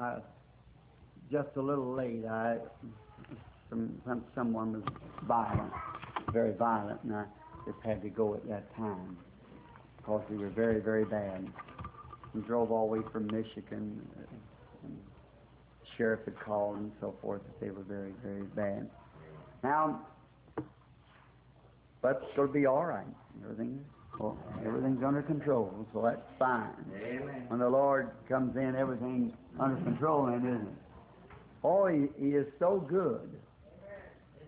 Uh, just a little late, I some, someone was violent, very violent, and I just had to go at that time because we were very, very bad. And drove all the way from Michigan. Uh, and sheriff had called and so forth that they were very, very bad. Now, but it'll be all right. Everything well, everything's under control, so that's fine. Amen. When the Lord comes in, everything's under control then, isn't it? Oh, he, he is so good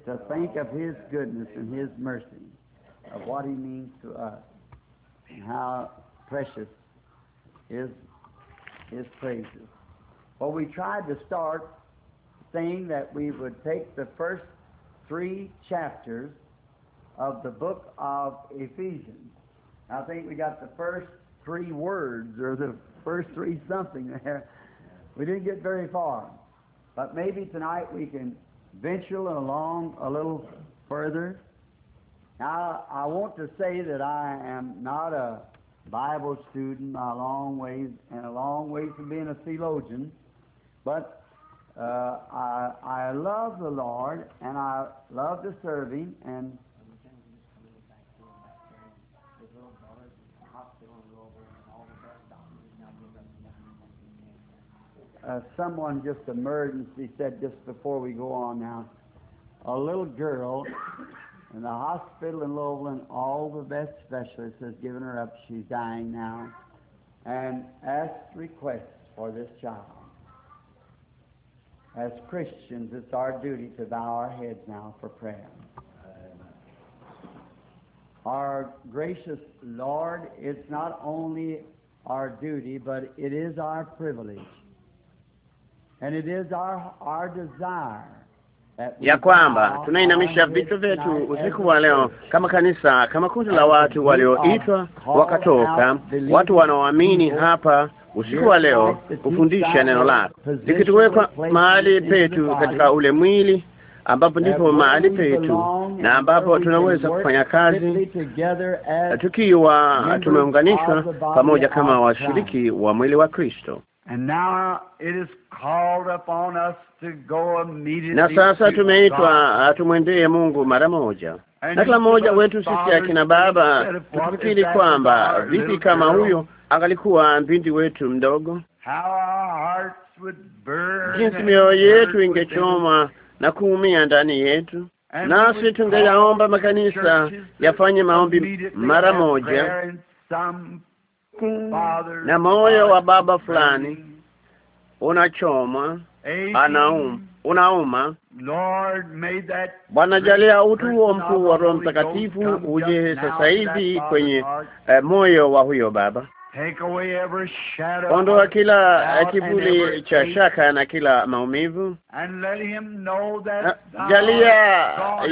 to think of His goodness and His mercy, of what He means to us, and how precious His, His praises. Well, we tried to start saying that we would take the first three chapters of the book of Ephesians. I think we got the first three words or the first three something there. We didn't get very far. But maybe tonight we can venture along a little further. Now, I want to say that I am not a Bible student by a long ways and a long ways from being a theologian, but uh, I, I love the Lord and I love to serve Him and uh, someone just emergency said just before we go on now, a little girl in the hospital in Loveland, all the best specialists has given her up. She's dying now. And asked requests for this child. As Christians, it's our duty to bow our heads now for prayer. Our gracious Lord, it's not only our duty, but it is our privilege ya kwamba tunainamisha vichwa vyetu usiku wa leo kama kanisa, kama kundi la watu walioitwa wakatoka, watu wanaoamini hapa usiku wa leo kufundisha neno lako, likituwekwa mahali petu katika ule mwili ambapo ndipo maarifa yetu na ambapo tunaweza kufanya kazi tukiwa tumeunganishwa pamoja kama washiriki wa mwili wa Kristo. Na sasa tumeitwa ah, tumwendee Mungu mara moja, na kila mmoja wetu sisi akina baba tukifikiri kwamba vipi kama huyo angalikuwa binti wetu mdogo, jinsi mioyo yetu ingechoma na kuumia ndani yetu, nasi tungeyaomba makanisa yafanye maombi mara moja na moyo wa baba fulani unachoma, anaum, unauma. Bwana jalia utu huo mkuu wa Roho Mtakatifu uje sasa hivi kwenye eh, moyo wa huyo baba. Ondoa kila kivuli cha shaka na kila maumivu. Jalia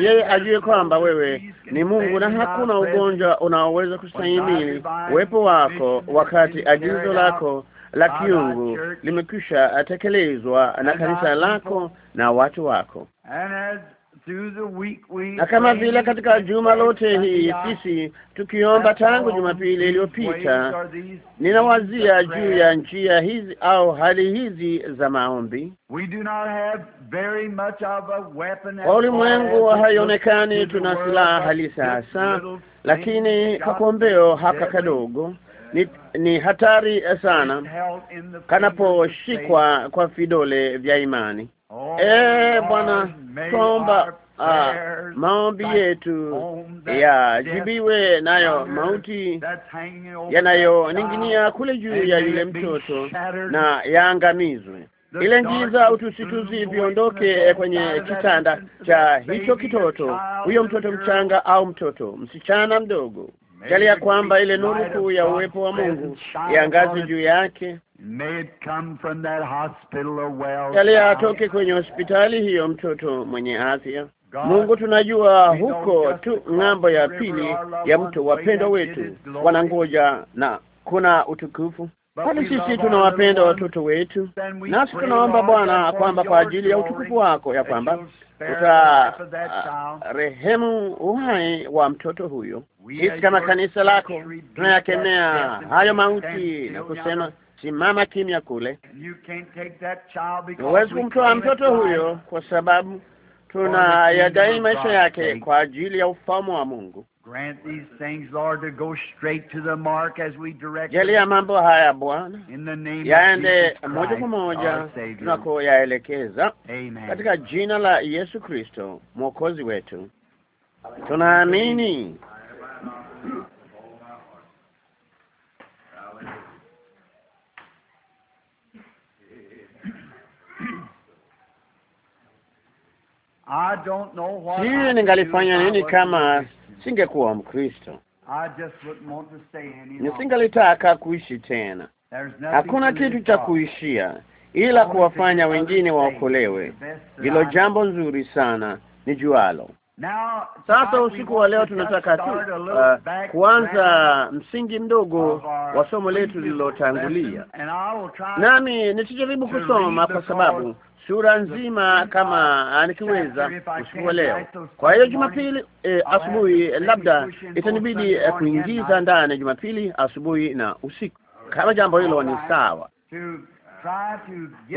yeye ajue kwamba wewe ni Mungu na hakuna ugonjwa unaoweza kustahimili uwepo wako, wakati agizo lako la kiungu limekwisha tekelezwa na kanisa lako na watu wako na kama vile katika juma lote hii sisi tukiomba tangu Jumapili iliyopita, ninawazia juu ya njia hizi au hali hizi za maombi. Kwa ulimwengu haionekani tuna silaha hali sasa, lakini kakombeo haka kadogo ni, ni hatari sana kanaposhikwa kwa vidole vya imani. E Bwana, kwamba ah, maombi yetu yajibiwe, nayo mauti yanayoning'inia kule juu ya yule mtoto na yaangamizwe, ile ngiza utusituzi viondoke kwenye kitanda cha hicho kitoto, huyo mtoto mchanga au mtoto msichana mdogo jali ya kwamba ile nuru kuu ya uwepo wa Mungu iangaze juu yake, jalia atoke kwenye hospitali hiyo mtoto mwenye afya. Mungu, tunajua huko tu ng'ambo ya pili ya mto, wapendwa wetu wanangoja na kuna utukufu bali sisi tunawapenda watoto wetu, nasi tunaomba Bwana kwamba kwa ajili ya utukufu wako, ya kwamba utarehemu uh, uhai wa mtoto huyo. Sisi kama kanisa lako tunayakemea hayo mauti na kusema simama kimya kule. Huwezi kumtoa mtoto huyo kwa sababu tunayadai maisha yake kwa ajili ya ufalme wa Mungu. Jalia mambo haya Bwana, yaende moja kwa moja tunakoyaelekeza, katika jina la Yesu Kristo mwokozi wetu. Tunaamini sii ningalifanya nini kama nisingekuwa Mkristo, nisingalitaka kuishi tena. Hakuna kitu cha kuishia ila kuwafanya wengine waokolewe. Ndilo jambo nzuri sana nijualo. Sasa usiku wa leo tunataka tu uh, kuanza msingi mdogo wa somo letu lililotangulia, nami nitajaribu kusoma kwa sababu sura nzima kama nikiweza usiku wa leo. Kwa hiyo Jumapili eh, asubuhi labda itanibidi eh, kuingiza ndani Jumapili asubuhi na usiku, kama jambo hilo ni sawa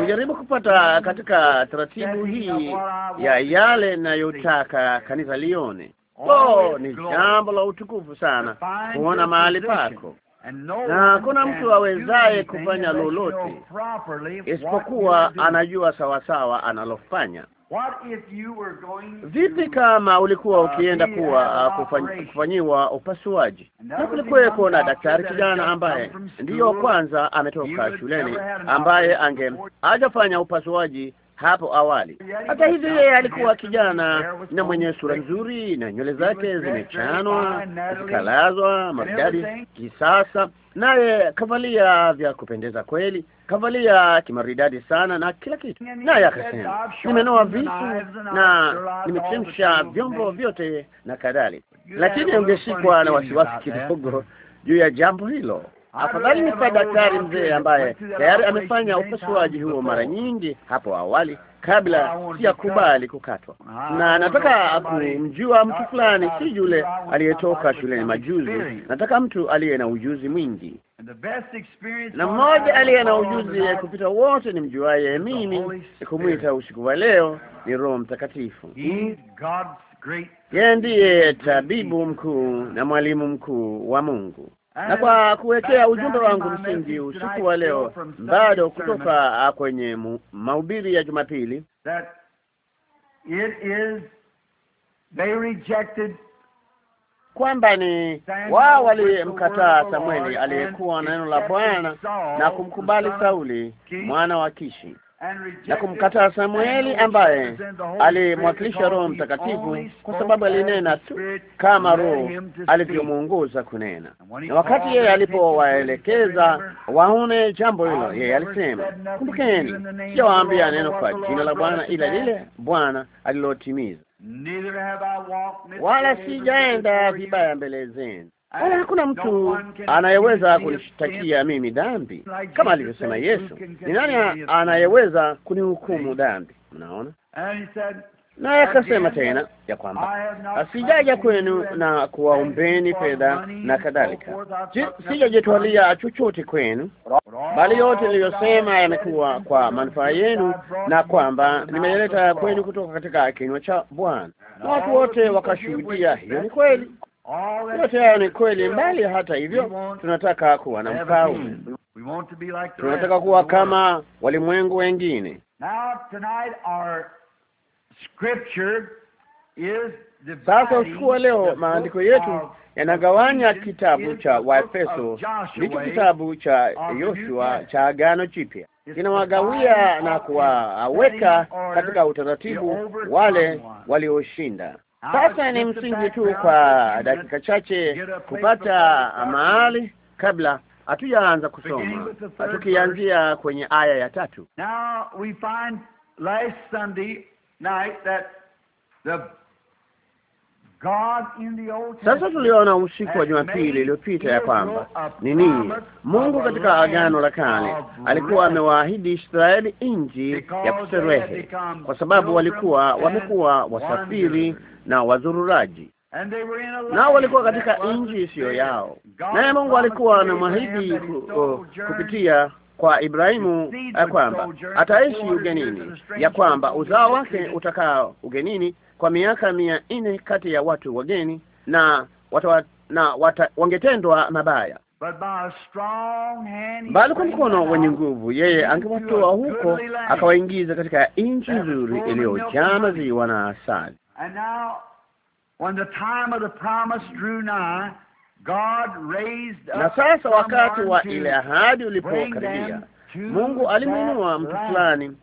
kujaribu kupata katika taratibu hii ya yale nayotaka kanisa lione. Oh, ni jambo la utukufu sana kuona mahali pako, na hakuna mtu awezaye kufanya lolote isipokuwa anajua sawasawa analofanya. Vipi kama ulikuwa uh, ukienda kuwa uh, kufanyiwa upasuaji na kulikuweko na daktari kijana ambaye ndiyo kwanza ametoka shuleni, ambaye ange hajafanya upasuaji hapo awali. Hata hivyo, yeye alikuwa kijana na mwenye sura nzuri na nywele zake zimechanwa zikalazwa maridadi kisasa, naye kavalia vya kupendeza kweli kavalia kimaridadi sana na kila kitu, naye akasema nimenoa visu na nimechemsha vyombo vyote na kadhalika, lakini ungeshikwa na wasiwasi kidogo juu ya jambo hilo. Afadhali ni kwa daktari mzee ambaye tayari amefanya upasuaji huo mara nyingi hapo awali, kabla kubali kukatwa, na nataka kumjua mtu fulani, si yule aliyetoka shuleni majuzi. Nataka mtu aliye na ujuzi mwingi, na mmoja aliye na ujuzi kupita wote ni mjuaye mimi. Kumwita usiku wa leo ni Roho Mtakatifu. Yeye ndiye tabibu mkuu na mwalimu mkuu wa Mungu na kwa kuwekea ujumbe wangu msingi usiku wa leo bado kutoka ah, kwenye mahubiri ya Jumapili, kwamba ni wao walimkataa Samueli aliyekuwa na neno la Bwana na kumkubali Sauli mwana wa Kishi na kumkataa Samueli ambaye alimwakilisha Roho Mtakatifu kwa sababu alinena tu kama Roho alivyomuunguza kunena. Na wakati yeye alipowaelekeza waone jambo hilo, yeye alisema, kumbukeni, sijawaambia neno kwa jina la Bwana ila lile Bwana alilotimiza, wala sijaenda vibaya mbele zenu wala hakuna mtu anayeweza kunishtakia mimi dhambi, kama alivyosema Yesu, ni nani anayeweza kunihukumu dhambi? Mnaona, naye akasema tena ya kwamba sijaja kwenu na kuwaombeni fedha na kadhalika, sijajitwalia chochote kwenu, bali yote niliyosema yamekuwa kwa manufaa yenu, na kwamba nimeleta kwenu kutoka katika kinywa cha Bwana, na watu wote wakashuhudia hiyo ni kweli. Yote hayo ni kweli, mbali hata hivyo, tunataka kuwa na mfalme, tunataka kuwa kama walimwengu wengine. Sasa usiku wa leo maandiko yetu yanagawanya kitabu cha Waefeso, ndicho kitabu cha Yoshua cha Agano Jipya, kinawagawia na kuwaweka katika utaratibu wale walioshinda. Sasa ah, ni msingi tu kwa dakika chache kupata mahali kabla hatujaanza kusoma, tukianzia kwenye aya ya tatu. Now we find last Sunday night that the sasa tuliona usiku wa Jumapili iliyopita ya kwamba nini, Mungu katika Agano la Kale alikuwa amewaahidi Israeli nchi ya kuserwehe kwa sababu walikuwa wamekuwa wasafiri na wazururaji, nao walikuwa katika nchi isiyo yao, naye Mungu alikuwa anamwahidi kupitia kwa Ibrahimu eh, ya kwamba ataishi ugenini, ya kwamba uzao wake utakaa ugenini kwa miaka mia nne kati ya watu wageni na wata, na wata, wangetendwa mabaya, bali kwa mkono wenye nguvu yeye angewatoa huko akawaingiza katika nchi nzuri iliyojaa maziwa na asali. Na sasa wakati wa ile ahadi ulipokaribia, Mungu alimwinua mtu fulani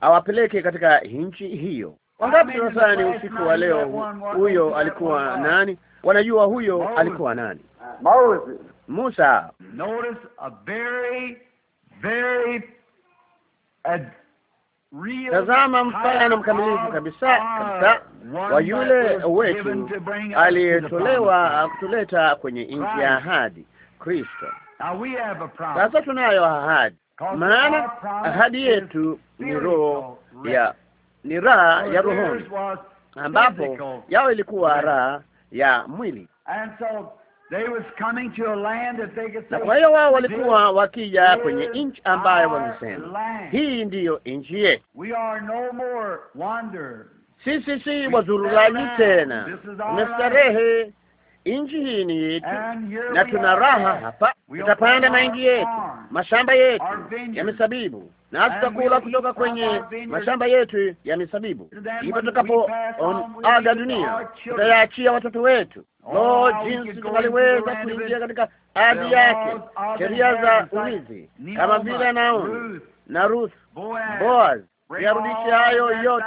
awapeleke katika nchi hiyo. Wangapi darasani usiku wa leo huyo alikuwa nani? Wanajua huyo alikuwa nani? Ah, Moses. Musa. Notice a very very Tazama mfano mkamilifu kabisa kabisa wa yule wetu aliyetolewa kutuleta kwenye nchi ya ahadi, Kristo. Sasa tunayo ahadi, maana ahadi yetu ni roho ya ni raha ya rohoni, ambapo yao ilikuwa raha ya mwili na kwa hiyo wao walikuwa wakija kwenye nchi ambayo wamesema hii ndiyo nchi yetu. Sisi si wazururaji tena, tumestarehe Nchi hii ni yetu na tuna raha hapa, tutapanda mahindi yetu, mashamba yetu ya misabibu, na tutakula kutoka kwenye mashamba yetu ya misabibu. Ndipo aga dunia, tutayaachia watoto wetu. Oh, Lo, jinsi tungaliweza kuingia katika ardhi yake, sheria za urithi kama vile Naomi na Ruth, Boaz, kuyarudisha hayo yote,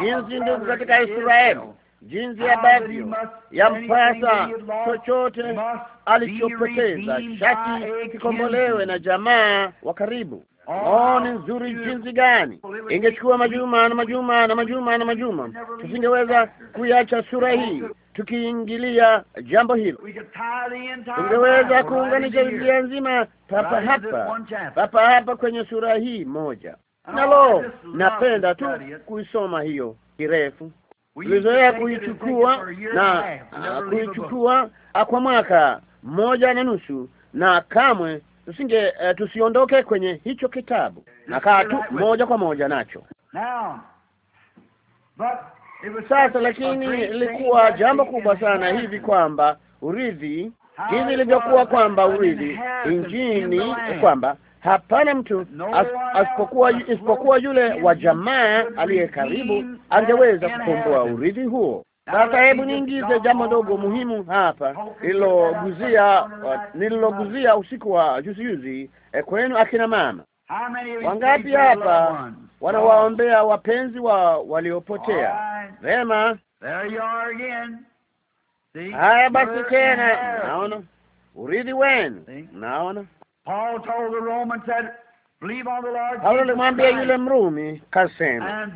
jinsi ndugu katika Israeli jinsi ambavyo yampasa chochote alichopoteza shati kikombolewe na jamaa wa karibu. Oh, ah, ni nzuri jinsi gani! Ingechukua majuma na majuma na majuma na majuma, tusingeweza kuiacha sura hii tukiingilia jambo hilo. Tungeweza kuunganisha Biblia nzima papa hapa papa hapa kwenye sura hii moja. Oh, Nalo napenda tu kuisoma hiyo kirefu tulizoea kuichukua na uh, kuichukua ah, kwa mwaka mmoja na nusu, na kamwe tusinge uh, tusiondoke kwenye hicho kitabu na kaa tu moja kwa moja nacho sasa. Lakini ilikuwa jambo kubwa sana hivi kwamba urithi, hivi ilivyokuwa kwamba urithi injini, kwamba Hapana mtu asipokuwa isipokuwa yule wa jamaa aliye karibu angeweza kukomboa urithi huo. Sasa hebu niingize jambo dogo muhimu hapa nililoguzia nililoguzia usiku wa juzi juzi, e, kwenu akina mama wangapi hapa wanawaombea wapenzi wa waliopotea? Vema, haya basi, tena naona urithi wenu, naona Paulo alimwambia yule Mrumi, kasema,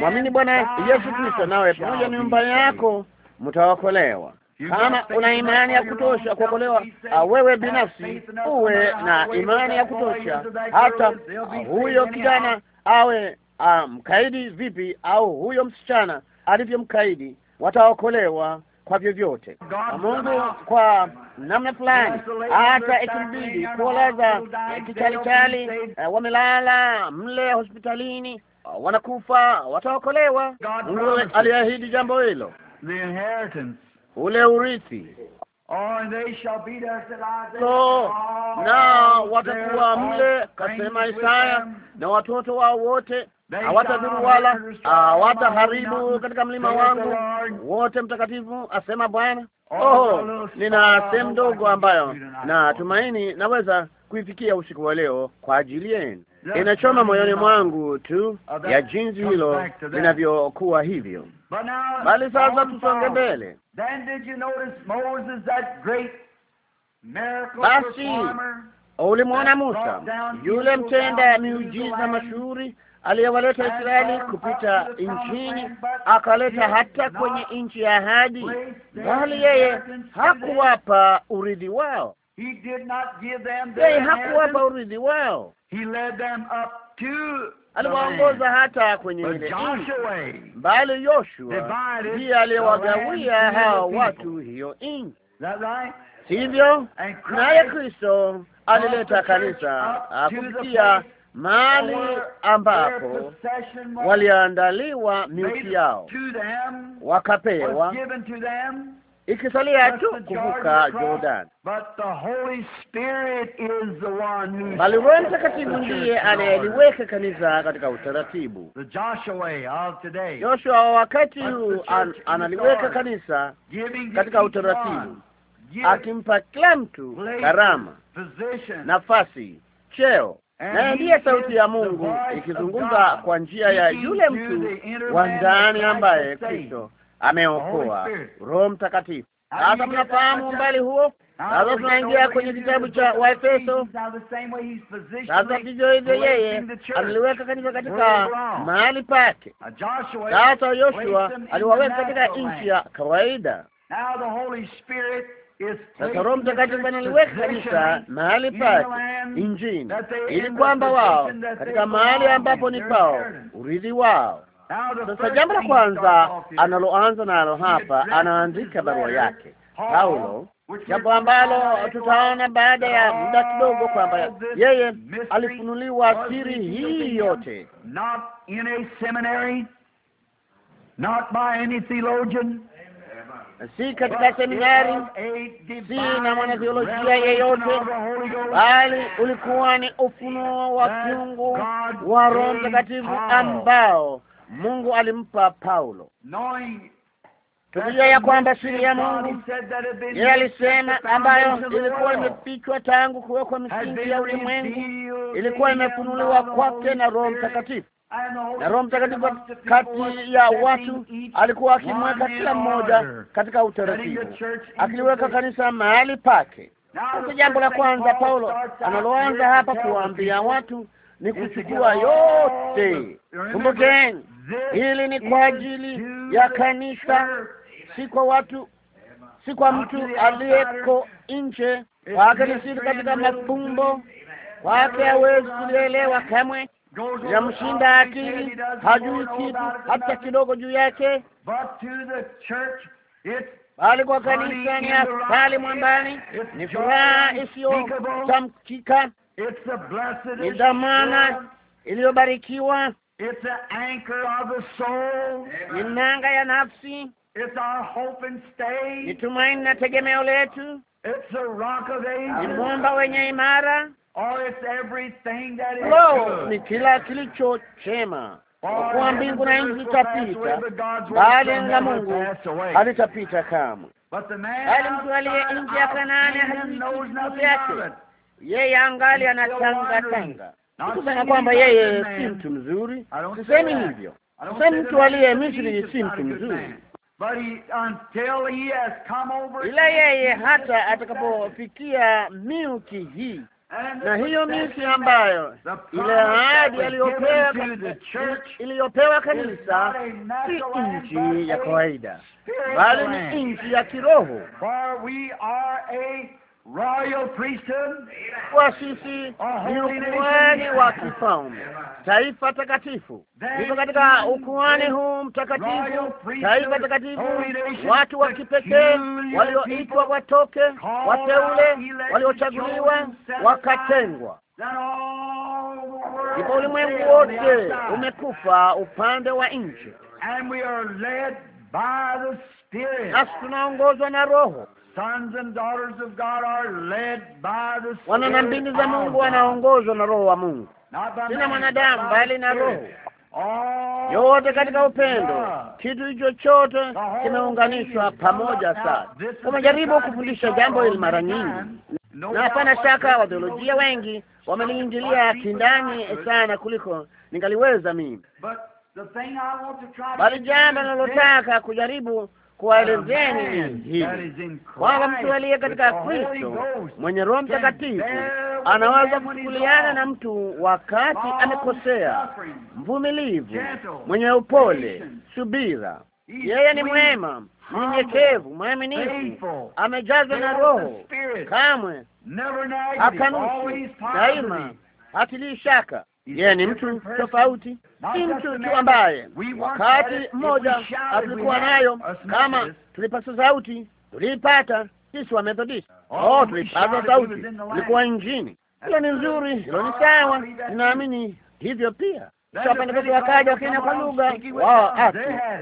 mwamini Bwana Yesu Kristo, nawe pamoja na nyumba yako mtaokolewa. Kama una imani ya kutosha kuokolewa, wewe binafsi uwe na imani ya kutosha, hata huyo kijana awe um, mkaidi vipi, au huyo msichana alivyomkaidi, wataokolewa kwa vyovyote na Mungu kwa namna fulani, hata ikibidi kuoleza kichalikali, wamelala mle hospitalini, eh, wanakufa, wataokolewa. Mungu aliahidi jambo hilo, ule urithi oh, so na watakuwa mle, kasema Isaya, na watoto wao wote hawatadhuru wala hawataharibu katika mlima wangu wote mtakatifu, asema Bwana. Oh, nina sehemu ndogo ambayo natumaini naweza kuifikia usiku wa leo kwa ajili yenu. Inachoma moyoni mwangu tu ya jinsi hilo linavyokuwa hivyo. Bali sasa tusonge mbele. Basi ulimwona Musa yule mtenda miujiza mashuhuri aliyewaleta Israeli kupita nchini, akaleta hata kwenye nchi ya ahadi, bali yeye hakuwapa urithi wao. Yeye hakuwapa urithi wao, aliwaongoza hata kwenye ile bali Yoshua ndiye aliyewagawia hao watu hiyo nchi, sivyo? Naye Kristo alileta kanisa kupitia mahali ambapo waliandaliwa miuti yao wakapewa, ikisalia tu kuvuka Jordan, bali Roho Mtakatifu ndiye anayeliweka kanisa katika utaratibu. Joshua wa wakati huu an, analiweka kanisa katika utaratibu, akimpa kila mtu karama, nafasi, cheo naye ndiye sauti ya Mungu ikizungumza kwa njia ya yule mtu wa ndani ambaye Kristo ameokoa, Roho Mtakatifu. Sasa mnafahamu umbali huo. Sasa tunaingia kwenye kitabu cha Waefeso. Sasa vivyo hivyo yeye aliliweka kanisa katika mahali pake. Uh, Sasa Yoshua aliwaweka katika nchi ya kawaida. Sasa Roho Mtakatifu analiweka kanisa mahali pake injini, ili kwamba wao katika mahali ambapo ni pao urithi wao. Sasa jambo la kwanza analoanza nalo hapa, anaandika barua yake Paulo, jambo ambalo tutaona baada ya muda kidogo kwamba yeye alifunuliwa siri hii yote, not in a seminary, not by any theologian si katika seminari, si na mwanatheolojia yeyote, bali ulikuwa ni ufunuo wa kiungu wa Roho Mtakatifu ambao Mungu alimpa Paulo, tukijua ya kwamba siri ya Mungu yeye alisema, ambayo ilikuwa imefichwa tangu kuwekwa misingi ya ulimwengu, ilikuwa imefunuliwa kwake na Roho Mtakatifu na Roho Mtakatifu kati ya watu alikuwa akimweka kila mmoja katika utaratibu, akiliweka kanisa mahali pake. Sasa jambo la kwanza Paulo analoanza hapa kuwaambia watu ni kuchukua yote. Kumbukeni, hili ni kwa ajili ya kanisa, si kwa watu, si kwa mtu aliyeko nje. Kwake siri katika mafumbo, kwake hawezi kulielewa kamwe yamshinda akili, hajui kitu hata kidogo juu yake, bali kwa kanisa ni asali mwambani, ni furaha isiyotamkika, ni dhamana iliyobarikiwa, ni nanga ya nafsi, ni tumaini na tegemeo letu, ni mwamba wenye imara Lo, ni kila kilicho chema kwa mbingu na nchi zitapita, bali neno la Mungu halitapita kamwe. Bali mtu aliye nje ya Kanaani hajui yake, yeye angali anatangatanga. Sikusema kwamba yeye si mtu mzuri, sisemi hivyo. Sisemi mtu aliye Misri si mtu mzuri, ila yeye hata atakapofikia miuki hii na hiyo miti ambayo ile ahadi iliyopewa kanisa si nchi ya kawaida, bali ni nchi ya kiroho kuwa sisi ni ukuhani wa kifalme, taifa takatifu. Hivyo katika ukuhani huu mtakatifu, taifa takatifu, watu wa kipekee walioitwa watoke, wateule waliochaguliwa, wakatengwa. Ipo ulimwengu wote umekufa upande wa nchi, nasi tunaongozwa na Roho Wana na mbindi za Mungu wanaongozwa na Roho wa Mungu, sina mwanadamu bali na Roho. Yote katika upendo, kitu chochote kimeunganishwa pamoja. Sasa umejaribu kufundisha jambo hili mara nyingi, na hapana shaka watheolojia wengi wameliingilia kindani sana kuliko ningaliweza mimi, bali jambo linalotaka kujaribu kuwaelezeni neno hili kwamba mtu aliye katika Kristo mwenye Roho Mtakatifu anaweza kuchukuliana na mtu wakati amekosea, mvumilivu, mwenye upole, subira. Yeye ni mwema, mnyenyekevu, mwaminifu, amejazwa na Roho, kamwe hakanusi, daima hatilii shaka. Yeye ni mtu tofauti, si mtu tu ambaye wakati mmoja tulikuwa nayo kama tulipasa sauti, tuliipata sisi Methodist. Oh, oh tulipata sauti, tulikuwa injini. Hilo ni nzuri, hilo ni sawa, ninaamini hivyo pia. Wapendekezo wakaja wakinena kwa lugha, wao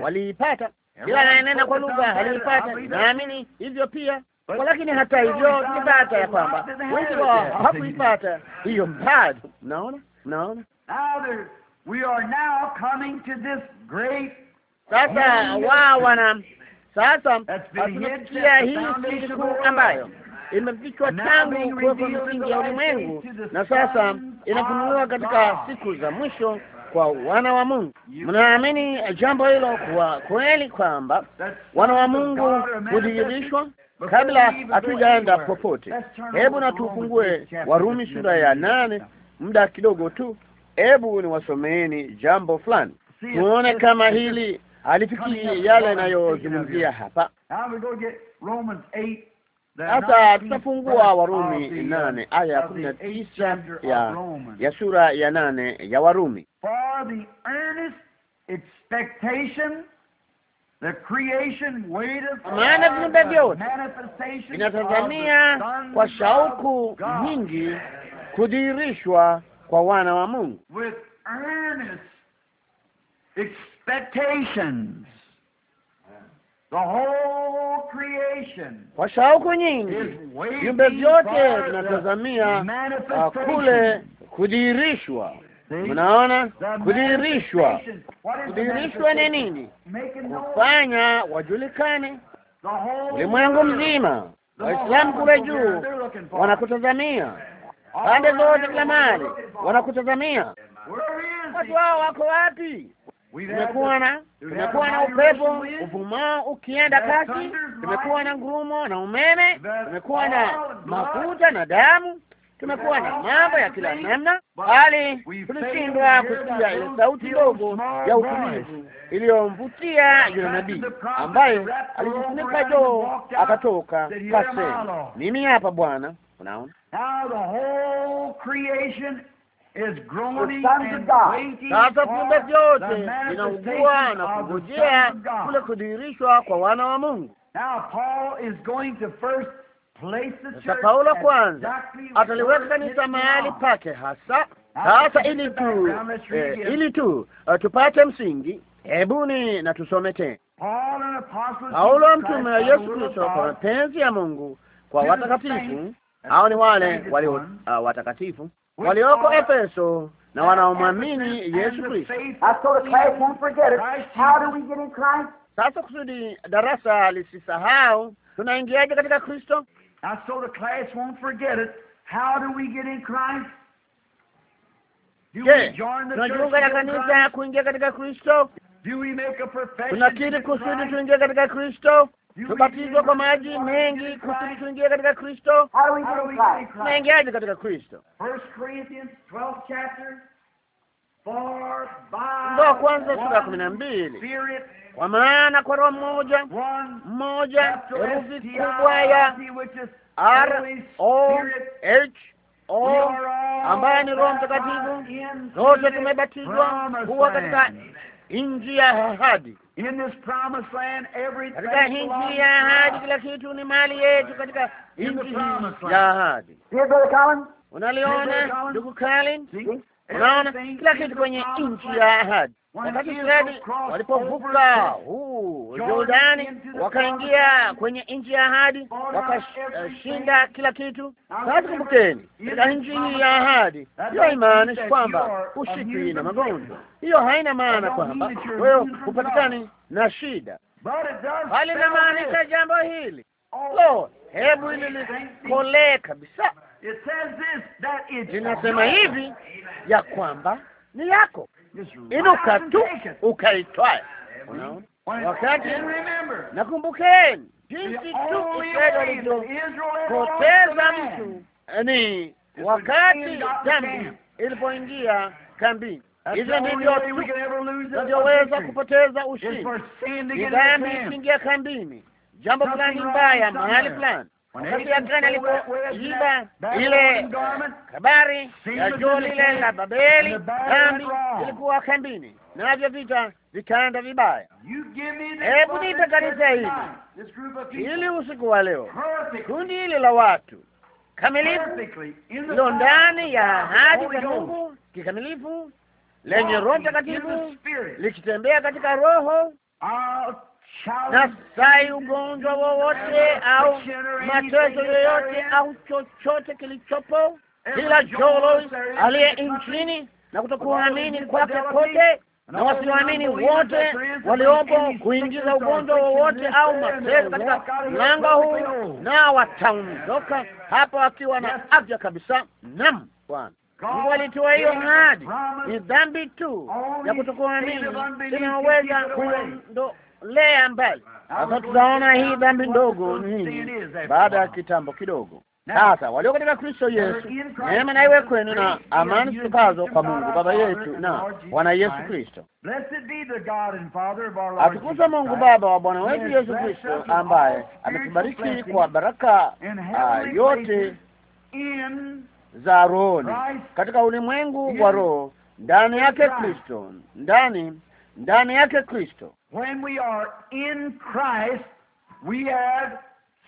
waliipata. Kila anayenena kwa lugha aliipata, naamini hivyo pia. Lakini hata hivyo, tulipata ya kwamba wengi wao hakuipata hiyo bado. naona Naona sasa wao wana sasa watumikia hii siri kuu ambayo imefichwa tangu kuwekwa misingi ya ulimwengu, na sasa inafunuliwa katika siku za mwisho kwa wana wa Mungu. Mnaamini jambo hilo kuwa kweli, kwamba wana wa Mungu hudhihirishwa kabla hatujaenda popote? Hebu na tufungue Warumi sura ya nane muda kidogo tu, hebu niwasomeeni jambo fulani muone kama hili alifikii yale yanayozungumzia hapa. Sasa tutafungua Warumi uh, nane aya ya kumi na tisa ya ya sura ya nane ya Warumi. Maana viumbe vyote vinatazamia kwa shauku nyingi kudhihirishwa kwa wana wa Mungu with earnest expectations the whole creation kwa shauku nyingi viumbe vyote vinatazamia uh, kule kudhihirishwa. Mnaona, kudhihirishwa. Kudhihirishwa ni nini? Kufanya wajulikane ulimwengu mzima, Waislamu kule juu wanakutazamia pande zote, kila mahali wanakutazamia. Watu hao wako wapi? Tumekuwa na tumekuwa na upepo uvumao ukienda kasi, tumekuwa na ngurumo na umeme, tumekuwa na mafuta na damu, tumekuwa na mambo ya kila namna, bali tulishindwa kusikia ile sauti ndogo ya utulivu iliyomvutia yule nabii ambaye alijifunika joo akatoka kasema, mimi hapa Bwana. Unaona sasa, viumbe vyote vinaugua na kungojea kule kudhihirishwa kwa wana wa Mungu. Sasa Paulo kwanza ataliweka kanisa mahali pake hasa sasa, eh, ili tu eh, ili tu uh, tupate msingi. Hebuni na tusome tena. Paulo mtume wa Yesu Kristo kwa mapenzi ya Mungu kwa watakatifu Hao ni wale walio uh, watakatifu walioko Efeso na wanaomwamini Yesu Kristo. Sasa kusudi darasa lisisahau, tunaingiaje katika Kristo? Je, tunajiunga na kanisa kuingia katika Kristo? Tunakiri kusudi tuingie katika Kristo? tubatizwa kwa maji mengi kusudi tuingie katika Kristo. Tunaingiaje katika Kristo? Ndoa kwanza sura ya kumi na mbili kwa maana kwa roho mmoja mmoja, herufi kubwa ya R O H O ambaye ni Roho Mtakatifu, zote tumebatizwa kuwa katika nchi ya ahadi. Katika nchi ya ahadi kila kitu ni mali yetu, katika nchi ya ahadi. Unaliona ndugu Kalin, unaona kila kitu kwenye nchi ya ahadi wakati Israeli walipovuka huu Jordani wakaingia kwenye nchi ya ahadi, wakashinda eh, kila kitu. Sasa kumbukeni, katika nchi hii ya ahadi, hiyo haimaanishi kwamba ushikwi na magonjwa. Hiyo haina maana kwamba wewe hupatikani na shida, bali inamaanisha jambo hili lo, hebu ili likolee kabisa, linasema hivi ya kwamba ni yako inuka tu ukaitwaye. Wakati nakumbukeni jinsi tu Israeli mtu ni wakati dhambi ilipoingia kambini. Hivyo ndivyo tunavyoweza kupoteza ushindi. Ni dhambi ikiingia kambini, jambo fulani mbaya mahali fulani wakati Akani alipoiba ile kabari ya juu lile la Babeli, dhambi ilikuwa kambini, navyo vita vikaenda vibaya. Hebu nipe kanisa hili ili usiku wa leo, kundi hili la watu kamilifu ilo ndani ya ahadi za Mungu kikamilifu, lenye Roho Mtakatifu likitembea katika roho na sai ugonjwa wowote au matezo yoyote au chochote kilichopo, kila jolo aliye nchini na kutokuamini kwake kote na wasiwaamini wote waliopo kuingiza ugonjwa wowote au mateso katika mlango huu, na wataondoka hapa wakiwa na afya kabisa. Naam, Bwana Mungu alitoa hiyo ahadi. Ni dhambi tu ya kutokuamini inaweza kuondoa lea mbali. Sasa tutaona hii dhambi ndogo ni nini baada ya kitambo kidogo. Sasa walio katika Kristo Yesu, neema na iwe kwenu na amani zitokazo kwa Mungu Baba yetu na Bwana Yesu Kristo. Atukuzwe Mungu Baba wa Bwana wetu Yesu Kristo, ambaye ametubariki kwa baraka ah, yote za rohoni katika ulimwengu wa roho, ndani yake Kristo, ndani ndani yake Kristo.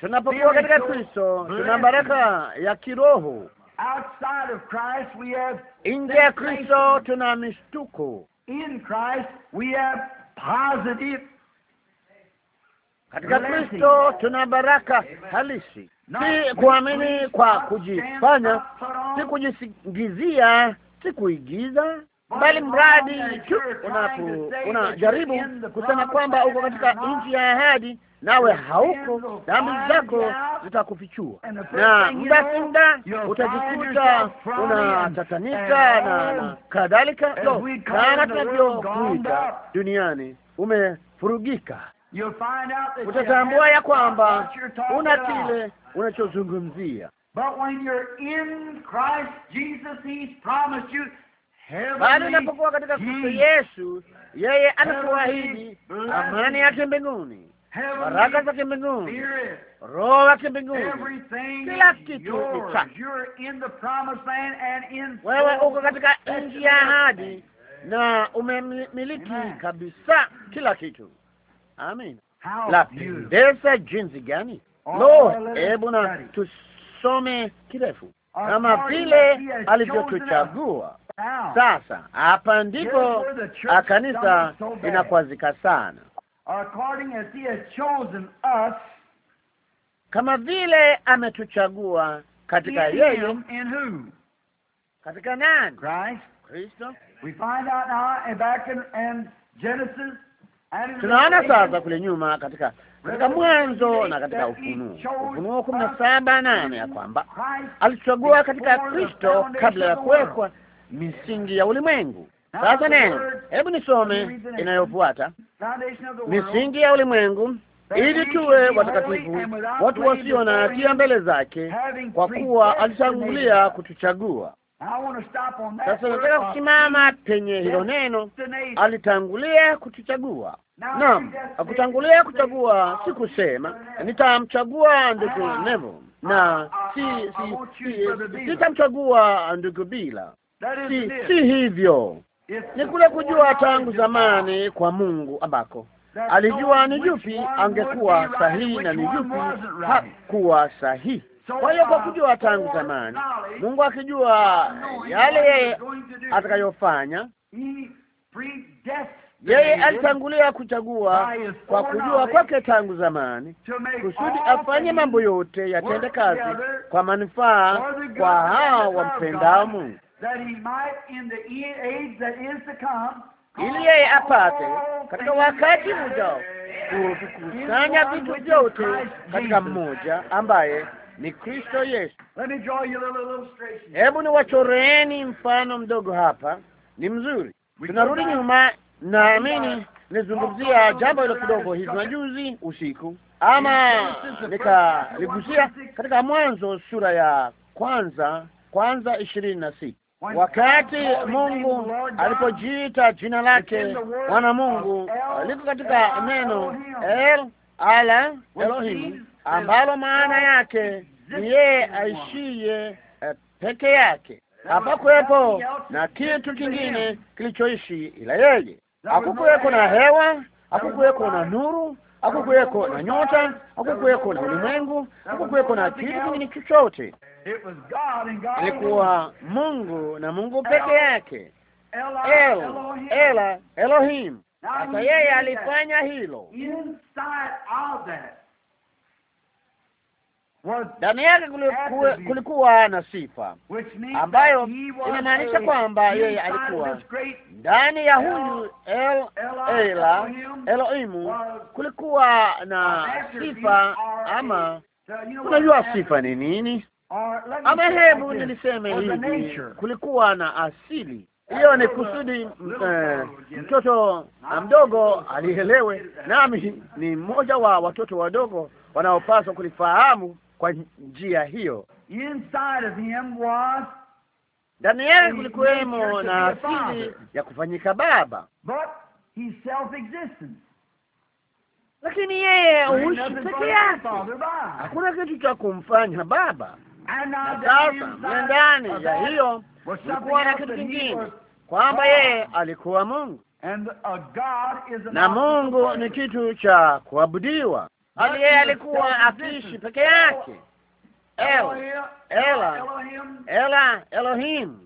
Tunapokuwa katika Kristo tuna baraka ya kiroho. Nje ya Kristo tuna mishtuko. Katika Kristo tuna baraka halisi, si kuamini kwa kujifanya, si kujisingizia, si kuigiza bali mradi tu unapo unajaribu kusema kwamba uko katika nchi ya ahadi, nawe hauko, dhambi zako zitakufichua, na muda si muda utajikuta unatatanika na kadhalika. Lo, kama tunavyokuita duniani umefurugika, utatambua ya kwamba una kile unachozungumzia bali unapokuwa katika Kristo hmm. Yesu, yeye anatuahidi amani yake mbinguni, baraka za kimbinguni, roho ya mbinguni, kila kitu ni chako. Wewe uko katika nchi ya ahadi na umemiliki kabisa kila kitu. Amin. Lapendeza jinsi gani! Lo, hebu na tusome kirefu, kama vile alivyotuchagua sasa hapa ndipo kanisa inakwazika sana, kama vile ametuchagua katika yeye, katika nani? Kristo. Tunaona sasa kule nyuma katika katika Mwanzo na katika Ufunuo, Ufunuo kumi na saba nane ya kwamba alichagua katika Kristo kabla ya kuwekwa misingi ya ulimwengu. Sasa neno, hebu nisome inayofuata, misingi ya ulimwengu, ili tuwe watakatifu, watu wasio na hatia mbele zake, kwa kuwa alitangulia kutuchagua. Sasa nataka kusimama penye hilo neno, alitangulia kutuchagua. Naam, akutangulia kuchagua, si kusema nitamchagua ndugu Nevo na si, si, si, si, sitamchagua ndugu bila si, si hivyo, ni kule kujua tangu zamani kwa Mungu ambako alijua ni yupi angekuwa sahihi na ni yupi hakuwa sahihi. Kwa hiyo kwa kujua tangu zamani, Mungu akijua yale yeye atakayofanya, yeye alitangulia kuchagua kwa kujua kwake tangu zamani, kusudi afanye mambo yote yatende kazi kwa manufaa kwa hao wampendao Mungu ili yeye apate katika wakati ujao kukusanya vitu vyote katika mmoja ambaye ni Kristo Yesu. Hebu ni wachoreeni mfano mdogo hapa, ni mzuri. Tunarudi nyuma, naamini nizungumzia jambo hilo kidogo hivi majuzi usiku, ama nikaligusia katika Mwanzo sura ya kwanza kwanza ishirini na sita Wakati Mungu alipojiita jina lake Bwana Mungu liko katika neno El Ala Elohim, ambalo maana yake ni yeye aishiye eh, peke yake. Hapakuwepo na kitu kingine kilichoishi ila yeye. Hakukuweko na hewa, hakukuweko na nuru, hakukuweko na nyota, hakukuweko na ulimwengu, hakukuweko na kitu kingine chochote. Ilikuwa Mungu na Mungu peke yake, El Ela Elohim. Sasa yeye alifanya Ndani yake kulikuwa na sifa ambayo inamaanisha kwamba yeye alikuwa ndani ya huyu El Ela Elohimu, kulikuwa na sifa ama, unajua sifa ni nini? Ama hebu niliseme hivi, kulikuwa na asili hiyo ni kusudi eh, mtoto mdogo alielewe, nami ni mmoja wa watoto wadogo wanaopaswa kulifahamu kwa njia hiyo. Ndani yake kulikuwemo na asili ya kufanyika baba, lakini yeye huishi peke yake, hakuna kitu cha kumfanya baba. Na sasa ndani ya hiyo kulikuwa na kitu kingine, kwamba yeye alikuwa Mungu na Mungu ni kitu cha kuabudiwa bali yeye alikuwa akiishi peke yake. Ela, ela, ela Elohim.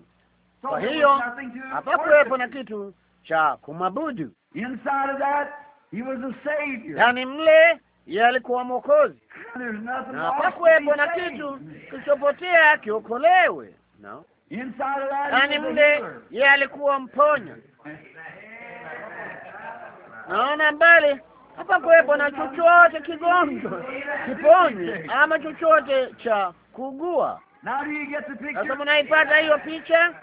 Kwa hiyo hapakuwepo na kitu cha kumwabudu ndani mle, yeye alikuwa Mwokozi, na hapakuwepo na kitu kilichopotea kiokolewe. No, ndani mle, yeye alikuwa mponya. Naona mbali hapa na chochote kigonjwa kiponye ama chochote cha kuugua. Sasa mnaipata hiyo picha?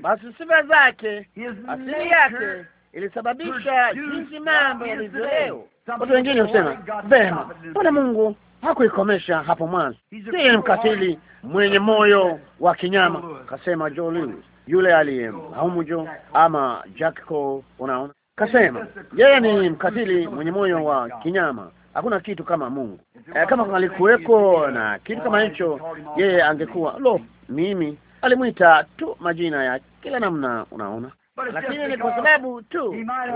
Basi sifa zake, asili yake ilisababisha jinsi mambo yalivyo leo. Watu wengine husema vema, mbona Mungu hakuikomesha hapo mwanzo? ni mkatili mwenye moyo wa kinyama, kasema Joe yule aliyemhaumu Jo ama Jack Cole. Unaona Kasema yeye ni mkatili mwenye moyo wa kinyama, hakuna kitu kama Mungu. E, kama alikuweko na kitu kama hicho, yeye angekuwa lo, mimi alimwita tu majina ya kila namna, unaona lakini ni kwa sababu tu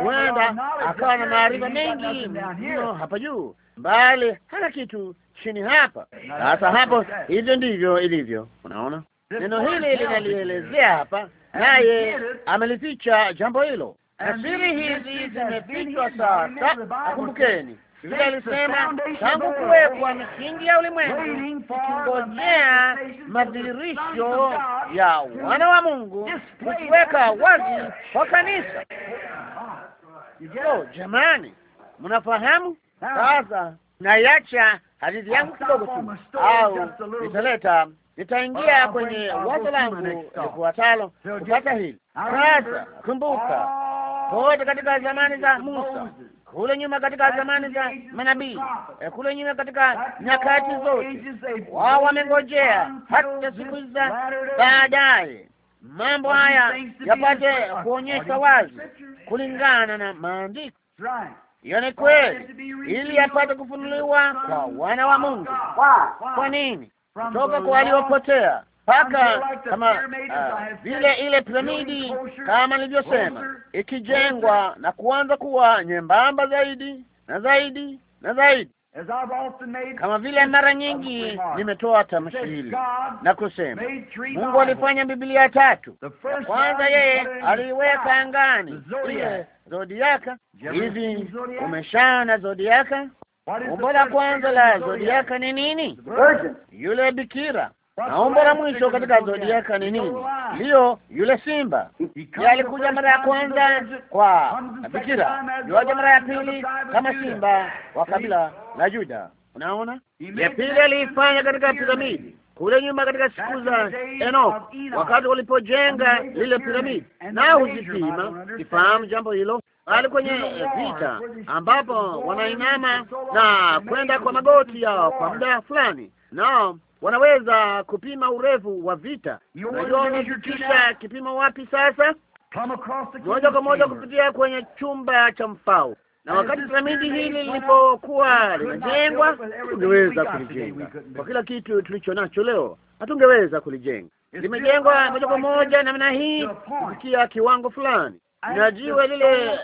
huenda akawa na maarifa mengi mno hapa juu, bali hana kitu chini hapa. Sasa hapo, hivyo ndivyo ilivyo. Unaona, neno hili linalielezea hapa, naye amelificha jambo hilo nadhiri hizi zimepitwa sasa. Kumbukeni vile alisema, tangu kuwekwa misingi ya ulimwengu, kingojea madhihirisho ya wana wa Mungu, kukiweka wazi kwa kanisa. So, jamani, mnafahamu sasa. Naiacha hadithi yangu kidogo tu, au nitaleta nitaingia ah, kwenye wazo langu lifuatalo kupata hili sasa. Kumbuka ah. kote katika zamani za Musa kule nyuma, katika zamani za manabii eh, kule nyuma, katika nyakati zote, wao wamengojea hata siku za baadaye mambo haya yapate kuonyesha wazi kulingana na maandiko. Hiyo ni kweli, ili yapate kufunuliwa kwa wana wa Mungu. Kwa nini? kutoka kwa waliopotea mpaka kama uh, vile ile piramidi kama nilivyosema, ikijengwa na kuanza kuwa nyembamba zaidi na zaidi na zaidi. Kama vile mara nyingi nimetoa tamshi hili na kusema, Mungu alifanya Biblia tatu. Kwanza yeye aliiweka angani ile zodiaka. Hivi umeshaona zodiaka? Umbo la kwanza la zodiaka ni nini? Yule bikira. Na umbo la mwisho katika zodiaka ni nini? Ndiyo, yule simba. Yeye alikuja mara ya kwanza kwa bikira, yuaja mara ya pili kama simba wa kabila la Juda. Unaona, ya pili aliifanya katika piramidi kule nyuma katika siku za Enoko, wakati walipojenga lile piramidi. Na uzipima, kifahamu jambo hilo bali kwenye vita ambapo wanainama na kwenda kwa magoti yao kwa muda fulani, nao wanaweza kupima urefu wa vita. Unajua kipimo wapi sasa? Moja kwa moja kupitia kwenye chumba cha mfao na wakati piramidi hili lilipokuwa linajengwa, hatungeweza kulijenga kwa kila kitu tulicho nacho leo, hatungeweza kulijenga. Limejengwa moja kwa moja namna hii kufikia kiwango fulani, na jiwe lile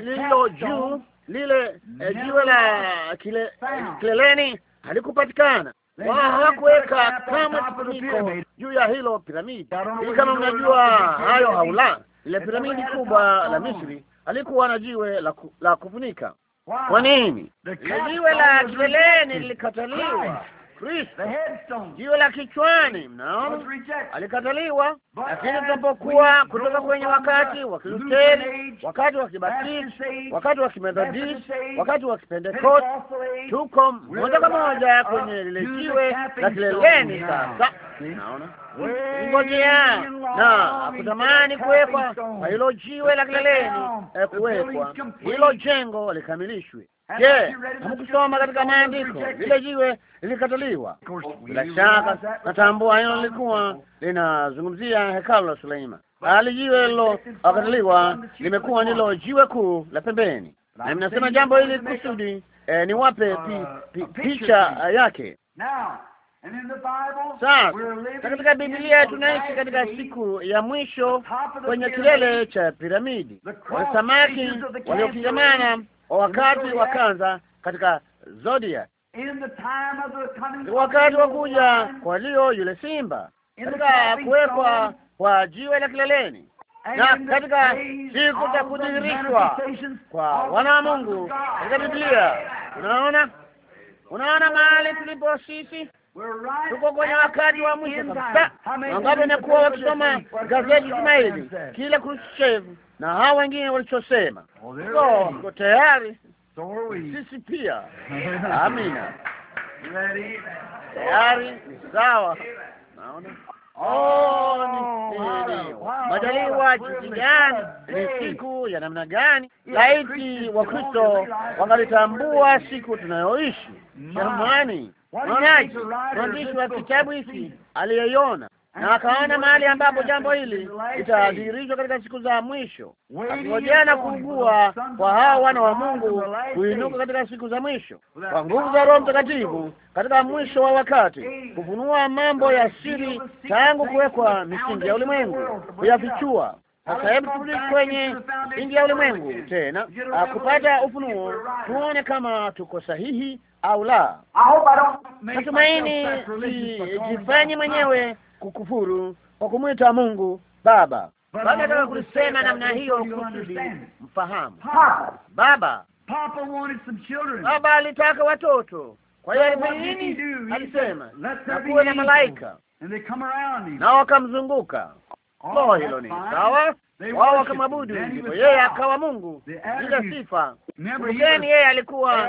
lililo juu lile eh, jiwe la kile, eh, kileleni halikupatikana hawakuweka kama kifuniko juu ya hilo piramidi hii. Kama mnajua hayo haula, ile piramidi kubwa la Misri alikuwa na jiwe la, ku, la kufunika. Kwa nini? jiwe la kileleni lilikataliwa Kristo jiwe la kichwani, mnaona, alikataliwa. Lakini tunapokuwa kutoka kwenye wakati wa Kilutheri, wakati wa Kibatisti, wakati wa Kimethodisti, wakati wa Kipentekoste, tuko moja kwa moja kwenye uh, lile jiwe la kileleni. Sasa naona ngojea na akutamani kuwekwa kwa hilo jiwe la kileleni, eh, kuwekwa hilo jengo likamilishwe. Je, hamkusoma katika maandiko ile jiwe lilikataliwa? Bila shaka natambua hilo lilikuwa linazungumzia hekalu la Suleima. Hali jiwe akataliwa limekuwa ndilo jiwe kuu la pembeni, na mnasema jambo hili kusudi eh, niwape uh, picha yake. Sasa katika Biblia tunaishi katika siku ya mwisho kwenye kilele cha piramidi, wasamaki waliokingamana wakati wa kwanza katika zodia, wakati wa kuja kwa Leo yule simba, katika kuwekwa kwa jiwe la kileleni, na katika siku za kudhihirishwa kwa wana wa Mungu katika Biblia. Unaona, unaona mahali tulipo sisi tuko kwenye wakati wa mwisho kabisa. Wangapi wamekuwa wakisoma gazeti kama kile kila Khrushchev na hao wengine walichosema. Tuko tayari sisi pia, amina. Tayari ni sawa, naona oh, oh, majaliwa jinsi gani, ni siku ya namna gani! Laiti Wakristo wangalitambua siku tunayoishi jamani! mwonaji, mwandishi wa kitabu hiki aliyeiona na akaona mahali ambapo jambo hili litadhihirishwa katika siku za mwisho, na kuugua kwa hao wana wa Mungu kuinuka katika siku za mwisho kwa nguvu za Roho Mtakatifu katika mwisho wa wakati, kufunua mambo ya siri tangu kuwekwa misingi ya ulimwengu, kuyafichua sasa. Hebu turudi kwenye misingi ya ulimwengu tena, akupata ah, ufunuo, tuone kama tuko sahihi au la. Natumaini eh, jifanye mwenyewe kukufuru kwa kumwita Mungu Baba. Nataka kulisema namna hiyo kusudi mfahamu. Baba Baba alitaka watoto, kwa hiyo alifanyini, alisema nakuwe na malaika na wakamzunguka. Oh, hilo ni sawa. Wao wakamwabudu, ndipo yeye akawa Mungu, bila sifa Kumbukeni, yeye alikuwa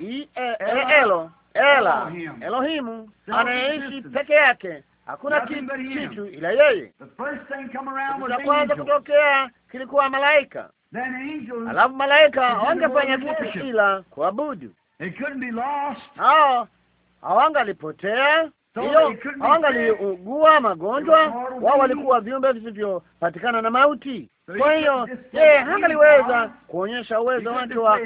e, e, El, ela Elohimu anayeishi peke yake, hakuna kitu ila yeye. Cha kwanza kutokea kilikuwa malaika, alafu malaika wangefanya kitu ila kuabudu. Hao hawangalipotea, hiyo hawangaliugua magonjwa. Wao walikuwa viumbe visivyopatikana na mauti. Kwa hiyo yeye hangaliweza kuonyesha uwezo wake wa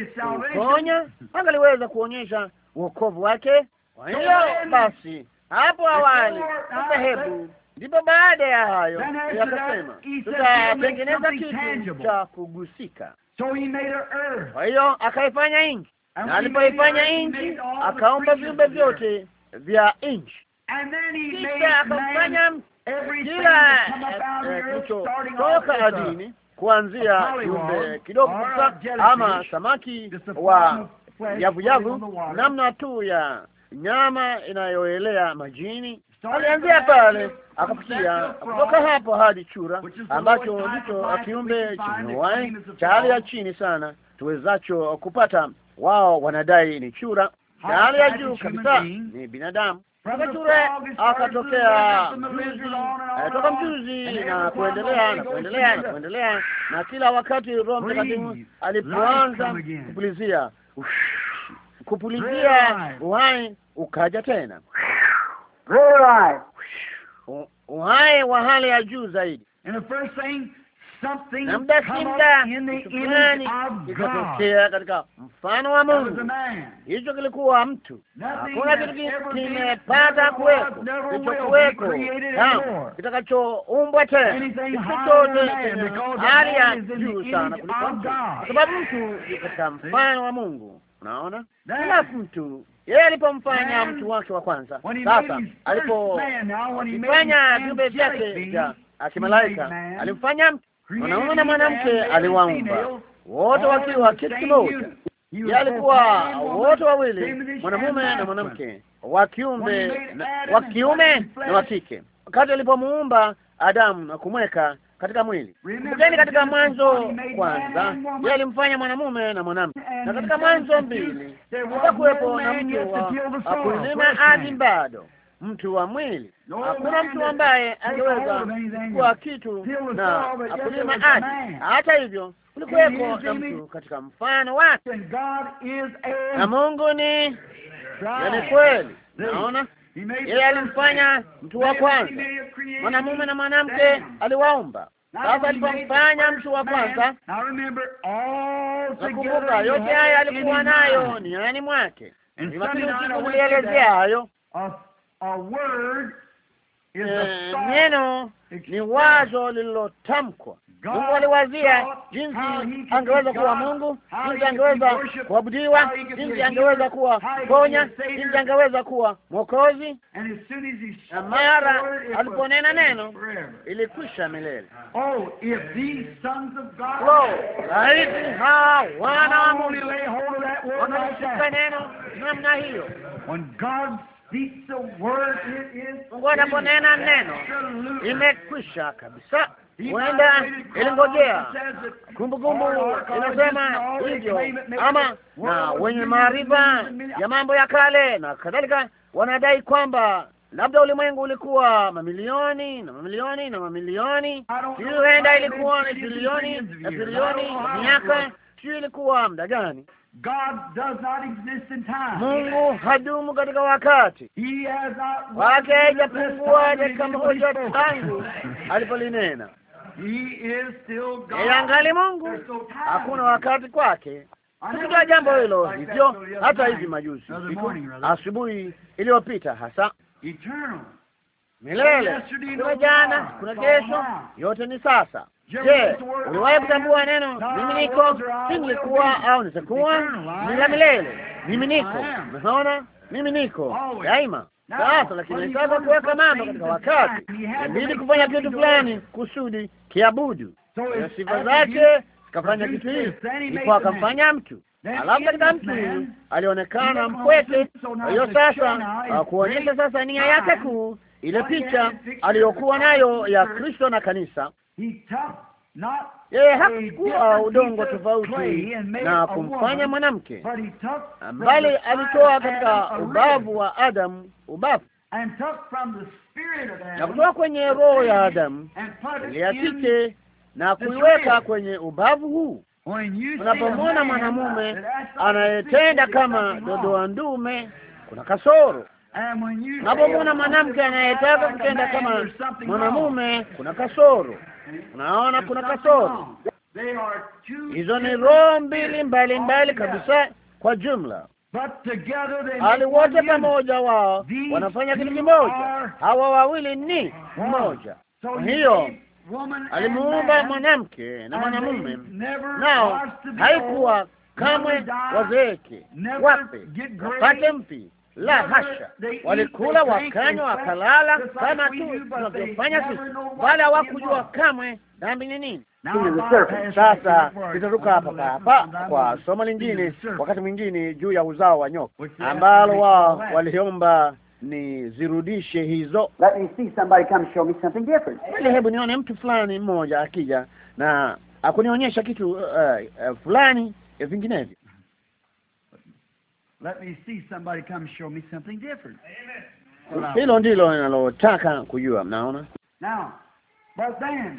kuponya, hangaliweza kuonyesha wokovu wake. Kwa hiyo basi, hapo awali madhehebu, ndipo baada ya hayo yakasema tutatengeneza kitu cha kugusika. Kwa hiyo akaifanya nchi, na alipoifanya nchi akaomba viumbe vyote vya nchi, kisha akafanya kila kilichotoka ardhini kuanzia kiumbe kidogo ama samaki wa yavuyavu, namna tu ya nyama inayoelea majini. Alianzia pale akafikia kutoka hapo hadi chura, ambacho ndicho kiumbe chinuwai cha hali ya chini sana tuwezacho kupata. Wao wanadai ni chura, cha hali ya juu kabisa ni binadamu. Pakachure akatokea eh, toka mjuzi na kuendelea na kuendelea na kuendelea, na kila wakati Roho Mtakatifu alipoanza kupulizia kupulizia uhai ukaja tena uhai wa hali ya juu zaidi na muda si muda fulani kikatokea katika mfano wa Mungu. Hicho kilikuwa mtu. Hakuna kitu kimepata kuweko kilichokuweko kitakachoumbwa tena, chochote chenye hali ya juu sana kuliko mtu, kwa sababu mtu katika mfano wa Mungu. Unaona, halafu mtu yeye alipomfanya mtu wake wa kwanza, sasa alipofanya viumbe vyake vya kimalaika alimfanya mtu mwanaume na mwanamke aliwaumba wote wakiwa kitu kimoja. Yeye alikuwa wote wawili, mwanamume na mwanamke, wa kiume na wa kike, wakati alipomuumba Adamu na kumweka katika mwili. Kumbukeni, katika Mwanzo kwanza, yeye alimfanya mwanamume na mwanamke, na katika Mwanzo mbili hapakuwepo na mtu wa kulima ardhi bado mtu wa mwili. Hakuna mtu ambaye angeweza kuwa kitu na akulima aje. Hata hivyo, kulikuweko na mtu katika mfano wake, na Mungu ni ni kweli. Naona yeye alimfanya mtu wa kwanza, mwanamume na mwanamke aliwaumba. Sasa alipomfanya mtu wa kwanza, nakumbuka yote haya alikuwa nayo ni yani mwake. Jumapili usiku ulielezea hayo Eh, neno ni wazo lililotamkwa. Mungu aliwazia jinsi angeweza kuwa Mungu, jinsi angeweza kuabudiwa, jinsi angeweza kuwa ponya, jinsi angeweza kuwa Mwokozi. mara aliponena neno, ilikwisha milele. Oh, laiti hawa wana wa Mungu wanalishika neno namna hiyo Wanaponena neno imekwisha kabisa. Huenda ilingojea kumbukumbu, inasema hivyo, ama na wenye maarifa ya mambo ya kale na kadhalika wanadai kwamba labda ulimwengu ulikuwa mamilioni na mamilioni na mamilioni, sijui huenda ilikuwa trilioni na bilioni miaka, sijui ilikuwa muda gani. Mungu hadumu katika wakati wake, haijapungua dakika moja tangu alipolinena. Yeye angali Mungu, hakuna wakati kwake. Sikujua jambo hilo hivyo hata hivi majuzi, asubuhi iliyopita, hasa milele. Kuna jana, kuna kesho, yote ni sasa. Je, uliwahi kutambua neno mimi niko singekuwa au nitakuwa? Ni la milele, mimi niko. Unaona, mimi niko daima. Sasa lakini nitaka kuweka mambo katika wakati, inabidi kufanya kitu fulani kusudi kiabudu na sifa zake zikafanya kitu hii, ipo akamfanya mtu alafu katika mtu huyu alionekana mpweke. Kwa hiyo sasa kuonyesha sasa nia yake kuu, ile picha aliyokuwa nayo ya Kristo na kanisa yeye hakuchukua udongo tofauti na kumfanya mwanamke, bali alitoa katika ubavu wa Adamu ubavu na kutoka kwenye roho ya Adamu ya na kuiweka kwenye ubavu huu. Unapomwona mwanamume anayetenda kama dodoa ndume, kuna kasoro. Unapomwona mwanamke anayetaka kutenda kama mwanamume, kuna kasoro. Unaona, kuna kasoro hizo. Ni roho mbili mbalimbali kabisa kwa jumla, hali wote pamoja wao wanafanya kitu kimoja. Hawa wawili ni mmoja. hiyo alimuumba mwanamke na mwanamume, nao haikuwa kamwe wazeeke, wape wapate mpi la hasha, walikula wakanywa, wakalala kama tu tunavyofanya sisi, wala hawakujua kamwe dhambi ni nini. Sasa tutaruka hapa hapa kwa somo lingine, wakati mwingine, juu ya uzao wa nyoka ambalo wao waliomba nizirudishe hizo. hebu nione mtu fulani mmoja akija na akunionyesha kitu uh, uh, fulani eh, vinginevyo hilo ndilo ninalotaka kujua, mnaona?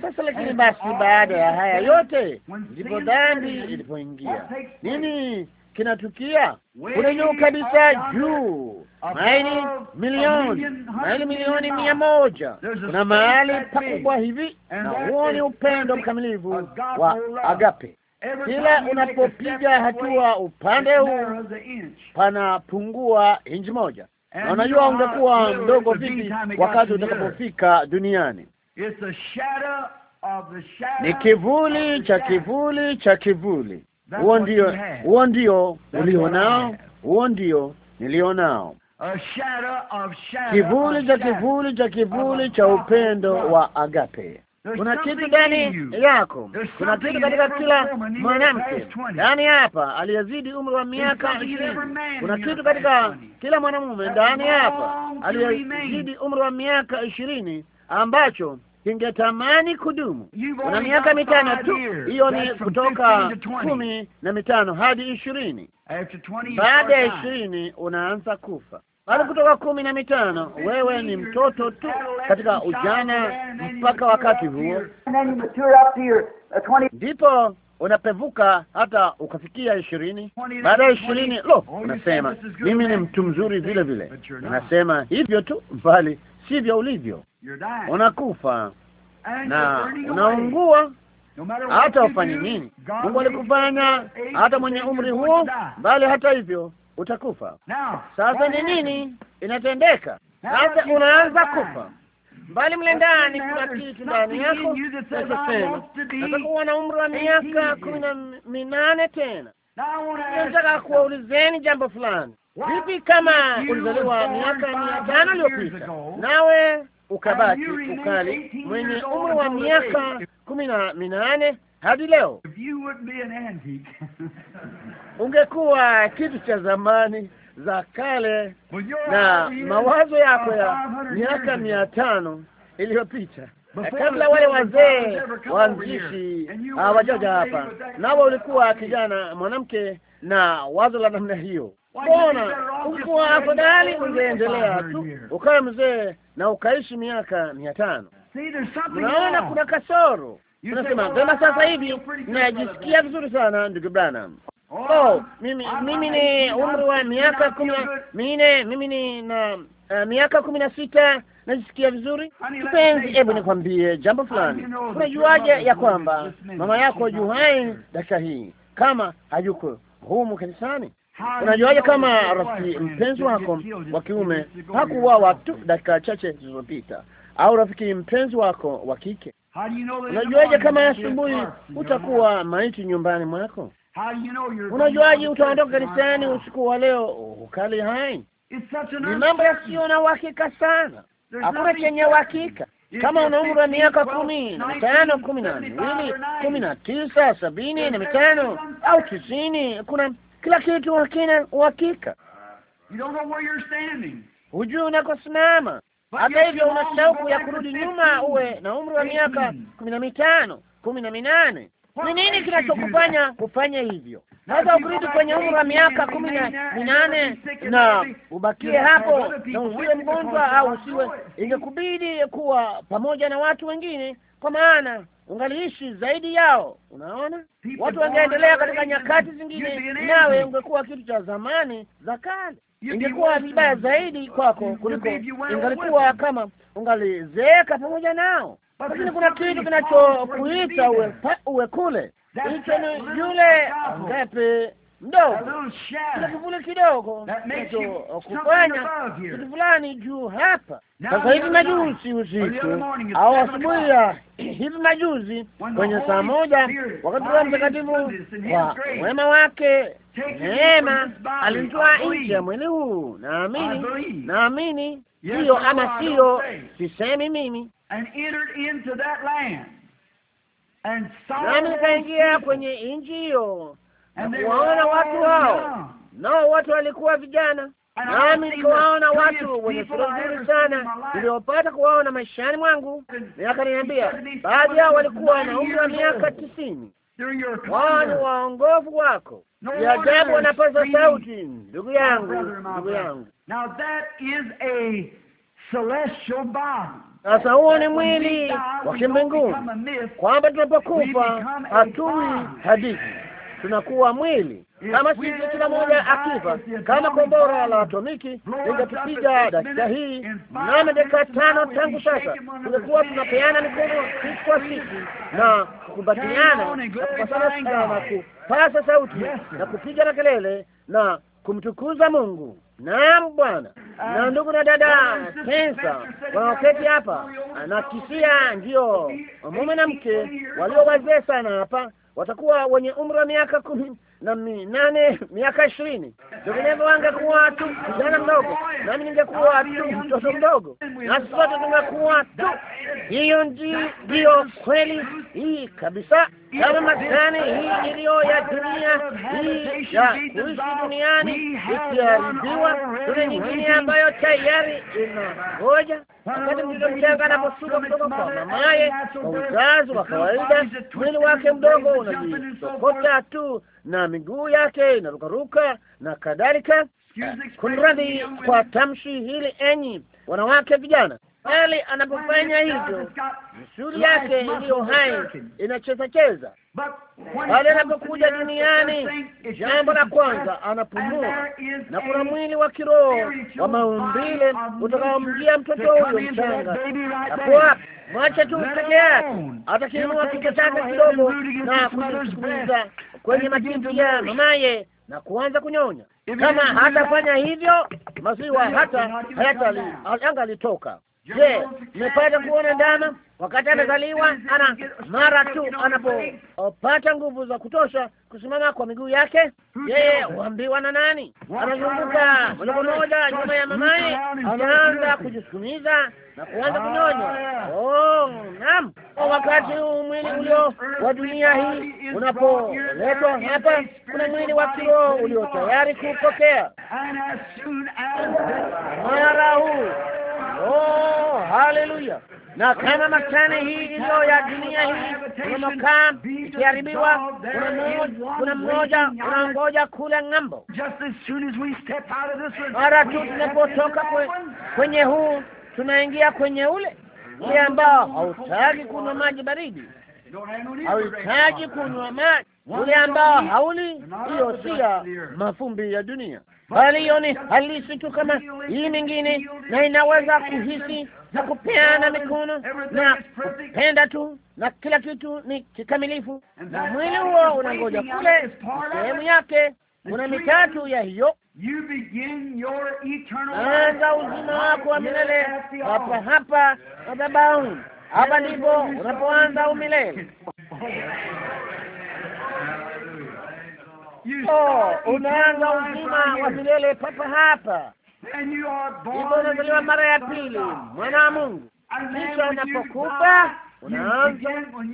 Sasa lakini basi, baada ya haya yote, ndipo dhambi ilipoingia. Nini kinatukia? Unajua kabisa juu maili milioni maili milioni mia moja kuna mahali pakubwa hivi, na huo ni upendo mkamilifu wa agape kila unapopiga hatua upande huu panapungua inji moja, na unajua ungekuwa mdogo vipi wakati utakapofika duniani. Ni kivuli cha kivuli cha kivuli. Huo ndio huo ndio ulionao, huo ndio nilionao, kivuli cha kivuli cha kivuli cha upendo wa agape kuna kitu ndani yako, kuna kitu katika kila mwanamke ndani hapa aliyezidi umri wa miaka ishirini. Kuna kitu katika kila mwanamume ndani hapa aliyezidi umri wa miaka ishirini ambacho kingetamani kudumu. Kuna miaka mitano tu, hiyo ni kutoka kumi na mitano hadi ishirini. Baada ya ishirini unaanza kufa bali kutoka kumi na mitano wewe ni mtoto tu katika ujana mpaka wakati huo, ndipo unapevuka hata ukafikia ishirini. Baada ya ishirini, lo, unasema mimi ni mtu mzuri vile vile. Unasema hivyo tu, bali sivyo ulivyo. Unakufa na unaungua hata ufanye nini. Mungu alikufanya hata mwenye umri huo, bali hata hivyo utakufa. Sasa ni nini inatendeka? Sasa unaanza kufa mbali mle ndani, kuna kitu ndani yako nachosema. Natakuwa na umri wa miaka kumi na minane tena. Nataka kuwaulizeni jambo fulani. Vipi kama ulizaliwa miaka mia tano iliyopita nawe ukabaki ukali mwenye umri wa miaka kumi na minane hadi leo. Ungekuwa kitu cha zamani za kale na mawazo yako ya miaka mia tano iliyopita eh, kabla wale wazee waanzishi hawajaja hapa, nawe ulikuwa kijana mwanamke na wazo la namna hiyo. Bona ungekuwa afadhali ungeendelea tu ukawa mzee na ukaishi miaka mia tano. Unaona, kuna kasoro Unasema vema, sasa hivi najisikia vizuri sana ndugu Branham. Oh, mimi mimi ni umri wa miaka kumi na minne, mimi ni na uh, miaka kumi na sita. Najisikia vizuri kipenzi, hebu nikwambie jambo fulani. Unajuaje ya kwamba mama yako juhai dakika hii kama hayuko humu kanisani? Unajuaje kama rafiki mpenzi wako wa kiume hakuuawa tu dakika chache zilizopita, au rafiki mpenzi wako wa kike Unajuaje kama asubuhi utakuwa maiti nyumbani mwako? Unajuaje utaondoka kanisani usiku wa leo ukali hai? Ni mambo yasiyo na uhakika sana, hakuna chenye uhakika. Kama una umri wa miaka kumi na mitano, kumi na miwili, kumi na tisa, sabini na mitano au tisini, kuna kila kitu hakina uhakika. Hujui unakosimama, hata hivyo una shauku ya kurudi nyuma, uwe na umri wa miaka kumi na mitano kumi na minane. Ni nini kinachokufanya kufanya hivyo? sasa ukurudi kwenye umri wa miaka kumi na minane na ubakie hapo na usiwe mgonjwa au usiwe, ingekubidi kuwa pamoja na watu wengine, kwa maana ungaliishi zaidi yao. Unaona, watu wangeendelea katika nyakati zingine, nawe ungekuwa kitu cha zamani za kale ingekuwa vibaya zaidi kwako kuliko ingalikuwa kama ungalizeeka pamoja nao. Lakini kuna kitu kinachokuita uwe kule, hicho ni yule ngapi mdogo, kivuli kidogo uh, kufanya kitu fulani juu hapa. Sasa hivi majuzi usiku au asubuhi ya hivi majuzi, kwenye saa moja, wakati wa mtakatifu wa wema wake neema, alinitoa nje ya mwili huu. Naamini, naamini hiyo, ama siyo? Sisemi mimi nami nikaingia kwenye nchi hiyo na kuwaona watu wao, nao wote walikuwa vijana, nami niliwaona watu wenye sura nzuri sana niliopata kuwaona maishani mwangu. Akaniambia baadhi yao walikuwa na umri wa miaka tisini. Wao ni waongofu wako, ni ajabu, wanapaza sauti, ndugu yangu, ndugu yangu. Sasa huo ni mwili wa kimbinguni, kwamba tunapokufa hatui hadithi tunakuwa mwili kama sisi, kila mmoja akifa kama kombora la atomiki, ingetupiga dakika hii mnamo dakika tano tangu sasa, tungekuwa tunapeana mikono siku kwa siku na kukumbatiana na kupasana na kupasa sauti na kupiga na kelele na kumtukuza Mungu. Naam Bwana. Na ndugu na dada pensa wanaoketi hapa, anakisia ndio mume na mke walio wazee sana hapa watakuwa wenye umri wa miaka kumi na minane miaka ishirini vinginevyo wangekuwa tu kijana mdogo, nami ningekuwa tu mtoto mdogo, nasi sote tungekuwa tu. Hiyo ndiyo kweli hii kabisa, kama maskani hii iliyo ya dunia hii ya kuishi duniani ikiharibiwa, tuna nyingine ambayo tayari inangoja Wakati mtoto mchanga anaposuka kutoka kwa mama kwa uzazi wa kawaida, mwili wake mdogo unajisokota tu na miguu yake inarukaruka na kadhalika. Kunradhi kwa tamshi hili, enyi wanawake vijana bali anapofanya hivyo misuli yake iliyo hai inachezacheza, bali anapokuja duniani, jambo la kwanza anapumua, na kuna mwili wa kiroho wa maumbile utakaomjia mtoto huyo mchanga. Akuwa mwache tu peke yake, atakinua kichwa chake kidogo na kujisukumiza kwenye matiti ya mamaye na kuanza kunyonya. Kama hatafanya hivyo, maziwa hata hayatali angalitoka Je, mmepata kuona ndama wakati amezaliwa? Ana mara tu anapopata nguvu za kutosha kusimama kwa miguu yake, yeye huambiwa na nani? Anazunguka moja kwa moja nyuma ya mamaye, anaanza kujisukumiza na kuanza kunyonya. Oh, naam. Oh, wakati huu mwili ulio wa dunia hii unapoletwa hapa, kuna mwili wa kiroho ulio tayari kupokea mara huu Oh, haleluya! Na kama maskani hii iliyo ya dunia hii unamokaa ikiharibiwa, kuna mmoja unaongoja kule ng'ambo. Mara tu tunapotoka kwenye huu tunaingia kwenye ule ule ambao hautaki kunywa maji baridi hauhitaji kunywa maji ule ambao hauli, hiyo siya mafumbi ya dunia, bali hiyo ni halisi tu kama hii mingine, na inaweza kuhisi na kupeana mikono na kupenda tu, na kila kitu ni kikamilifu, na mwili huo unangoja kule sehemu yake. Kuna mitatu ya hiyo anza uzima wako wa milele hapa hapa madhabahuni. Hapa ndipo unapoanza umilele. Oh, unaanza uzima wa milele papa hapa. Ndipo unazaliwa mara ya pili, mwana wa Mungu, kisha unapokufa unaanza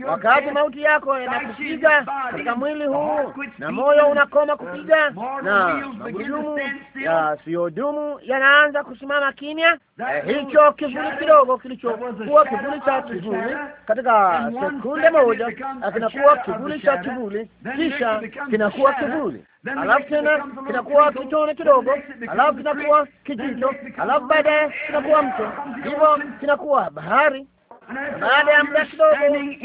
wakati mauti yako yanakupiga katika mwili huu na moyo unakoma kupiga uh, na magurudumu yasiyodumu yanaanza kusimama kimya. Eh, hicho kivuli kidogo kilichokuwa kivuli cha kivuli katika sekunde moja kinakuwa kivuli cha kivuli, kisha kinakuwa kivuli alafu tena kinakuwa kitone kidogo, alafu kinakuwa kijito, alafu baadaye kinakuwa mto, hivyo kinakuwa bahari. Baada ya muda kidogo,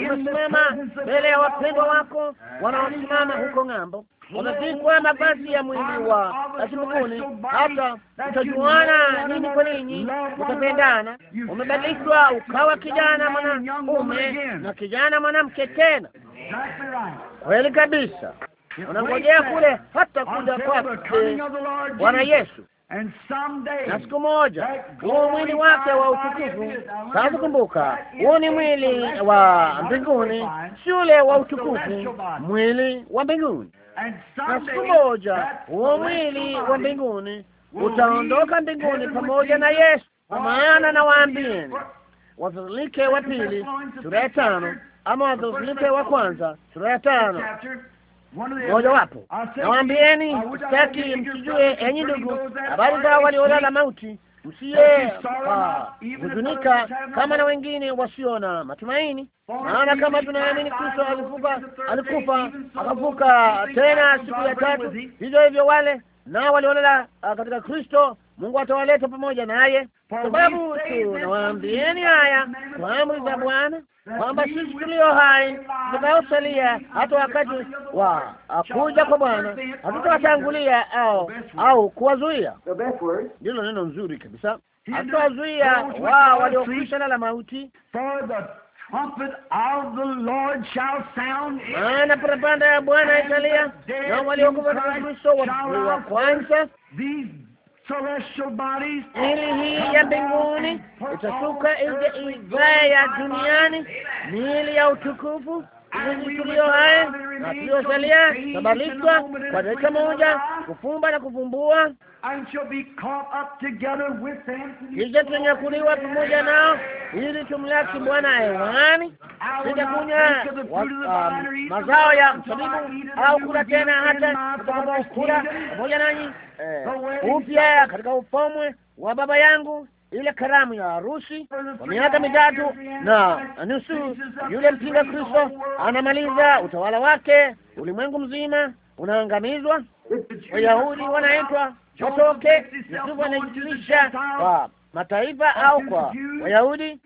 umesimama mbele ya wapendwa wako wanaosimama huko ng'ambo, umevikwa mavazi ya mwili wa asimbukuni, hata utajuana nini kwa nini, utapendana. Umebadilishwa ukawa kijana mwanamume na kijana mwanamke tena. Kweli kabisa, unangojea kule hata kuja kwake Bwana Yesu na siku moja huo mwili wake wa utukufu. Sasa kumbuka, huo ni mwili wa mbinguni, shule wa utukufu, mwili wa mbinguni. Na siku moja huo mwili wa mbinguni utaondoka mbinguni pamoja na Yesu. Kwa maana nawaambieni, Wathesalonike wa pili sura ya tano ama Wathesalonike wa kwanza sura ya tano mojawapo. Nawaambieni, sitaki msijue, enyi ndugu, habari zao waliolala mauti, msiye huzunika kama na wengine wasio na matumaini. Maana kama tunaamini Kristo alikufa, alikufa akavuka tena siku ya tatu, vivyo hivyo wale nao waliolala ah, katika Kristo, Mungu atawaleta pamoja naye sababu tunawaambieni haya kwa amri za Bwana kwamba sisi tulio hai tutakaosalia hata wakati wa kuja kwa Bwana hatutawatangulia au au kuwazuia. Ndilo neno nzuri kabisa, hatutawazuia wao waliokwisha lala mauti, maana parapanda ya Bwana italia na waliokufa katika Kristo wa kwanza ili hii ya mbinguni itasuka ije ya duniani, miili ya utukufu tulio eh? hai na tuliosalia tabarikwa kwa dakika moja kufumba na kufumbua, kisha tunyakuliwa pamoja nao ili tumlaki Bwana hewani. Sitakunywa um, mazao ya mzabibu au kula tena, hata utakapokula pamoja nanyi eh, upya katika ufalme wa Baba yangu ile karamu ya harusi kwa miaka mitatu na nusu. Yule mpinga Kristo anamaliza utawala wake, ulimwengu mzima unaangamizwa, Wayahudi wanaitwa watoke, Yusufu anajijulisha kwa mataifa au kwa Wayahudi.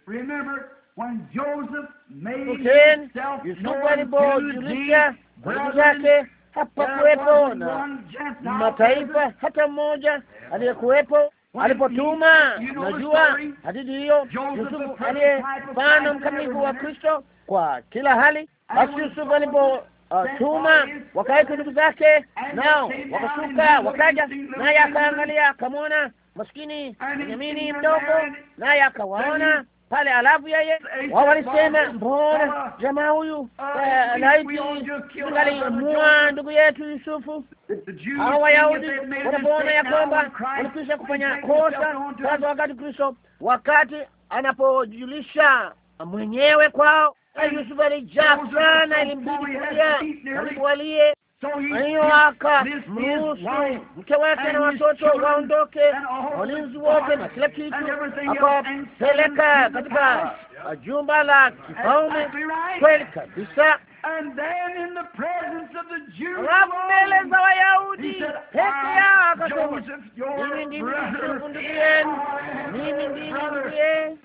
Yusufu alipojulisha ndugu zake, hapakuwepo na mataifa hata mmoja aliyekuwepo alipotuma. Unajua hadithi hiyo, Yusufu aliye mfano mkamilifu wa Kristo kwa kila hali. Basi Yusufu alipo Uh, tuma ndugu zake nao wakashuka wakaja, naye akaangalia akamwona maskini Benyamini mdogo, naye akawaona pale, alafu yeye wao eh, walisema, mbona ah, jamaa huyu laiti ah, eh, tungalimua ndugu yetu Yusufu. Hao Wayahudi wanapoona ya kwamba walikwisha kufanya kosa, sasa wakati Kristo, wakati anapojulisha mwenyewe kwao, Yusufu alijaa sana, ilimbidi kulia alipoalie Kwa hiyo akamruhusu mke wake na watoto waondoke, walinzi wote na kila kitu, akawapeleka katika jumba la kifalme. Kweli kabisa. Alafu mbele za Wayahudi peke yao akasema, mimi ndimi ndugu yenu, mimi ndimi ndugu yenu.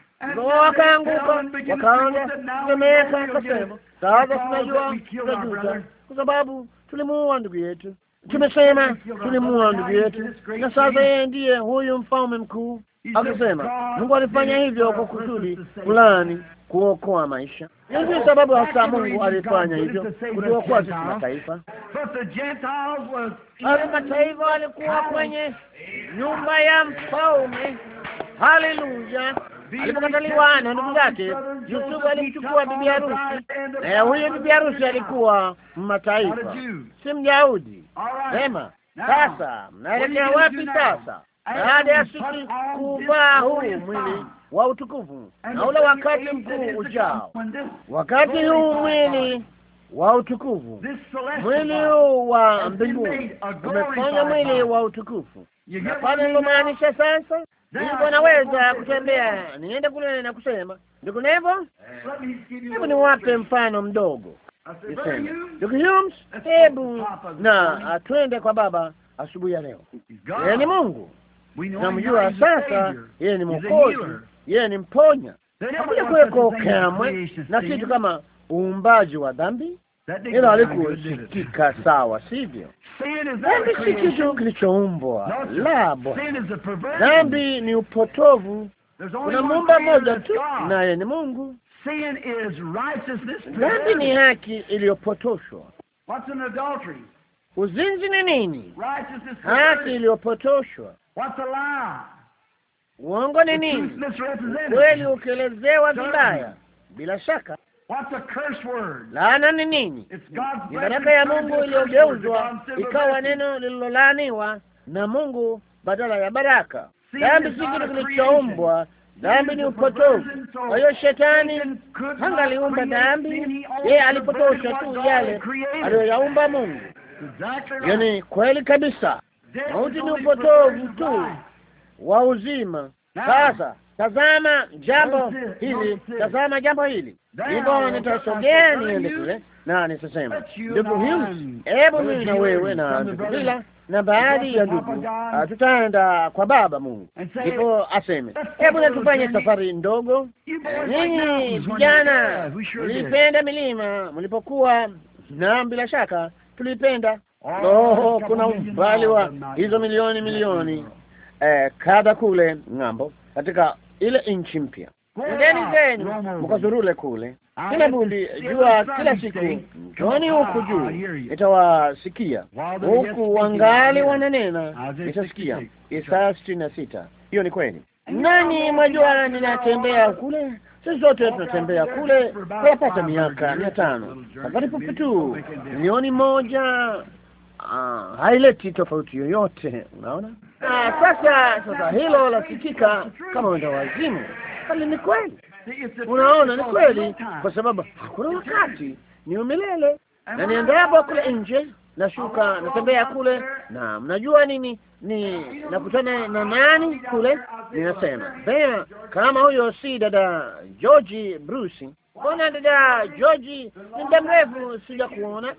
Wakaanguka wakaanza kusemeka, akasema, sasa tunajua, tunajuta kwa sababu tulimuua ndugu yetu, tumesema tulimuua ndugu yetu, na sasa yeye ndiye huyu mfalme mkuu. Akasema Mungu alifanya hivyo kwa kusudi fulani, kuokoa maisha. Ndiyo sababu hasa Mungu alifanya hivyo, kutuokoa sisi mataifa. Mataifa walikuwa kwenye nyumba ya mfalme. Haleluya! alipokataliwa na ndugu zake, Yusufu alimchukua bibi harusi, na huyo bibi harusi alikuwa mataifa, si Myahudi. Sema sasa, mnaelekea wapi sasa? Baada ya siku kuvaa huu mwili wa utukufu na ule wakati mkuu ujao, wakati huu mwili wa utukufu, mwili huu wa mbinguni umefanya mwili wa utukufu. Napana nilomaanisha sasa Mungu naweza kutembea, niende kule na kusema ndugu Nevo, eh. hebu niwape mfano mdogo. Niseme ndugu Humes, hebu na atwende kwa baba asubuhi ya leo. Yeye ni Mungu, namjua sasa. Yeye ni Mwokozi, yeye ni mponya. Hakuja kuweko kamwe na kitu kama uumbaji wa dhambi hilo alikusikika sawa, sivyo? Dhambi si kitu kilichoumbwa, la Bwana. Dhambi ni upotovu. Kuna muumba mmoja tu, naye ni Mungu. Dhambi ni haki iliyopotoshwa. Uzinzi ni nini? Haki iliyopotoshwa. Uongo ni nini? Kweli ukielezewa vibaya, bila shaka Laana ni nini Ni baraka ya Mungu iliyogeuzwa ikawa neno lililolaaniwa na Mungu badala ya baraka. Dhambi si kitu kilichoumbwa, dhambi ni upotovu. Kwa hiyo shetani hangaliumba dhambi, yeye alipotosha tu yale aliyoyaumba Mungu. Hiyo ni kweli kabisa. Mauti ni upotovu tu wa uzima. Sasa tazama jambo hili, tazama jambo hili hivyo nitasogea niende kule na nitasema, ndugu Hughes, hebu mimi na wewe na ndugu Bila na baadhi ya ndugu tutaenda kwa Baba Mungu. Ndipo aseme, hebu natufanye safari ndogo. Nyinyi vijana mlipenda milima mlipokuwa, na bila shaka tulipenda. Oh, kuna umbali wa hizo milioni milioni eh, kada kule ng'ambo katika ile nchi mpya Nendeni zenu mkazurule kule, kila bundi jua, kila siku joni ah, huku juu, nitawasikia huku wangali wananena, nitasikia. Isaya sitini na sita. Hiyo ni kweli. Nani mwajua, ninatembea kule, sisi zote tunatembea kule, tunapata miaka mia tano safari fupi tu, milioni moja Uh, haileti tofauti yoyote, unaona. Na ah, sasa sasa hilo lasikika kama wenda wazimu bali ni kweli, unaona ni kweli, kwa sababu hakuna wakati, ni umilele. Na niendapo kule nje, nashuka natembea kule, na mnajua nini, ni nakutana na nani kule, ninasema bema kama huyo si dada George Bruce. Mbona dada George, ni muda mrefu sija kuona,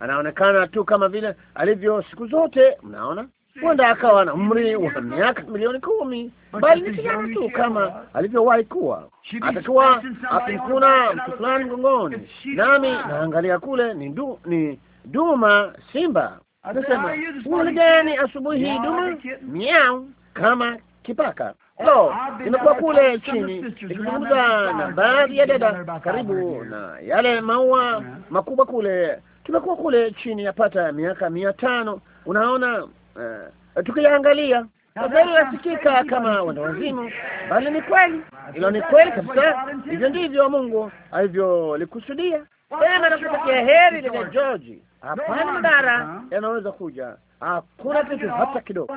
anaonekana tu kama vile alivyo siku zote, mnaona huenda akawa na umri wa miaka milioni kumi, bali ni kijana tu kama alivyowahi kuwa. Atakuwa akimkuna mtu fulani mgongoni, nami naangalia kule ni du, ni duma simba. Anasema huyu gani asubuhi hii, duma miau kama kipaka. Lo, nimekuwa kule chini nikizungumza na baadhi ya dada karibu na yale maua makubwa kule. Tumekuwa kule chini yapata miaka mia tano. Unaona uh, tukiangalia sasa inasikika kama wanawazimu, bali ni kweli. Hilo ni kweli kabisa, hivyo ndivyo Mungu alivyolikusudia. Sema nakutakia heri dada George hapana madhara yanaweza kuja, hakuna kitu hata kidogo.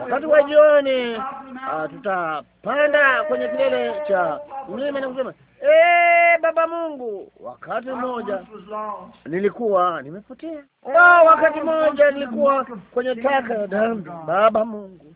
Wakati wa jioni ah, tutapanda kwenye kilele cha mlima na kusema Ee, Baba Mungu, wakati mmoja nilikuwa nimepotea. Oh, ah, wakati mmoja nilikuwa kwenye taka ya dhambi, Baba Mungu,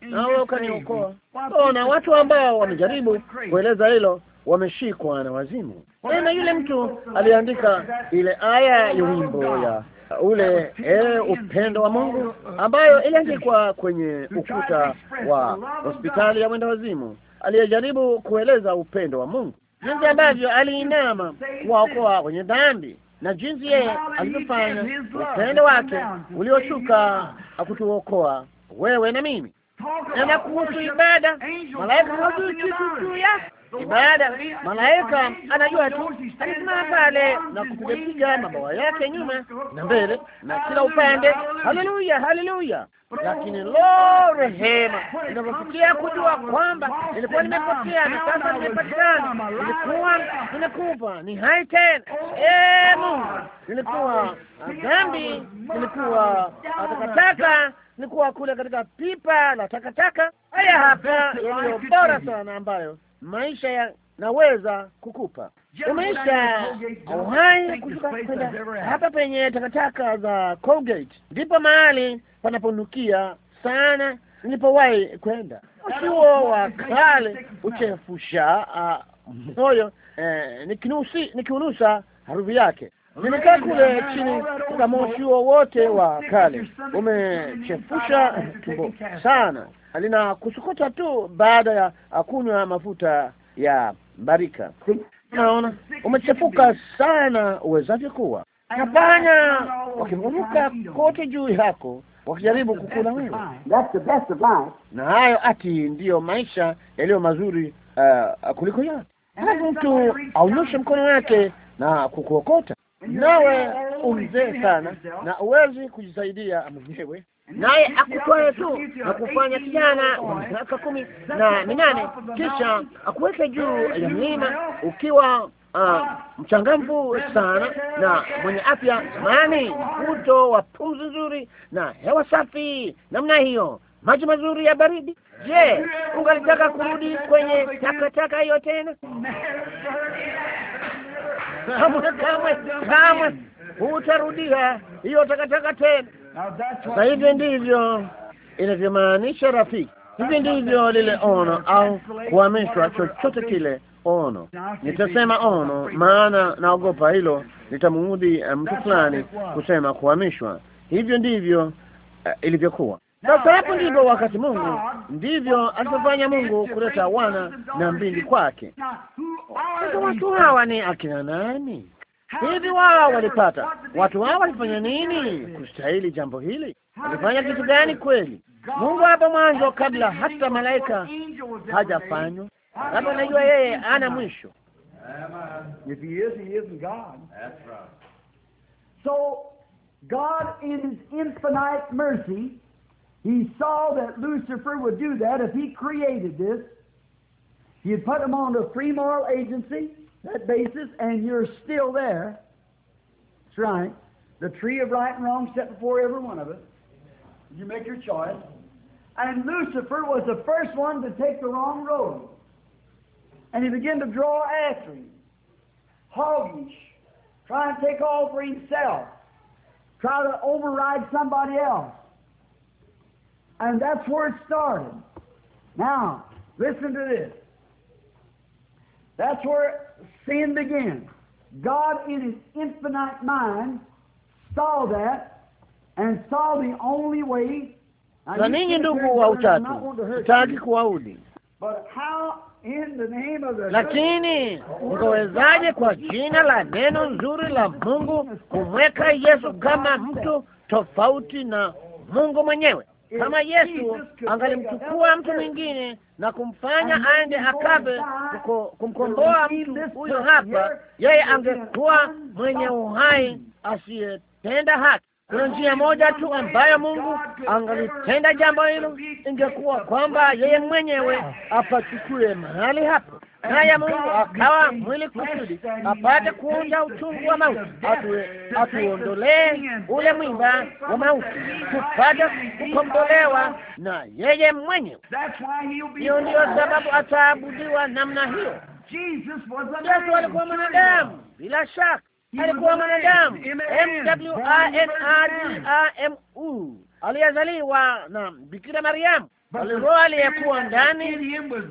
nawe ukaniokoa. Oh, na watu ambao wamejaribu kueleza hilo wameshikwa na wazimu. Tena yule mtu aliandika ile aya ya wimbo ya ule e, upendo wa Mungu ambayo iliandikwa kwenye ukuta wa hospitali ya wenda wazimu, aliyejaribu kueleza upendo wa Mungu, jinsi ambavyo aliinama kuwaokoa wenye dhambi na jinsi yeye alivyofanya upendo wake ulioshuka akutuokoa wewe na mimi. ana kuhusu ibada, malaika hawajui kitu juu ibada. Malaika anajua tu, alisimama pale na kupigapiga mabawa yake nyuma na mbele na kila upande. Haleluya, haleluya! Lakini lo, rehema inapofikia kujua kwamba nilikuwa nimepotea na sasa nimepatikana, nilikuwa nimekufa, ni hai tena. Ee Mungu, nilikuwa dhambi, nilikuwa atakataka nilikuwa kule katika pipa la takataka. Haya hapa yaliyo bora sana ambayo maisha yanaweza kukupa maisha uhai, kushuka kwenda hapa penye takataka za Colgate, ndipo mahali panaponukia sana nilipowahi kwenda. Ufuo wa kale uchefusha moyo e, nikiunusa harufu yake. Nimekaa kule chini katika moshi wa kale umechefusha tumbo sana lina kusukuta tu baada ya kunywa mafuta ya mbarika. Unaona, umechefuka sana uwezavyo kuwa na panya wakivuruka kote juu yako wakijaribu kukula wewe, na hayo ati ndiyo maisha yaliyo mazuri uh, kuliko yote. Halafu mtu aunyoshe mkono wake na kukuokota, nawe umzee sana na uwezi kujisaidia mwenyewe naye akutwaye tu na kufanya kijana wa miaka kumi na minane, kisha akuweke juu ya mlima ukiwa uh, mchangamfu sana na mwenye afya mani, mvuto wa pumzi nzuri na hewa safi namna hiyo, maji mazuri ya baridi. Je, ungalitaka kurudi kwenye takataka hiyo tena? Kamwe, kamwe, kamwe hutarudia hiyo takataka tena. Sasa hivi ndivyo inavyomaanisha rafiki. Hivi ndivyo lile ono au kuhamishwa chochote kile ono. Nitasema ono, maana naogopa hilo litamuudhi eh, mtu fulani kusema kuhamishwa. Hivyo ndivyo uh, ilivyokuwa. Sasa hapo eh, ndipo wakati Mungu ndivyo alivyofanya Mungu kuleta wana na mbili kwake. Sasa watu hawa ni akina nani? Hivi wao walipata, watu wao walifanya nini kustahili jambo hili? Walifanya kitu gani kweli? Mungu hapo mwanzo, kabla hata malaika hajafanywa, labda unajua, yeye ana mwisho. So God in his infinite mercy he saw that Lucifer would do that if he created this. He put him on a free moral agency that basis, and you're still there. That's right. The tree of right and wrong set before every one of us. You make your choice. And Lucifer was the first one to take the wrong road. And he began to draw after him. Hoggish. Try to take all for himself. Try to override somebody else. And that's where it started. Now, listen to this. That's where sinned again. God, in His infinite mind, saw that and saw the only way. Na ninyi ndugu wa utatu, sitaki kuwaudi, lakini ungewezaje kwa jina la neno nzuri la Mungu kumweka Yesu kama mtu tofauti na Mungu mwenyewe? Kama Yesu angalimchukua mtu mwingine na kumfanya aende akabe kumkomboa mtu huyo hapa, yeye angekuwa mwenye uhai asiyetenda haki. Kuna njia moja tu ambayo Mungu angalitenda jambo hilo, ingekuwa kwamba yeye mwenyewe apachukue mahali hapo, naye Mungu akawa mwili kusudi apate kuonja uchungu wa mauti, atuondolee ule mwimba wa mauti, tupate kukombolewa na yeye mwenyewe. Hiyo ndiyo sababu ataabudiwa namna hiyo. Yesu alikuwa mwanadamu bila shaka alikuwa mwanadamu U, aliyezaliwa na Bikira Mariamu, roho aliyekuwa ndani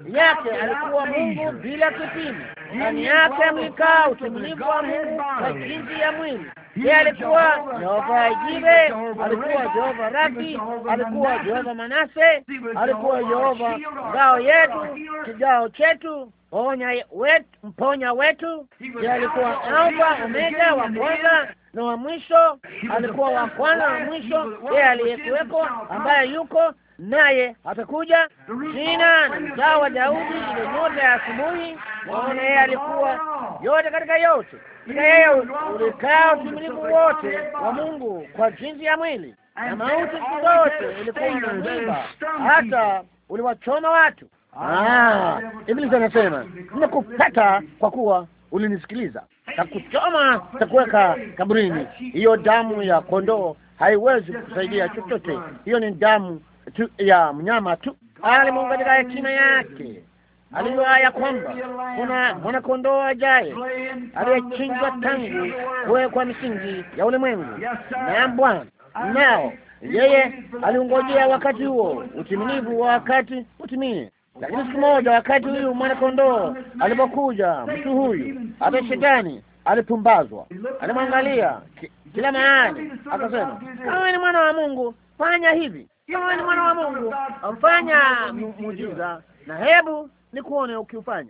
yake alikuwa Mungu bila kipimo. Ndani yake mlikaa utimilivu wa Mungu kwa jinsi ya mwili. Yeye alikuwa Jehova Jire, alikuwa Jehova Raki, alikuwa Jehova Manase, alikuwa Jehova ngao yetu, kigao chetu onya wet, mponya wetu. alikuwa Alfa Omega, wa kwanza na wa mwisho. Alikuwa wa kwanza na mwisho, yeye aliyekuweko, ambaye yuko naye atakuja. Jina na Daudi ile nyota ya asubuhi. Naona yeye alikuwa yote katika yote, katika yeye ulikaa utimilifu wote wa Mungu kwa jinsi ya mwili, na mauti siku zote ilikuwa na hata uliwachoma watu Ah, Ibilisi anasema nimekupata kwa kuwa ulinisikiliza, takuchoma takuweka kaburini. Hiyo damu ya kondoo haiwezi kusaidia chochote, hiyo ni damu tu ya mnyama tu. Ali Mungu katika hekima yake alijua ya kwamba kuna mwanakondoo ajaye aliyechinjwa tangu kuwekwa misingi ya ulimwengu. Na Bwana nao yeye aliungojea wakati huo utimilivu wa wakati utimie. Lakini siku moja, wakati huyu mwana kondoo alipokuja, mtu huyu hata shetani alipumbazwa, alimwangalia kila mahali, akasema, kama ni mwana wa Mungu fanya hivi, kama ni mwana wa Mungu amfanya muujiza, na hebu nikuone ukiufanya,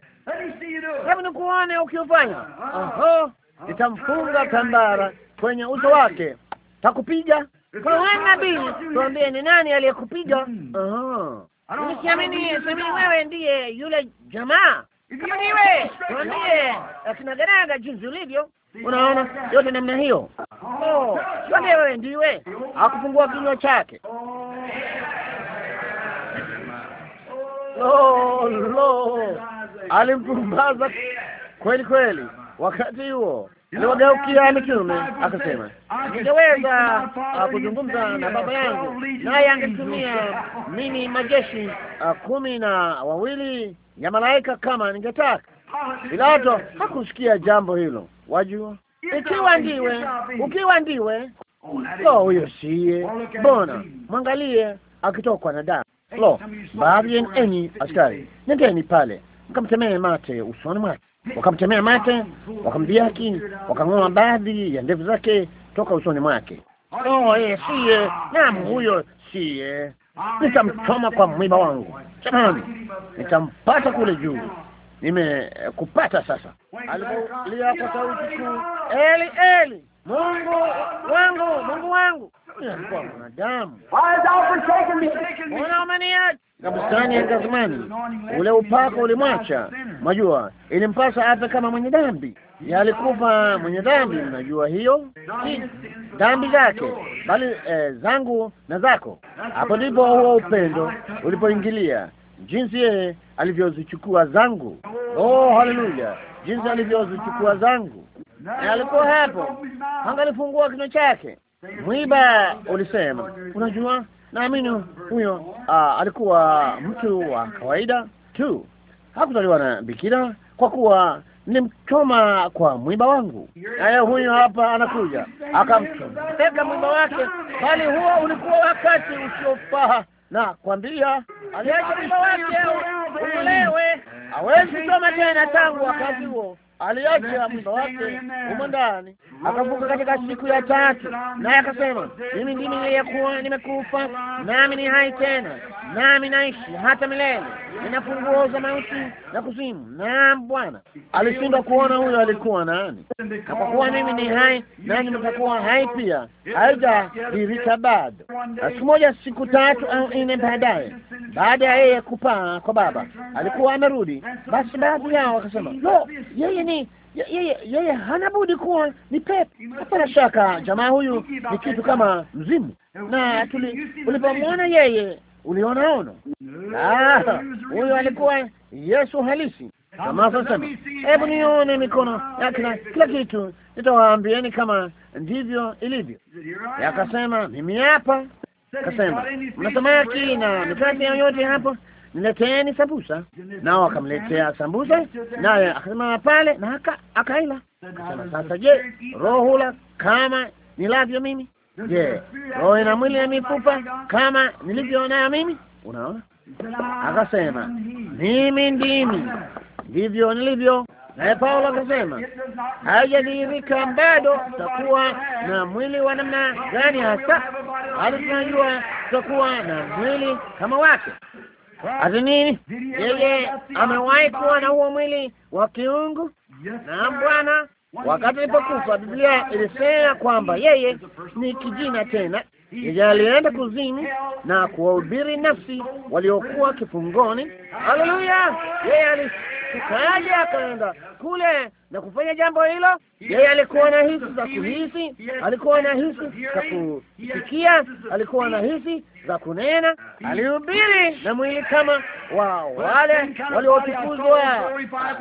hebu nikuone ukiufanya. Oho, nitamfunga tambara kwenye uso wake, takupiga. Kuna nabii tuambie, ni nani aliyekupiga? Aha. Nikiamini siamini, wewe ndiye yule jamaa, niwe ndiye akinagaraga jinsi ulivyo, unaona yote namna hiyo, yote wewe ndiwe. Hakufungua kinywa chake. Lo, lo, alimpumbaza kweli kweli wakati huo Nilimgeukia mitume akasema, ningeweza uh, kuzungumza na baba yangu, naye angetumia mimi majeshi uh, kumi na wawili ya malaika kama ningetaka. Pilato hakusikia jambo hilo, wajua. Ikiwa ndiwe, ukiwa ndiwe, oh, lo, huyo siye. Bona mwangalie akitokwa na damu. Lo, baadhi yenu enyi askari, nendeni pale mkamtemee mate usoni mwake wakamtemea mate, wakamdhihaki, wakang'oa baadhi ya ndevu zake toka usoni mwake. Oh, eh, siye nam, huyo siye, nitamchoma kwa mwiba wangu. Jamani, nitampata kule juu. Nimekupata sasa. Alipolia kwa sauti kuu, Eli, Eli, Mungu wangu, Mungu wangu, alikuwa mwanadamu. Mbona umeniacha? Na bustani ya Gethsemane, ule upako ulimwacha. Mnajua ilimpasa afe kama mwenye dhambi, yalikufa mwenye dhambi. Mnajua hiyo dhambi zake, bali eh, zangu na zako. Hapo ndipo huo upendo ulipoingilia, jinsi yeye alivyozichukua zangu. Oh, haleluya! Jinsi alivyozichukua zangu alikuwa hapo, angalifungua kinywa chake. Mwiba ulisema, unajua, naamini huyo ah, alikuwa mtu wa kawaida tu, hakuzaliwa na bikira, kwa kuwa nilimchoma kwa mwiba wangu. Naye huyu hapa anakuja akamteka mwiba wake, bali huo ulikuwa wakati usiofaa na kwambia aliacha mwiba wake ulewe, awezi kusoma tena tangu wakati huo aliacha mimba wake humo ndani, akavuka katika siku ya tatu, naye akasema, mimi ndimi niliyekuwa nimekufa, nami ni hai tena, nami naishi hata milele, nina za mauti na kuzimu. Naam, Bwana alishindwa kuona huyo alikuwa nani, na kwa kuwa mimi ni hai, nani mtakuwa hai pia. Haijadhihirika bado. Siku moja, siku tatu au nne baadaye, baada ya yeye kupaa kwa Baba, alikuwa amerudi. Basi baadhi yao wakasema, lo, yeye lakini yeye ye, hana budi kuwa ni pepo. Hapana shaka, jamaa huyu ni kitu kama mzimu, na ulipomwona yeye uliona ono. Ah, huyu alikuwa Yesu halisi. Kama sasa, hebu nione mikono ah, yake na kila kitu, nitawaambieni kama ndivyo ilivyo. Akasema mimi hapa, akasema mna samaki na mikate yoyote hapo? nileteeni sambusa, nao akamletea sambusa, naye akasimama pale na akaila. Akasema, sasa je, roho hula kama nilavyo mimi? Je, roho ina mwili na mifupa kama nilivyo nayo mimi? Unaona, akasema mimi ndimi ndivyo nilivyo. Naye Paulo akasema haijadhihirika bado tutakuwa na mwili wa namna gani hasa, hali tunajua tutakuwa na mwili kama wake ati nini? Yeye amewahi kuwa na huo mwili wa kiungu na Bwana wakati alipokufa, Biblia ilisema kwamba yeye ni kijina tena. Yeye alienda kuzini na kuwahubiri nafsi waliokuwa kifungoni. Haleluya! Yeye alitukaje akaenda kule na kufanya jambo hilo yeye alikuwa na hisi za kuhisi, alikuwa na hisi za kusikia, alikuwa na hisi za kunena. Alihubiri na mwili kama wa wale waliotukuzwa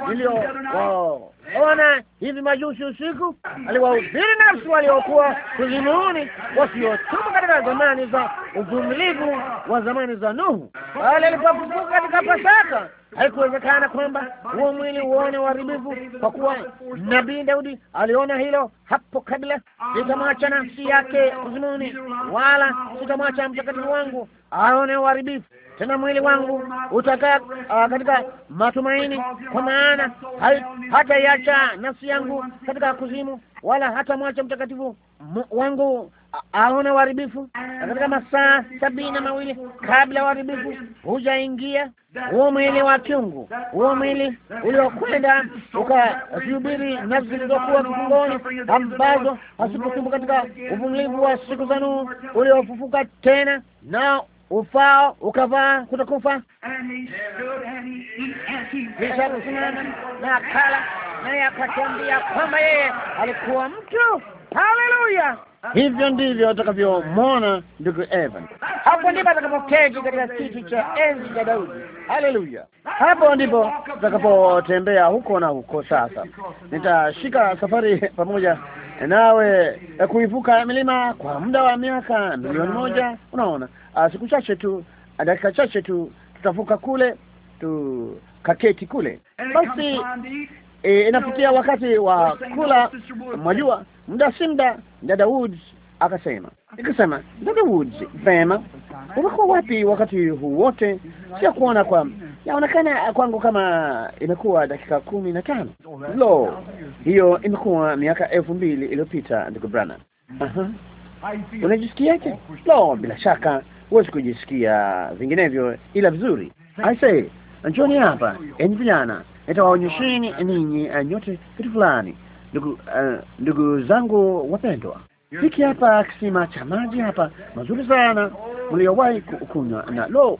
niliowaona hivi majuzi usiku. Aliwahubiri nafsi waliokuwa kuzimuni, wasiotubu katika zamani za uvumilivu wa zamani za Nuhu. Pale alipofufuka katika Pasaka, haikuwezekana kwamba huo mwili uone uharibifu, kwa kuwa nabii Daudi aliona hilo hapo kabla. Sitamwacha ah, nafsi yake uzimuni, wala sitamwacha mtakatifu wangu aone uharibifu. Tena mwili wangu utakaa uh, katika matumaini, kwa maana hataiacha nafsi yangu katika kuzimu, wala hatamwacha mtakatifu wangu aona uharibifu, na katika masaa ah. sabini na mawili kabla ya uharibifu hujaingia, huo mwili wa kiungu, huo mwili uliokwenda ukazihubiri nafsi zilizokuwa kifungoni, ambazo hazikutubu katika uvumilivu wa siku za Nuhu, uliofufuka tena na ufao ukavaa kutokufa, kisha kusimama na kala naye akatambia kwamba yeye alikuwa mtu. Haleluya! Hivyo ndivyo atakavyomwona ndugu Evan. Hapo ndipo atakapoketi katika kiti cha enzi cha Daudi. Haleluya! Hapo ndipo atakapotembea huko na huko. Sasa nitashika safari pamoja nawe kuivuka milima kwa muda wa miaka milioni moja. Unaona, ah, siku chache tu, ah, dakika chache tu, tutavuka kule tukaketi kule basi Eh, inafikia wakati wa kula. Mwajua, muda si muda dada Woods akasema, nikasema dada Woods, vema, umekuwa wapi wakati huu wote? Sio kuona kwa yaonekana kwangu kama imekuwa dakika kumi na tano. Lo, hiyo imekuwa miaka elfu mbili iliyopita, ndugu Branham. unajisikiaje? Lo, bila shaka huwezi kujisikia vinginevyo ila vizuri. I say, njoni hapa enyi vijana nitawaonyesheni ninyi eh, nyote kitu fulani ndugu, uh, ndugu zangu wapendwa. Hiki hapa kisima cha maji hapa mazuri sana mliowahi kunywa, na lo,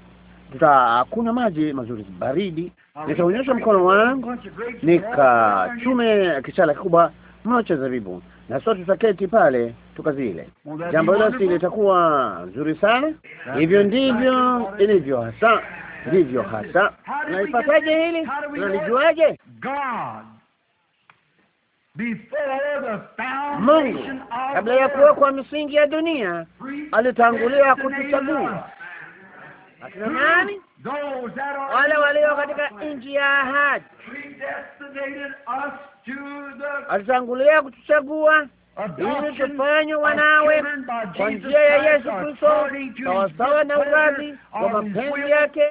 tutakunywa maji mazuri baridi. Nitaonyesha mkono wangu nikachume kichala kikubwa mno cha zabibu, na sote tutaketi pale tukazile. Jambo hilo si litakuwa nzuri sana? Hivyo ndivyo ilivyo hasa. Ndivyo hasa. Unaipataje hili? Unalijuaje? Mungu kabla ya kuwa kwa misingi ya dunia alitangulia kutuchagua akina nani? Wale walio katika nchi ya ahadi. Alitangulia kutuchagua ili tufanywe wanawe kwa njia ya Yesu Kristo, sawasawa na uradhi wa mapenzi yake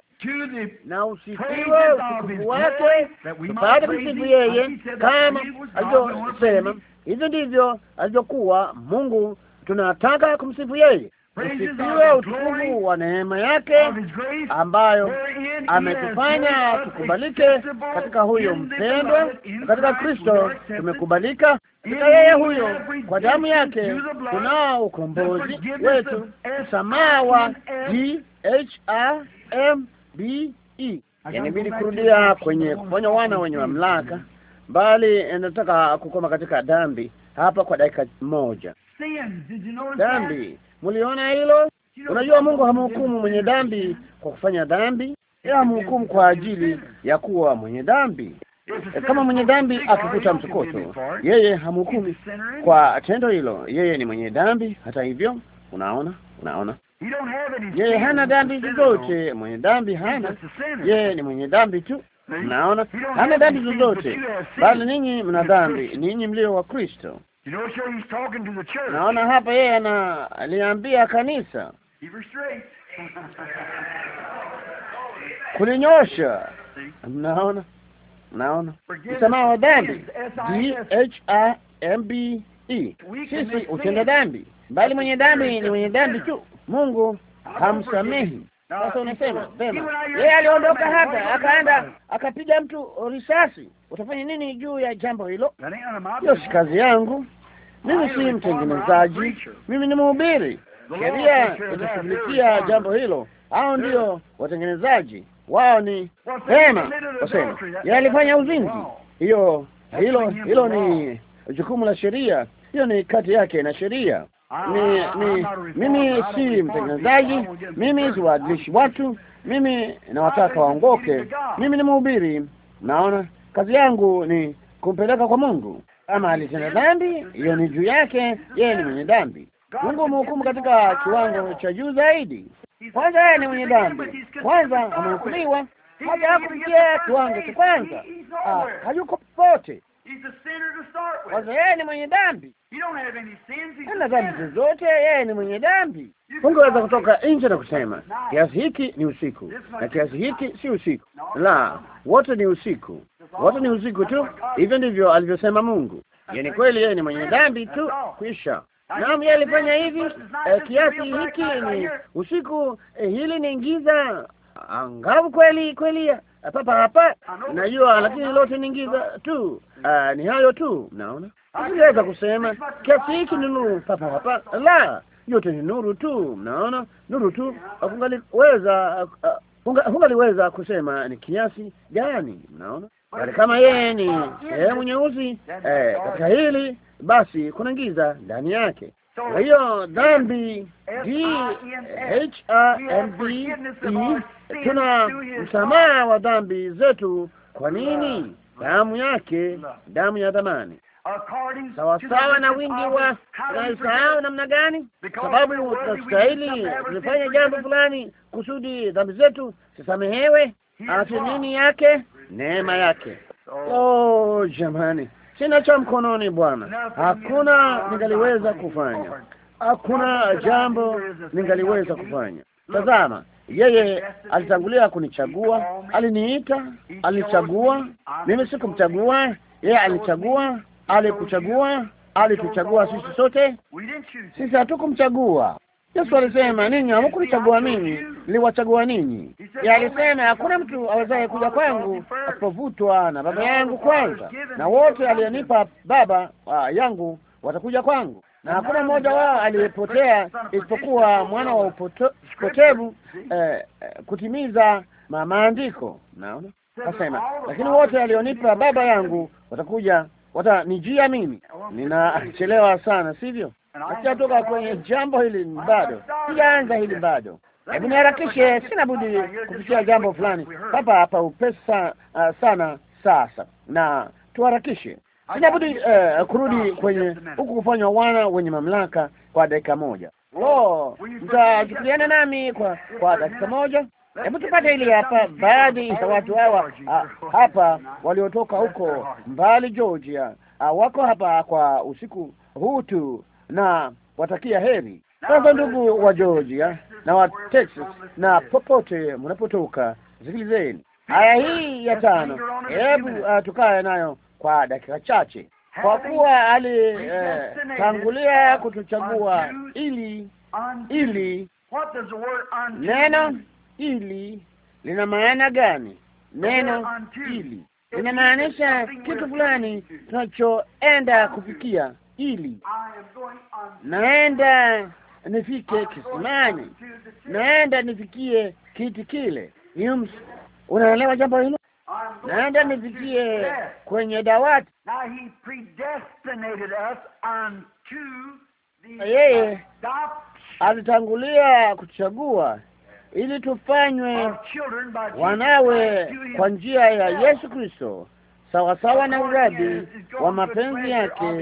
na usifiwe utukufu wake, tupate kumsifu yeye kama alivyosema. Hivyo ndivyo alivyokuwa Mungu, tunataka kumsifu yeye. Usifiwe utukufu wa neema yake ambayo ametufanya tukubalike katika huyo mpendwa, katika Kristo tumekubalika katika yeye huyo, kwa damu yake tunao ukombozi wetu, msamaha wa g h a m B E. Yanibidi kurudia kwenye kufanya wana wenye mamlaka, bali eh, nataka kukoma katika dhambi hapa kwa dakika moja. Dhambi, mliona hilo? Unajua, Mungu hamhukumu mwenye dhambi kwa kufanya dhambi, ila hamhukumu kwa ajili ya kuwa mwenye dhambi. Eh, kama mwenye dhambi akikuta msokoto, yeye hamhukumi kwa tendo hilo, yeye ni mwenye dhambi. Hata hivyo, unaona, unaona yeye hana dhambi zozote, mwenye dhambi hana, yeye ni mwenye dhambi tu. Naona hana dhambi zozote, bali ninyi mna dhambi, ninyi mlio wa Kristo. Naona hapa yeye analiambia kanisa kulinyosha. Mnaona, mnaona msamaha wa dhambi, D H A M B E, sisi utenda dhambi, bali mwenye dhambi ni mwenye dhambi tu. Mungu hamsamehi. Sasa unasema vema, yeye aliondoka hapa akaenda akapiga mtu risasi, utafanya nini juu ya jambo hilo? Hiyo si kazi yangu mimi, si mtengenezaji, mimi ni mhubiri. Sheria itashughulikia jambo hilo. Hao ndio watengenezaji, wao ni vema. Wasema yeye alifanya uzinzi, hiyo hilo hilo ni jukumu la sheria, hiyo ni kati yake na sheria ni, ah, ni, ah, mimi si mtengenezaji, mimi siwaadilishi watu, mimi nawataka ah, eh, waongoke. Eh, eh, mimi ni mhubiri. Naona kazi yangu ni kumpeleka kwa Mungu. Kama alitenda dhambi, hiyo ni juu yake, yeye ni mwenye dhambi. Mungu amehukumu katika kiwango cha juu zaidi. Kwanza yeye ni mwenye dhambi, kwanza amehukumiwa, haja hakufikia kiwango cha kwanza, hayuko popote kwanza yeye ni mwenye dhambi, hana dhambi zozote, yeye ni mwenye dhambi. Ungeweza kutoka nje na kusema kiasi hiki ni usiku na kiasi hiki si usiku, la wote ni usiku, wote ni usiku tu. Hivyo ndivyo alivyosema Mungu. Ye ni kweli, yeye ni mwenye dhambi tu, kwisha. Naam, yeye alifanya hivi. Eh, kiasi hiki ni usiku, eh, hili ni giza angavu, kweli kweli Eh, papa hapa, najua, lakini lote ni giza tu. Uh, ni hayo tu, mnaona. Siweza kusema kiasi hiki ni nuru papa hapa, la, yote ni nuru tu, mnaona, nuru tu. Eh, hungaliweza uh, kusema ni kiasi gani, mnaona yaani kama yeye ni sehemu nyeusi eh, katika hili basi kuna giza ndani yake. Kwa hiyo dhambi e, tuna msamaha wa dhambi zetu. Kwa nini? Damu yake, damu ya dhamani, sawasawa na wingi wa tunaisahau namna gani? Sababu tunastahili tulifanya jambo fulani kusudi dhambi zetu zisamehewe. Afi nini yake? Neema yake. Oh, jamani sina cha mkononi, Bwana, hakuna ningaliweza kufanya, hakuna jambo ningaliweza kufanya. Tazama, yeye alitangulia kunichagua, aliniita, alinichagua mimi, sikumchagua yeye, alinichagua, alikuchagua, alituchagua sisi sote. Sisi hatukumchagua, Yesu alisema ninyi hamkunichagua mimi, niliwachagua ninyi. Yeye alisema hakuna mtu awezaye kuja kwangu asipovutwa na Baba yangu kwanza, na wote aliyenipa Baba uh, yangu watakuja kwangu, na hakuna mmoja wao aliyepotea isipokuwa mwana wa upotevu, eh, eh, kutimiza maandiko. Naona akasema, lakini wote alionipa Baba yangu watakuja watanijia mimi. Ninachelewa sana, sivyo? sijatoka kwenye jambo hili bado, sijaanza hili bado. Hebu niharakishe, sina budi kupitia jambo fulani hapa hapa upesi uh, sana sasa, na tuharakishe, sina budi uh, kurudi kwenye huku kufanywa wana wenye mamlaka kwa dakika moja. Oh, mtachukuliana nami kwa kwa dakika moja? Hebu tupate hili hapa. Baadhi ya watu hawa uh, hapa waliotoka huko mbali Georgia uh, wako hapa kwa usiku huu tu na watakia heri. Sasa ndugu wa Georgia na wa Texas na popote mnapotoka, sikilizeni haya, hii ya tano. Hebu uh, tukae nayo kwa dakika chache, kwa kuwa alitangulia eh, uh, kutuchagua ili ili neno ili lina maana gani? Neno ili linamaanisha kitu fulani tunachoenda kufikia ili naenda nifike kisimani, naenda nifikie kiti kile. Unaelewa jambo hilo? Naenda nifikie kwenye dawati. Yeye alitangulia kuchagua ili tufanywe wanawe kwa njia ya Yesu Kristo sawasawa na uradi wa mapenzi yake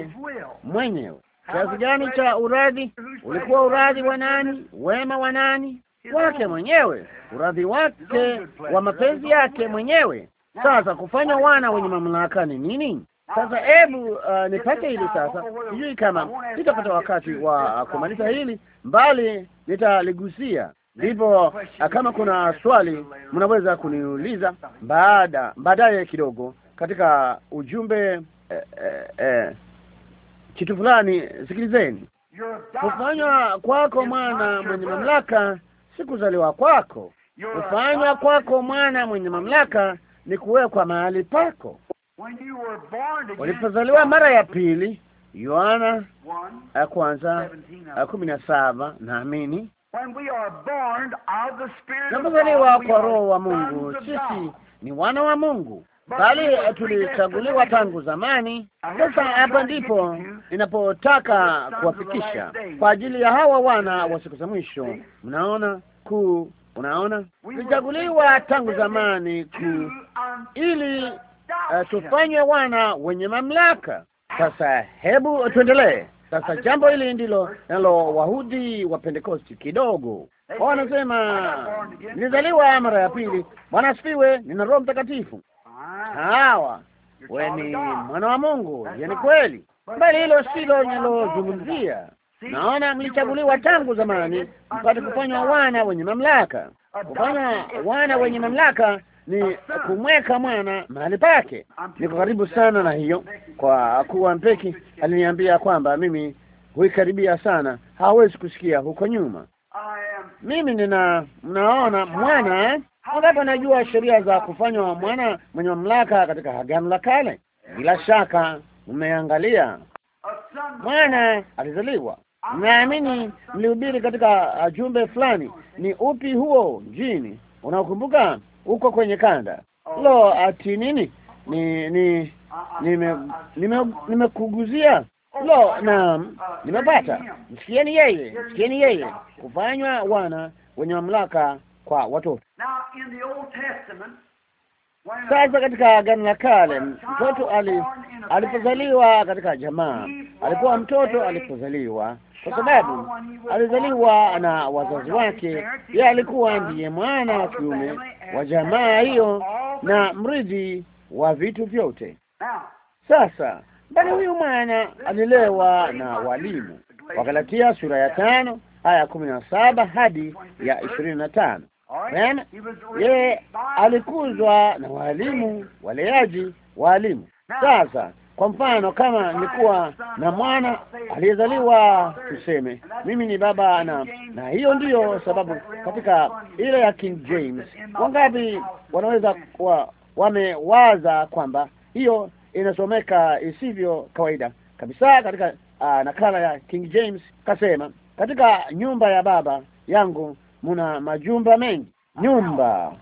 mwenyewe. Kiasi gani cha uradhi? Ulikuwa uradhi wa nani? Wema wa nani? Wake mwenyewe, uradhi wake wa mapenzi yake mwenyewe. Sasa kufanya wana wenye mamlaka ni nini? Sasa hebu uh, nipate hili sasa. Sijui kama nitapata wakati wa kumaliza hili, mbali nitaligusia. Ndipo uh, kama kuna swali mnaweza kuniuliza baada baadaye kidogo, katika ujumbe eh, eh, eh, kitu fulani. Sikilizeni, kufanywa kwako mwana mwenye mamlaka si kuzaliwa kwako. Kufanywa kwako mwana mwenye mamlaka ni kuwekwa mahali pako. Ulipozaliwa mara ya pili, Yohana ya eh, kwanza eh, kumi na saba, naamini napozaliwa kwa Roho wa Mungu, sisi ni wana wa Mungu bali tulichaguliwa tangu zamani. Sasa hapa ndipo ninapotaka kuwafikisha kwa ajili ya hawa wana wa siku za mwisho. Mnaona kuu, unaona, tulichaguliwa tangu zamani kuu, ili uh, tufanye wana wenye mamlaka. Sasa hebu tuendelee. Sasa jambo hili ndilo nalo wahudhi wa Pentekosti kidogo wanasema, nilizaliwa mara ya pili. Bwana asifiwe, nina Roho Mtakatifu. Ah. hawa we ni mwana wa Mungu. Hiyo ni kweli, bali hilo silo linalozungumzia. Naona mlichaguliwa tangu zamani mpate kufanywa wana wenye mamlaka. Kufanya wana wenye mamlaka ni kumweka mwana mahali pake. Niko karibu sana na hiyo, kwa kuwa Mpeki aliniambia kwamba mimi huikaribia sana, hawezi kusikia huko nyuma. Mimi nina mnaona mwana eh? Wangapi wanajua sheria za kufanywa mwana mwenye mamlaka katika Agano la Kale? Bila shaka mmeangalia mwana alizaliwa. Naamini mlihubiri katika ah, jumbe fulani. Ni upi huo mjini, unaokumbuka huko kwenye kanda? Lo, ati nini? Ni ni nimekuguzia nime, nime lo, naam, nimepata. Msikieni yeye, msikieni yeye, kufanywa wana wenye mamlaka kwa watoto. Sasa katika Agano la Kale mtoto ali- alipozaliwa katika jamaa alikuwa mtoto alipozaliwa, kwa sababu alizaliwa na wazazi wake. Yeye alikuwa ndiye mwana wa kiume wa jamaa hiyo na mrithi wa vitu vyote. Sasa bali huyu mwana alilewa na walimu, Wagalatia sura ya tano aya kumi na saba hadi ya ishirini na tano. Vema, yeye alikuzwa na walimu, waleaji, walimu. Sasa kwa mfano, kama nilikuwa na mwana aliyezaliwa tuseme, mimi ni baba na na, hiyo ndiyo sababu katika ile ya King James, wangapi wanaweza kuwa wamewaza kwamba hiyo inasomeka isivyo kawaida kabisa katika uh, nakala ya King James kasema, katika nyumba ya baba yangu muna majumba mengi, nyumba,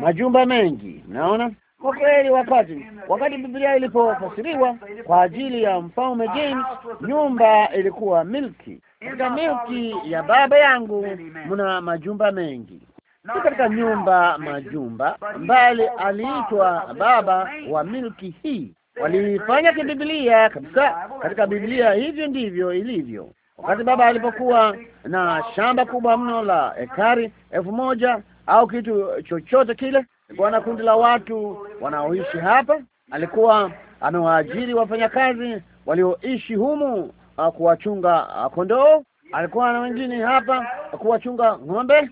majumba mengi. Mnaona kwa kweli, wakati wakati Biblia ilipofasiriwa kwa ajili ya mfalme James, nyumba ilikuwa milki. Katika milki ya baba yangu muna majumba mengi si katika nyumba majumba, mbali aliitwa baba wa milki hii. Waliifanya kibibilia kabisa katika Biblia, hivyo ndivyo ilivyo. Wakati baba alipokuwa na shamba kubwa mno la ekari elfu moja au kitu chochote kile, alikuwa na kundi la watu wanaoishi hapa. Alikuwa amewaajiri wafanyakazi walioishi humu uh, kuwachunga uh, kondoo. Alikuwa na wengine hapa kuwachunga ng'ombe.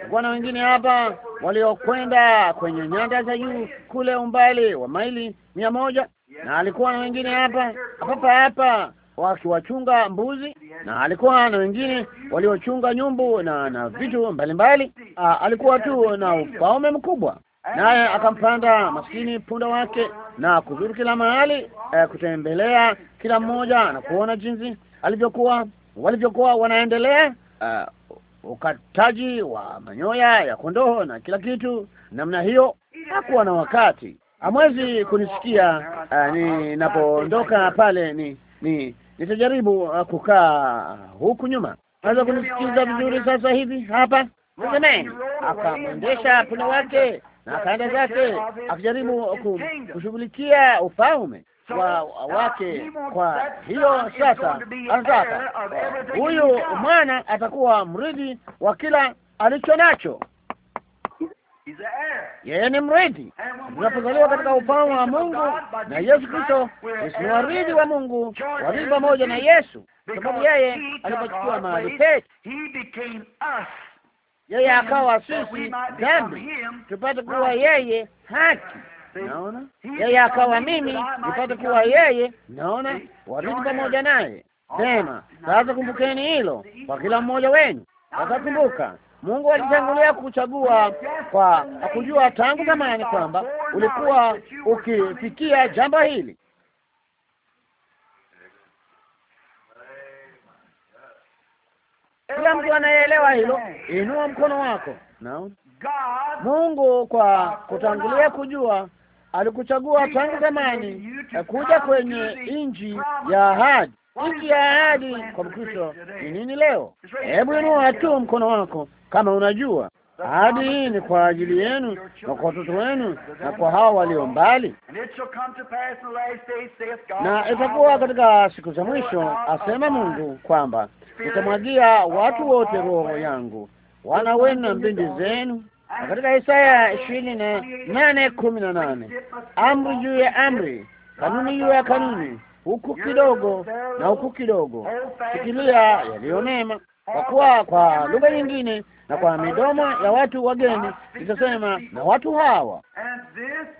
Alikuwa na wengine hapa waliokwenda kwenye nyanda za juu kule umbali wa maili mia moja, na alikuwa na wengine hapa hapa hapa wakiwachunga mbuzi, na alikuwa na wengine waliochunga nyumbu na na vitu mbalimbali. Ah, alikuwa tu na ufaume mkubwa, naye akampanda maskini punda wake na kuzuru kila mahali, eh, kutembelea kila mmoja na kuona jinsi alivyokuwa walivyokuwa wanaendelea eh, ukataji wa manyoya ya kondoo na kila kitu namna hiyo. Hakuwa na wakati, hamwezi kunisikia uh, ninapoondoka pale ni ni nitajaribu uh, kukaa huku nyuma. Naweza kunisikiza vizuri sasa hivi hapa? Mzemeni akamwendesha punda wake na akaenda zake akijaribu kushughulikia ufalme uh, wa wake. Kwa hiyo sasa anataka huyu mwana atakuwa mrithi wa kila alicho nacho yeye ni mrithi. Tunapozaliwa katika upao wa Mungu na Yesu Kristo, ni warithi wa Mungu, warithi pamoja na Yesu, sababu yeye alipochukua mahali petu, yeye akawa sisi dhambi, tupate kuwa yeye haki. Naona yeye akawa mimi, nipate kuwa yeye. Naona warithi pamoja naye. Sema sasa, kumbukeni hilo kwa kila mmoja wenu. Wakakumbuka Mungu alitangulia kuchagua kwa kujua tangu zamani kwamba ulikuwa ukifikia jambo hili. Kila mtu anayeelewa hilo, inua mkono wako. Naam, Mungu kwa kutangulia kujua alikuchagua tangu zamani kuja kwenye nchi ya ahadi. Nchi ya ahadi kwa Mkristo ni nini leo? Hebu inua tu mkono wako kama unajua ahadi hii ni kwa ajili yenu na kwa watoto wenu na kwa hao walio mbali, na itakuwa katika siku za mwisho, asema Mungu, kwamba nitamwagia watu wote roho yangu, wana wenu na mbindi zenu. Na katika Isaya ishirini na nane kumi na nane amri juu ya amri, kanuni juu ya kanuni, huku kidogo na huku kidogo, sikilia yaliyo mema kwa kuwa kwa lugha nyingine na kwa midomo ya watu wageni nitasema na watu hawa,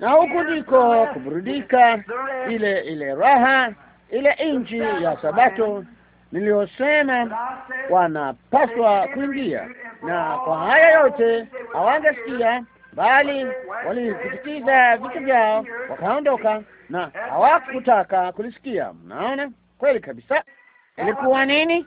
na huku ndiko kuburudika ile ile raha ile nchi ya Sabato niliyosema wanapaswa kuingia. Na kwa haya yote hawangesikia, bali walivikitiza vitu vyao wakaondoka, na hawakutaka kulisikia. Mnaona kweli kabisa ilikuwa nini?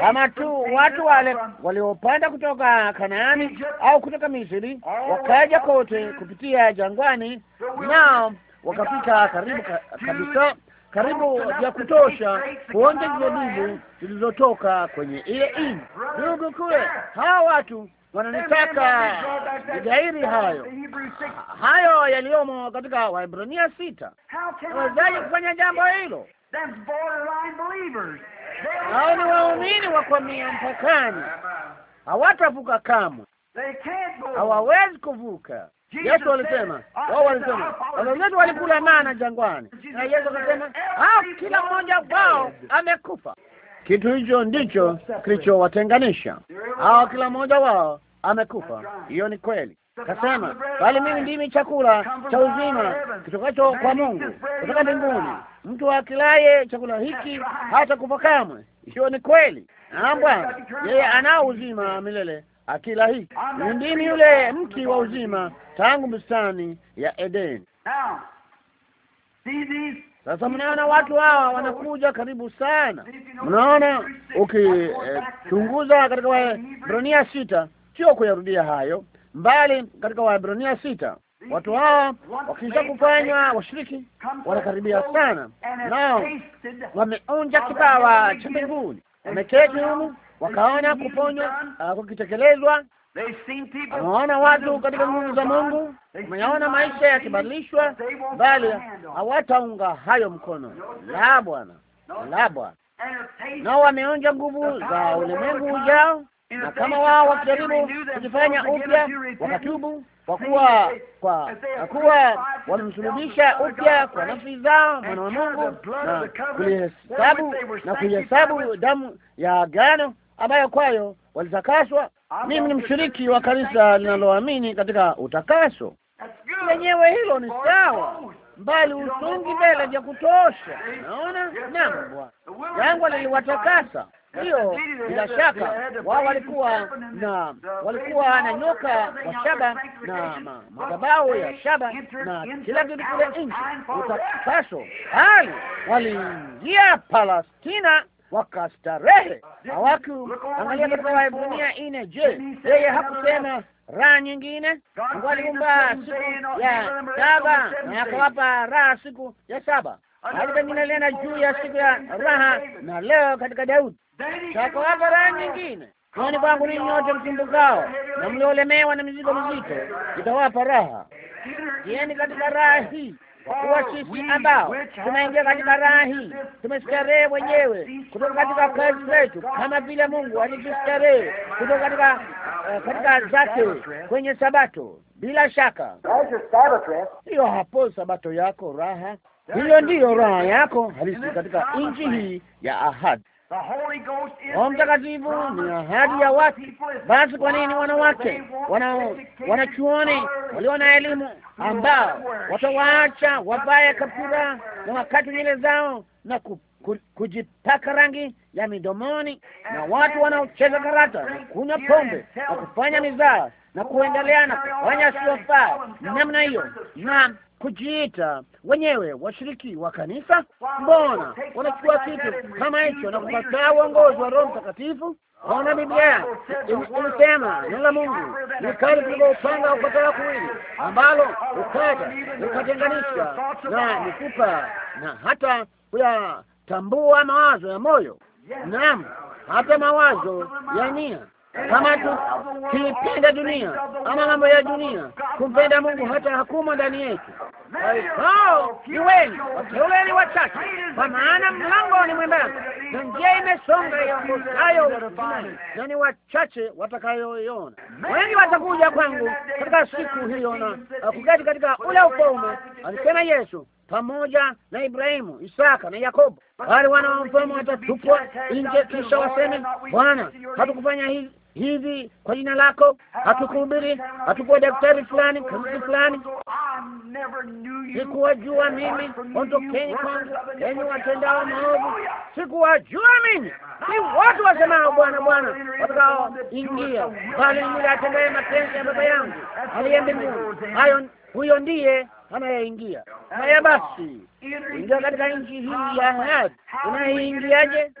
Kama tu watu wale waliopanda kutoka Kanaani au kutoka Misri wakaja kote kupitia jangwani, nao wakafika karibu kabisa karibu ya kutosha kuonja zile zilizotoka kwenye ile nchi. Ndugu kule, hawa watu wananitaka nigairi uh, hayo hayo yaliyomo katika Waebrania sita. Nawezaje kufanya jambo hilo? Hao ni waumini wa kwamia mpakani, hawatavuka kamwe, hawawezi kuvuka. Yesu alisema, wao walisema, wazee walikula mana jangwani, na Yesu akasema hao, kila mmoja wao amekufa. Kitu hicho ndicho kilichowatenganisha hao, kila mmoja wao amekufa. Hiyo ni kweli. Kasema, bali mimi ndimi chakula cha uzima kitokacho kwa Mungu kutoka mbinguni, mtu akilaye chakula hiki hata kufa kamwe. Hiyo ni kweli. Naam Bwana, yeye anao uzima milele akila hiki. Mimi ndimi yule mti wa uzima tangu bustani ya Edeni. Sasa mnaona watu hawa wanakuja karibu sana. Mnaona ukichunguza, eh, katika Waebrania sita sio kuyarudia hayo, mbali katika Waebrania sita watu hawa wakisha kufanywa washiriki wanakaribia sana, nao wameonja kipawa cha mbinguni, wameketi humu wakaona kuponywa ah, kukitekelezwa. Wameona watu katika nguvu za Mungu, wameona maisha yakibadilishwa, bali hawataunga hayo mkono. La bwana, la bwana, nao wameonja nguvu za ulimwengu ujao na kama wao wakijaribu kujifanya upya, wakatubu, kwa kuwa kwa kuwa wamemsulubisha upya kwa nafsi zao mwana wa Mungu na kulihesabu na kuihesabu damu ya agano ambayo kwayo walitakaswa. Mimi ni mshiriki wa kanisa linaloamini katika utakaso lenyewe. Hilo ni sawa mbali usungi mbele vya kutosha. Naona naam, Bwana jangwa liliwatakasa hiyo bila shaka wao walikuwa na walikuwa na nyoka wa shaba na madhabahu ya shaba na kila kitu kule nchi utakaso, bali waliingia Palestina wakastarehe. Hawaku angalia katika Waebrania ine. Je, yeye hakusema raha nyingine? Mungu aliumba siku ya saba na akawapa raha siku ya saba. Aidha lena juu ya siku ya raha na leo katika Daudi hapo raha nyingine kwani kwangu ni nyote msumbukao na mliolemewa na mizigo mizito itawapa raha. Jieni katika raha hii, kwa kuwa sisi ambao tunaingia katika raha hii tumestarehe wenyewe kutoka katika kazi zetu, kama vile Mungu alivyostarehe kutoka katika eh, katika zake kwenye Sabato. Bila shaka hiyo hapo Sabato yako raha hiyo ndiyo raha yako halisi katika nchi hii ya ahadi. Roho Mtakatifu ni ahadi ya watu. Basi kwa nini wanawake wana wanachuoni walio na elimu ambao watawaacha wabaya kaptura na wakati nywele zao na ku, ku, kujipaka rangi ya midomoni na watu wanaocheza karata na kunywa pombe na kufanya mizaa na kuendelea na kufanya siofaa namna hiyo na kujiita wenyewe washiriki wa kanisa. Mbona wanachukua kitu kama hicho na kukataa uongozi wa Roho Mtakatifu? Ona, Biblia ilisema neno la Mungu ni kali kuliko upanga ukatao kuwili, ambalo ukata ukatenganisha na mifupa na hata kuyatambua mawazo ya moyo, naam, hata mawazo ya nia kama tukiipenda dunia ama mambo ya dunia, kumpenda Mungu hata hakuma ndani yetu. Ao iweni wateuleni wachache, kwa maana mlango ni mwembamba na njia imesonga iongozayo ndani, na ni wachache watakayoiona. Wengi watakuja kwangu katika siku hiyo na kuketi katika ule ufalme, alisema Yesu, pamoja na Ibrahimu, Isaka na Yakobo. Wale wana wa mfalme watatupwa nje, kisha waseme, Bwana, hatukufanya hivi hivi kwa jina lako, hatukuhubiri, hatukuwa daktari fulani, kanisa fulani, sikuwajua mimi, ondokeni kwangu enyi watendao maovu, sikuwajua mimi. Ni watu wasemao Bwana, Bwana watakaoingia, bali yule atendaye mapenzi ya Baba yangu aliye mbinguni, hayo huyo ndiye anayeingia. Haya basi, ingia katika nchi hii ya ahadi. Unaingiaje?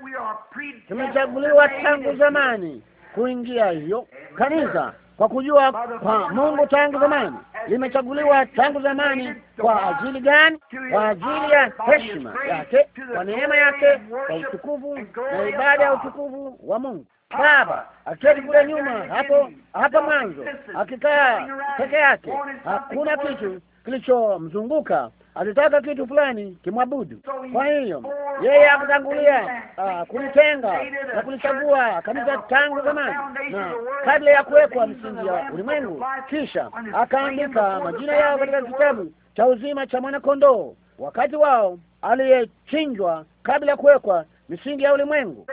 Tumechaguliwa tangu zamani kuingia hiyo Kanisa kwa kujua kwa Mungu tangu zamani limechaguliwa tangu zamani. Kwa ajili gani? Kwa ajili ya heshima yake, kwa neema yake, kwa utukufu na ibada ya utukufu wa Mungu Baba akiketi kule nyuma hapo hapo mwanzo, akikaa peke yake, hakuna kitu kilichomzunguka alitaka kitu fulani kimwabudu. Kwa hiyo yeye akatangulia ah, kulitenga na kulichagua kabisa tangu zamani na kabla ya kuwekwa msingi wa ulimwengu, kisha akaandika majina yao katika kitabu cha uzima cha mwanakondoo wakati wao aliyechinjwa kabla ya kuwekwa misingi ya ulimwengu,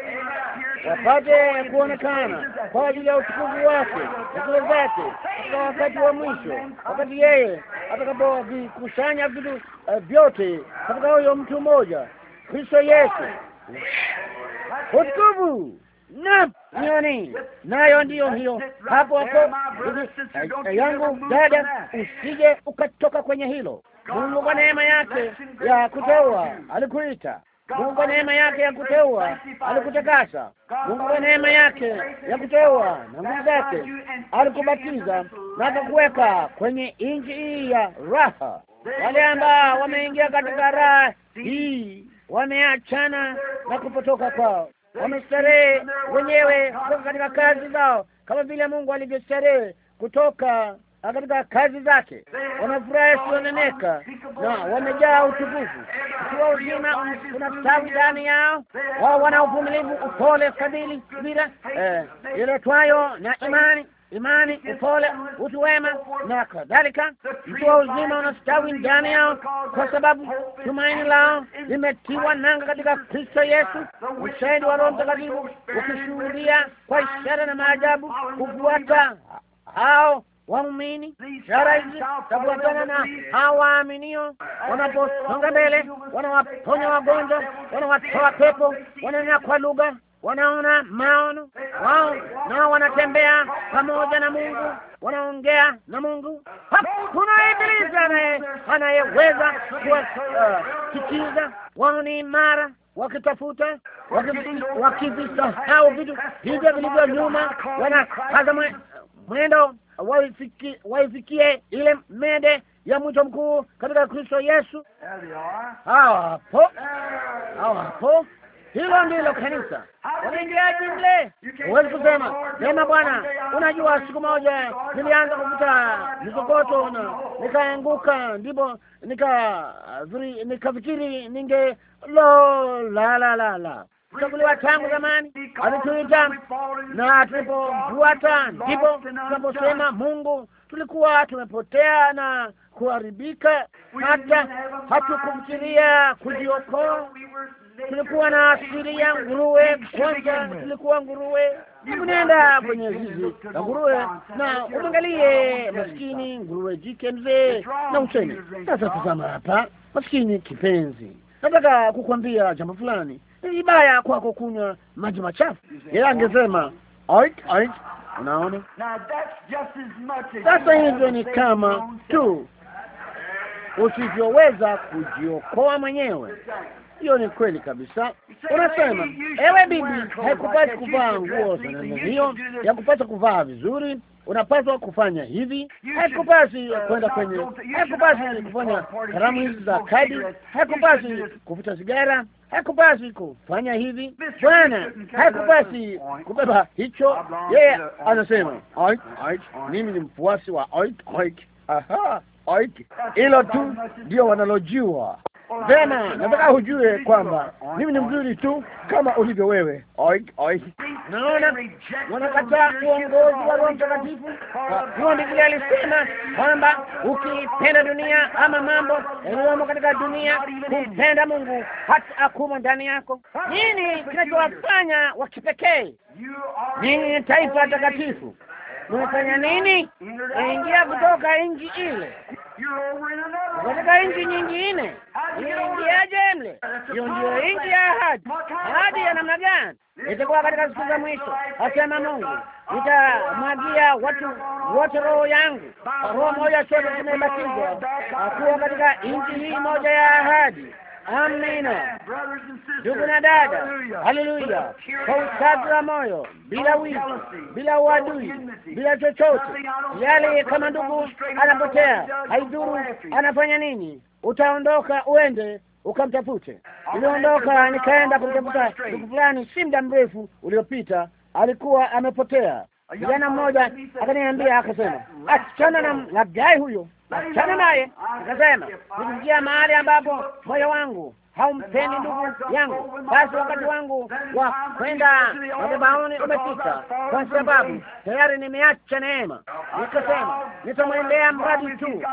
wapate kuonekana kwa ajili ya utukufu wake nakule zake, katika wakati wa mwisho, wakati yeye atakapovikusanya vitu Eh, vyote katika huyo mtu mmoja Kristo Yesu. Utukufu na nayo ndiyo hiyo hapo hapo, eh, yangu dada, usije ukatoka kwenye hilo. Mungu kwa neema yake ya kuteua alikuita Mungu kwa neema yake ya kuteua alikutakasa. Mungu kwa neema yake ya kuteua na nguvu zake alikubatiza na akakuweka kwenye nchi hii ya raha wale ambao wameingia katika raha hii wameachana na kupotoka kwao, wamestarehe wenyewe kutoka katika kazi zao, kama vile Mungu alivyostarehe kutoka katika kazi zake. wanafurahi sioneneka na wamejaa utukufu, ukiwa uzima unatawi ndani yao. Wao wana uvumilivu, upole, fadhili, subira eh, iletwayo na imani imani, upole, utu wema na kadhalika. mtu wa uzima unastawi ndani yao, kwa sababu tumaini lao limetiwa nanga katika Kristo Yesu. Ushahidi wa Roho Mtakatifu ukishuhudia kwa ishara na maajabu kufuata hao waumini. Ishara hizi tafuatana na hao waaminio, wanaposonga mbele, wanawaponya wagonjwa, wanawatoa pepo, wananena kwa lugha wanaona maono wao, nao wanatembea pamoja na Mungu, wanaongea na Mungu. Kuna Ibilisi anaye anayeweza kuwatikiza uh, wao, ni imara wakitafuta wakivisahau vitu hivyo vilivyo nyuma, wanakaza mwendo waifikie ile mede ya mwito mkuu katika Kristo Yesu. Hapo hapo hilo ndilo kanisa. Wanaingiaje mle? Huwezi kusema sema, Bwana, unajua siku moja nilianza kuvuta mizokoto na nikaanguka, ndipo nikafikiri ninge lo la la la la chaguliwa tangu zamani alituita na tulipomfuata, ndipo tunaposema Mungu, tulikuwa tumepotea na kuharibika, hata hatukufikiria kujiokoa kulikuwa na sufuria nguruwe kwanza, tulikuwa nguruwe. Hebu nenda kwenye zizi la nguruwe na umwangalie maskini nguruwe jike mzee, na useme sasa, tazama hapa, maskini kipenzi, nataka kukwambia jambo fulani. Ibaya kwako kunywa maji machafu. Yeye angesema oit oit, Unaona, sasa hivyo ni kama tu usivyoweza kujiokoa mwenyewe hiyo ni kweli kabisa. Unasema, ewe bibi, haikupasi kuvaa nguo za namna hiyo, yakupasa kuvaa vizuri, unapaswa kufanya hivi, haikupasi uh, kwenda kwenye, haikupasi kufanya karamu hizi za kadi, haikupasi kuvuta sigara, haikupasi kufanya hivi, bwana, haikupasi kubeba hicho. Yeye anasema mimi ni mfuasi wa hilo tu ndio wanalojua. Vema, nataka hujue kwamba mimi ni mzuri tu kama ulivyo wewe. Naona wanakataa uongozi wa Roho Mtakatifu. Huo ah, ndivile alisema kwamba ukipenda dunia ama mambo yaliyomo katika dunia, kumpenda Mungu hata akumo ndani yako. Nini kinachowafanya wa kipekee? Ninyi taifa takatifu Mnafanya nini? Unaingia kutoka nchi ile katika nchi nyingine, niingiaje mle? Hiyo ndio nchi ya ahadi. Ahadi ya namna gani? Itakuwa katika siku za mwisho, asema Mungu, nitamwagia watu wote roho yangu. Roho moja sote tumebatizwa kuwa katika nchi hii moja ya ahadi. Amina, ndugu na dada, haleluya, kwa usafi wa moyo, bila wizi, bila uadui, bila chochote yale. Kama ndugu anapotea, haidhuru anafanya nini, utaondoka uende ukamtafute. Niliondoka nikaenda kumtafuta ndugu fulani, si muda mrefu uliopita, alikuwa amepotea. Kijana mmoja akaniambia, akasema, achana na gai huyo achana naye. Akasema, nikifikia mahali ambapo moyo wangu haumpendi ndugu yangu, basi wakati wangu wa kwenda madhabahuni umefika, kwa sababu tayari nimeacha neema. Nikasema nitamwendea mradi tu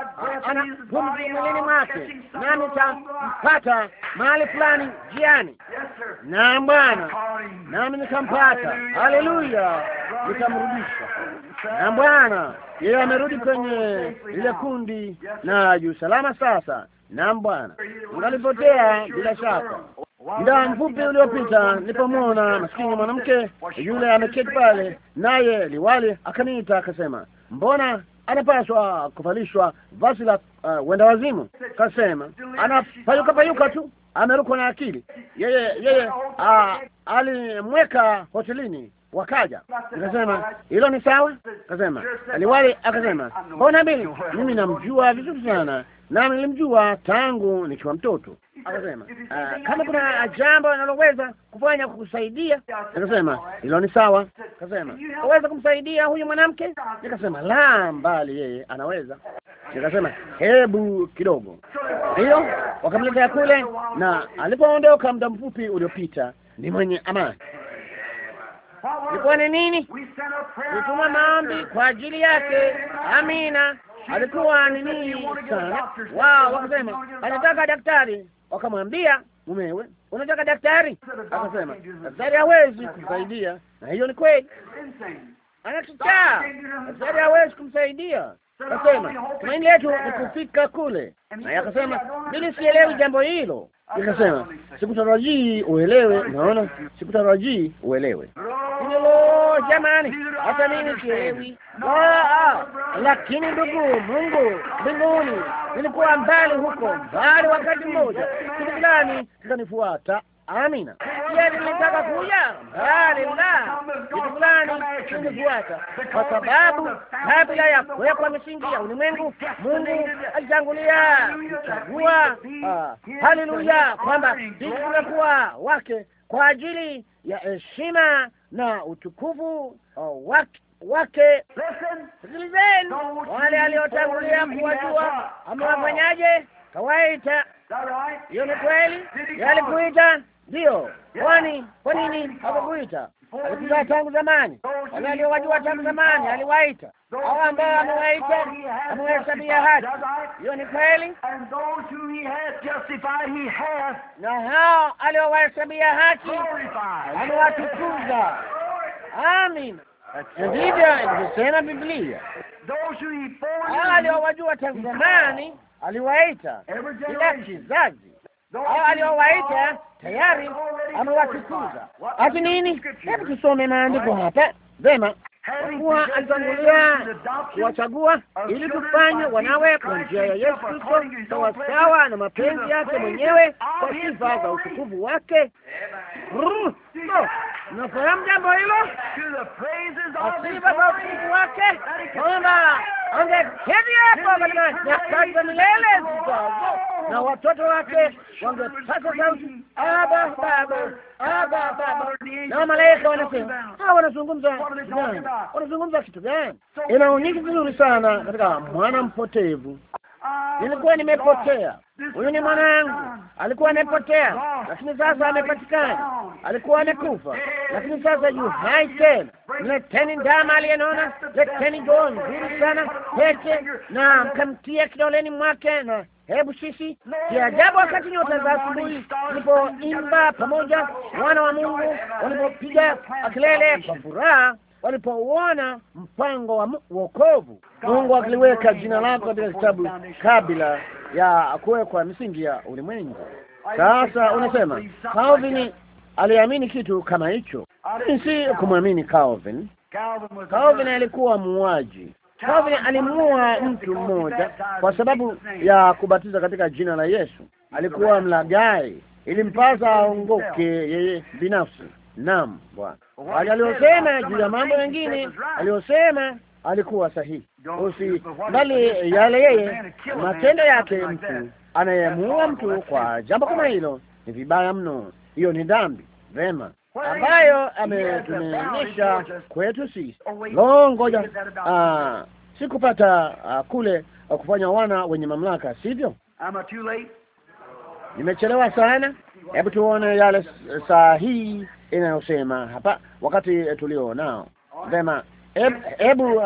ana pumzi mwilini mwake, nami nitampata mahali fulani jiani. Naam Bwana, nami nikampata. Haleluya, nitamrudisha na Bwana yeye amerudi kwenye lile kundi na juu salama sasa. Na Bwana, ungalipotea bila shaka. Muda mfupi uliopita nilipomwona maskini mwanamke yule ameketi pale, naye liwali akaniita akasema, mbona anapaswa kuvalishwa vazi la uh, wenda wazimu? Kasema anapayuka payuka tu, amerukwa na akili. Yeye yeye uh, alimweka hotelini wakaja. Nikasema hilo ni sawa. Akasema aliwali, akasema mbona mimi mimi namjua vizuri sana na nilimjua tangu nikiwa mtoto. Akasema uh, kama kuna jambo analoweza kufanya kukusaidia. Nikasema hilo ni sawa. Akasema aweza kumsaidia huyu mwanamke? Nikasema la, mbali yeye anaweza. Nikasema hebu kidogo. Hiyo wakamletea kule, na alipoondoka muda mfupi uliopita, ni mwenye amani ilikuwa ni nini? Kutuma maombi kwa ajili yake. Amina. Alikuwa ni nini sana, wao wakasema anataka daktari, wakamwambia mumewe, unataka daktari? Akasema daktari hawezi kumsaidia, na hiyo ni kweli, anakichaa. Daktari hawezi kumsaidia Akasema tumaini letu ni kufika kule, naye akasema mimi sielewi jambo hilo. ikasema sikutarajii uelewe. Unaona, sikutarajii uelewe. Lo, oh, jamani, hata mimi sielewi. Ah, ah. Lakini ndugu, Mungu mbinguni, nilikuwa mbali huko mbali, wakati mmoja kitu fulani kikanifuata Amina. Yeye nilitaka kuja bali la kitu fulani kingefuata, kwa sababu kabla ya kuwekwa misingi ya ulimwengu Mungu alitangulia kuchagua, ah, haleluya, kwamba sisi tunakuwa wake kwa ajili ya heshima na utukufu ah, wake wake. Sikilizeni wale aliotangulia kuwajua amewafanyaje? Kawaita hiyo ni kweli, yalikuita ndio kwani kwa nini hakukuita? Alikuita tangu zamani, wale aliowajua tangu zamani aliwaita, hao ambao amewaita amewahesabia haki. Hiyo ni kweli, na hao aliowahesabia haki amewatukuza. Amin. Ndivyo ilivyosema Biblia, hao aliowajua tangu zamani aliwaita kila kizazi, hao aliowaita tayari amewatukuza. Ati nini? Hebu tusome maandiko hapa. Vema, kuwa alitangulia kuwachagua ili tufanye wanawe kwa njia ya Yesu Kristo, sawasawa na mapenzi yake mwenyewe, kwa sifa za utukufu wake. Nafahamu jambo hilo asiba za utukufu wake, kwamba angeketi hapo katika nyakati za milele zijazo, na watoto wake wangepata sauti Aba Baba, Aba Baba, na malaika wanasema wanazungumza, wanazungumza kitu gani? Inaonyesha vizuri sana katika mwana mpotevu Ah, nilikuwa nimepotea. Huyu ni mwanangu, alikuwa amepotea, lakini sasa amepatikana. Alikuwa amekufa, lakini sasa yu hai tena. Mleteni ndama aliyenona, leteni joo nzuri sana, pete na mkamtia kidoleni mwake na Hebu sisi kiajabu, wakati nyota za asubuhi walipoimba pamoja, wana wa Mungu walipopiga kelele kwa furaha, walipouona mpango wa wokovu. Mungu akiliweka jina lako katika kitabu kabla ya kuwekwa misingi ya ulimwengu. Sasa unasema Calvin aliamini kitu kama hicho. Si kumwamini Calvin. Calvin alikuwa muuaji. Calvin alimuua mtu mmoja kwa sababu ya kubatiza katika jina la Yesu. Alikuwa mlagai ilimpasa aongoke yeye binafsi. Naam, Bwana. Wale aliosema juu ya mambo mengine aliyosema alikuwa sahihi, usi bali yale yeye matendo yake. Mtu anayemuua mtu kwa jambo kama hilo ni vibaya mno, hiyo ni dhambi. Vema, ambayo ametumeonyesha kwetu sisi. Lo, ngoja ah, sikupata ah, kule ah, kufanya wana wenye mamlaka, sivyo? Nimechelewa sana. Hebu tuone yale sahihi inayosema hapa wakati eh, tulio nao vema. Hebu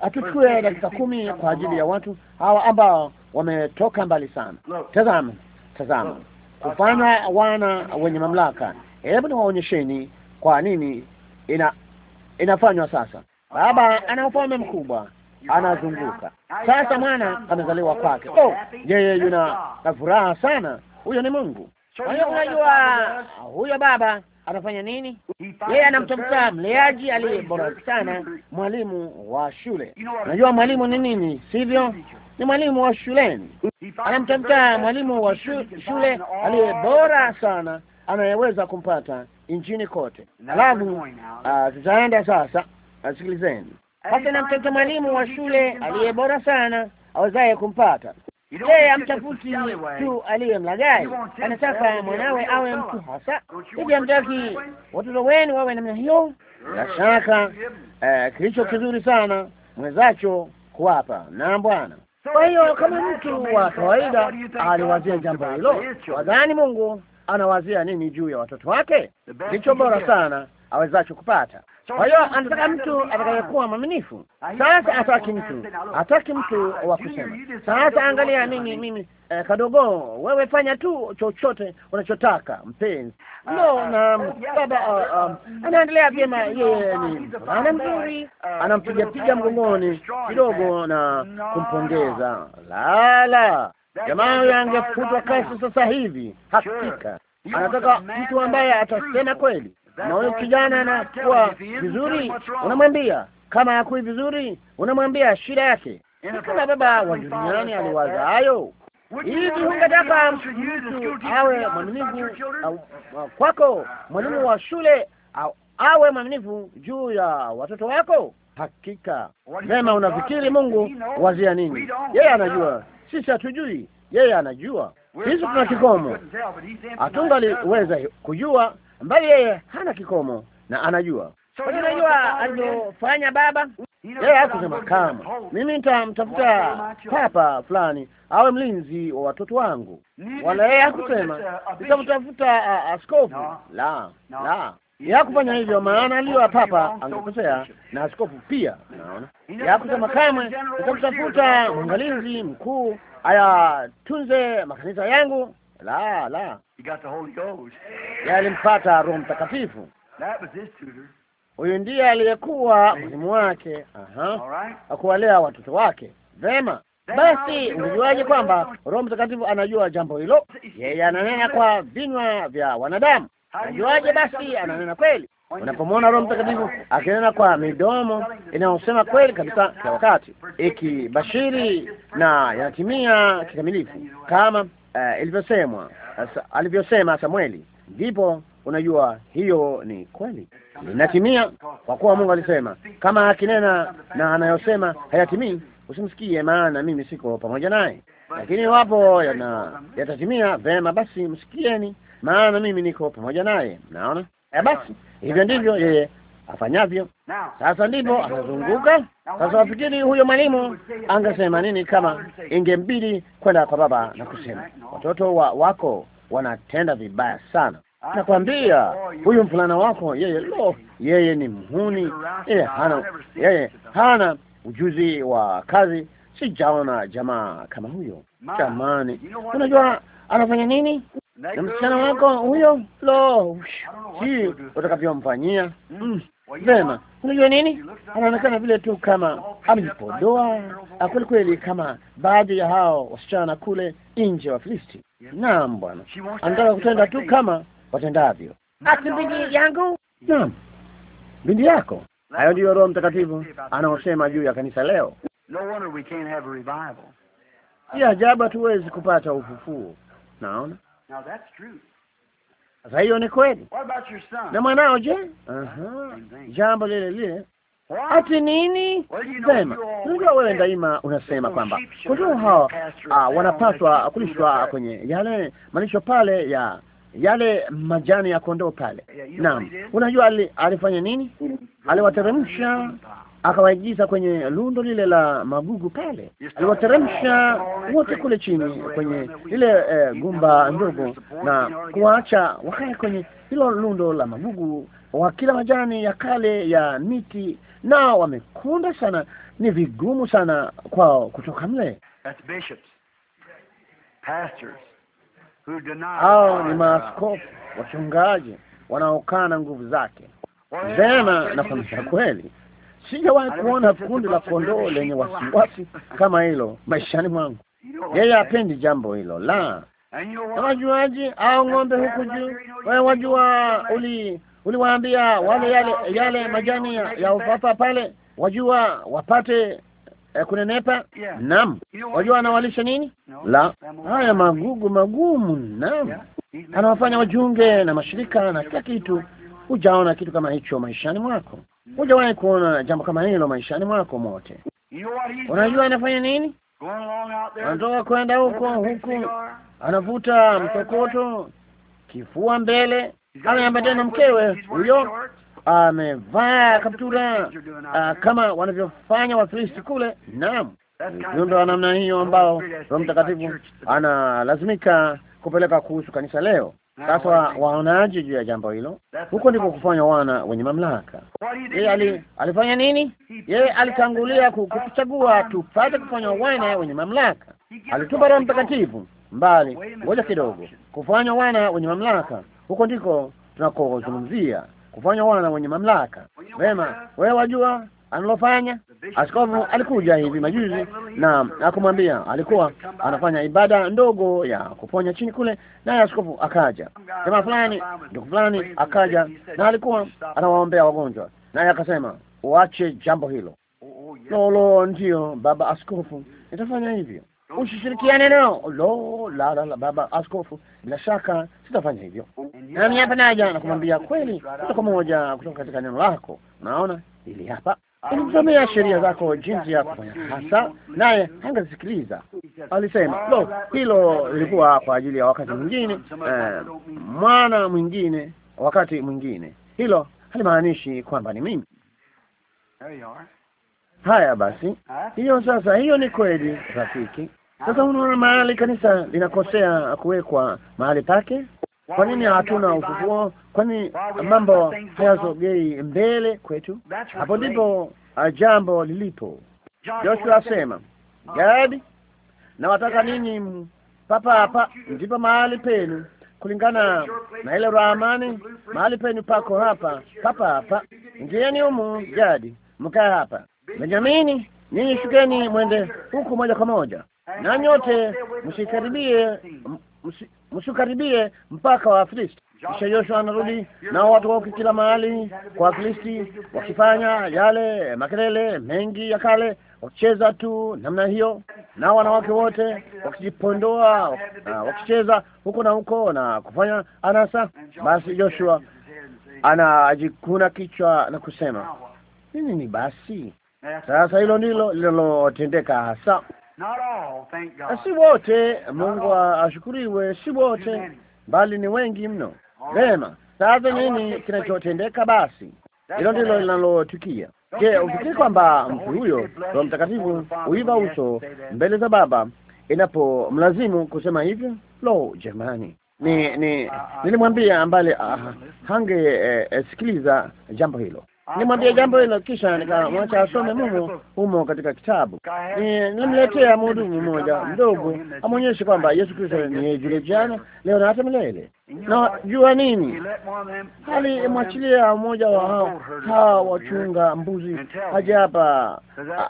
atuchukue ah, dakika kumi kwa ajili ya watu hawa ambao wametoka mbali sana. Tazama, tazama kufanya wana wenye mamlaka. Hebu niwaonyesheni kwa nini ina- inafanywa sasa. Baba ana ufalme mkubwa, anazunguka sasa. Mwana amezaliwa kwake, oh, yeye yuna na furaha sana. Huyo ni Mungu. Kwa hiyo unajua, huyo baba anafanya nini? Yeye anamtafuta mleaji aliye bora sana, mwalimu wa shule. Unajua mwalimu ni nini, sivyo? Ni mwalimu wa shuleni. Anamtafuta mwalimu wa shule aliye bora sana anayeweza kumpata nchini kote. Alafu ah, tutaenda uh, sasa, asikilizeni sasa. Anamtafuta mwalimu wa shule aliye bora sana awezaye kumpata yeye amtafuti tu aliye mlagai anataka mwanawe awe mtu hasa. Hivi hamtaki watoto wenu wawe namna hiyo? Bila shaka eh, kilicho kizuri sana mwezacho kuwapa. na Bwana. Kwa hiyo kama mtu wa kawaida aliwazia jambo hilo, wadhani Mungu anawazia nini juu ya watoto wake? Kilicho bora sana awezacho kupata. Kwa hiyo anataka mtu atakayekuwa mwaminifu. Sasa hataki mtu, hataki mtu wa kusema sasa, angalia mimi mimi eh, kadogo wewe, fanya tu chochote unachotaka mpenzi. No, na baba ah, ah, anaendelea vyema, yeye ni ana mzuri, anampigapiga mgongoni kidogo na kumpongeza. Lala jamaa huyo angefutwa kazi sasa hivi. Hakika anataka mtu ambaye atasema kweli na huyu kijana anakuwa vizuri, unamwambia kama hakui vizuri, unamwambia shida yake. Kama baba wa duniani aliwaza hayo hivi, hungetaka mtu awe mwaminifu kwako, mwalimu wa shule awe mwaminifu juu ya watoto wako? Hakika mema. Unafikiri Mungu wazia nini? Yeye anajua, sisi hatujui. Yeye anajua, sisi tuna kikomo. Hatungaliweza kujua ambaye yeye hana kikomo na anajua unajua alivyofanya baba yeye hakusema kama mimi nitamtafuta papa fulani awe mlinzi wa watoto wangu, wala yeye hakusema nitamtafuta askofu. La, la, ya kufanya hivyo, maana aliwa papa angekosea na askofu pia. Naona ya hakusema kamwe nitamtafuta mwangalizi mkuu ayatunze makanisa yangu la la, alimpata Roho Mtakatifu. Huyu ndiye aliyekuwa mwalimu wake akuwalea watoto wake vema. Basi unajuaje kwamba Roho Mtakatifu anajua jambo hilo? Yeye ananena kwa vinywa vya wanadamu. Unajuaje basi ananena kweli? Unapomwona Roho Mtakatifu akinena kwa midomo inayosema kweli kabisa, kwa wakati ikibashiri na inatimia kikamilifu kama uh, eh, ilivyosemwa alivyosema Samueli, ndipo unajua hiyo ni kweli, inatimia kwa kuwa Mungu alisema, kama akinena na anayosema hayatimii usimsikie, maana mimi siko pamoja naye. Lakini iwapo yana yatatimia vema, basi msikieni, maana mimi niko pamoja naye. Naona eh, basi hivyo ndivyo yeye afanyavyo. Sasa ndipo anazunguka sasa. Wafikiri huyo mwalimu angesema nini kama ingembidi kwenda kwa baba na kusema watoto wa wako wanatenda vibaya sana, ah, nakwambia oh, huyu mfulana wako yeye, lo, oh, yeye ni mhuni, yeye hana, yeye hana ujuzi wa kazi. Sijaona jamaa kama huyo. Jamani, unajua anafanya nini na msichana wako huyo? Lo, si utakavyomfanyia. Mm. Vema, unajua nini, anaonekana vile tu kama amejipodoa ah, kweli kweli, kama baadhi ya hao wasichana kule nje wa Filisti. Naam bwana, anataka kutenda tu kama watendavyo. Ati bindi yangu? Naam, bindi yako. Hayo ndiyo Roho Mtakatifu anaosema juu ya kanisa leo. Si ajabu hatuwezi kupata ufufuo. Naona sasa hiyo ni kweli. Na mwanao je? Aha, jambo lile lile. Ati nini? Sema unajua, wewe daima unasema kwamba kondoo hao ah, wanapaswa kulishwa kwenye yale malisho pale ya yale majani ya kondoo pale. Naam, unajua alifanya nini? Aliwateremsha akawaingiza kwenye lundo lile la magugu pale, aliwateremsha wote kule chini kwenye lile eh, gumba ndogo, na kuwaacha wakae kwenye hilo lundo la magugu, wakila majani ya kale ya miti, nao wamekunda sana, ni vigumu sana kwao kutoka mle. Hao ni maaskofu wachungaji wanaokaa na nguvu zake, vema na kanisa kweli sijawahi kuona kundi la kondoo lenye wasiwasi kama hilo maishani mwangu. Yeye hapendi jambo hilo la wajuaji au ng'ombe huku juu. Wewe wajua, uli uliwaambia wale yale yale majani ya ufafa pale, wajua wapate eh, kunenepa. Naam, wajua anawalisha nini? La, haya magugu magumu. Naam, anawafanya wajunge na mashirika na kila kitu. Hujaona kitu kama hicho maishani mwako. Hujawahi kuona jambo kama hilo maishani mwako mote. Unajua anafanya nini? Anatoka kwenda huko huku, anavuta mkokoto kifua mbele, ameambatana na mkewe huyo, amevaa kaptura ah, kama wanavyofanya Wakristo kule. Naam, ujumbe wa namna hiyo ambao Roho Mtakatifu analazimika kupeleka kuhusu kanisa leo. Sasa waonaje juu ya jambo hilo? Huko ndiko kufanya wana wenye mamlaka. Yeye ali, alifanya nini? Yeye alitangulia kukuchagua tupate kufanya wana wenye mamlaka. Alitupa Roho Mtakatifu mbali, ngoja kidogo, kufanya wana wenye mamlaka. Huko ndiko tunakozungumzia kufanya wana wenye mamlaka. Vema, wewe wajua analofanya. Askofu alikuja hivi majuzi na akamwambia, alikuwa anafanya ibada ndogo ya kuponya chini kule, naye askofu akaja, jamaa fulani, ndugu fulani akaja, na alikuwa anawaombea wagonjwa, naye akasema, uache jambo hilo. Lolo, ndiyo baba askofu, nitafanya hivyo. Usishirikiane nao. Lo, la, la, la, baba askofu, bila shaka sitafanya hivyo. Nami hapa naja na kumwambia kweli, kwa moja kutoka katika neno lako. Unaona ili hapa kumsomea sheria zako jinsi ya kufanya hasa, naye hangesikiliza. Alisema lo, hilo lilikuwa kwa ajili ya wakati mwingine, eh, mwana mwingine, wakati mwingine. Hilo halimaanishi kwamba ni mimi. Haya basi, hiyo sasa, hiyo ni kweli rafiki. Sasa unaona mahali kanisa linakosea kuwekwa mahali pake. Kwa nini hatuna ufufuo? Kwa nini mambo hayazogei mbele kwetu? Hapo ndipo uh, jambo lilipo. Joshua asema, Gadi, nawataka ninyi papa hapa, ndipo mahali penu kulingana na ile ramani, mahali penu pako hapa papa hapa. Ingieni humu, Gadi, mkae hapa. Benyamini, ninyi shukeni, mwende huku moja kwa moja, na nyote msikaribie msikaribie mpaka wa Filisti. Kisha Yoshua anarudi nao watu wako kila mahali kwa Wafilisti, wakifanya yale makelele mengi ya kale, wakicheza tu namna hiyo, nao wanawake wote wakijipondoa, wakicheza huko na huko na kufanya anasa. Basi Yoshua anajikuna kichwa na kusema nini? Ni basi sasa, hilo ndilo linalotendeka hasa. Si wote, Mungu ashukuriwe, si wote, bali ni wengi mno. Vema, sasa nini kinachotendeka basi? Hilo ndilo linalotukia. Je, ufikiri kwamba mtu huyo Roho Mtakatifu huiva uso mbele za Baba inapo mlazimu kusema hivyo? Lo, jamani! Ni, ni ah, ah, ah. nilimwambia mbali, uh, hange eh, eh, sikiliza jambo hilo nimwambie ah, jambo hilo, kisha yaani nikamwacha asome mumo humo katika kitabu. Eh, Nilimletea mhudumu mmoja mdogo, amwonyeshe kwamba Yesu Kristo ni yule jana, leo na hata milele. Na jua nini, alimwachilia mmoja wa hao hawa wachunga mbuzi aje hapa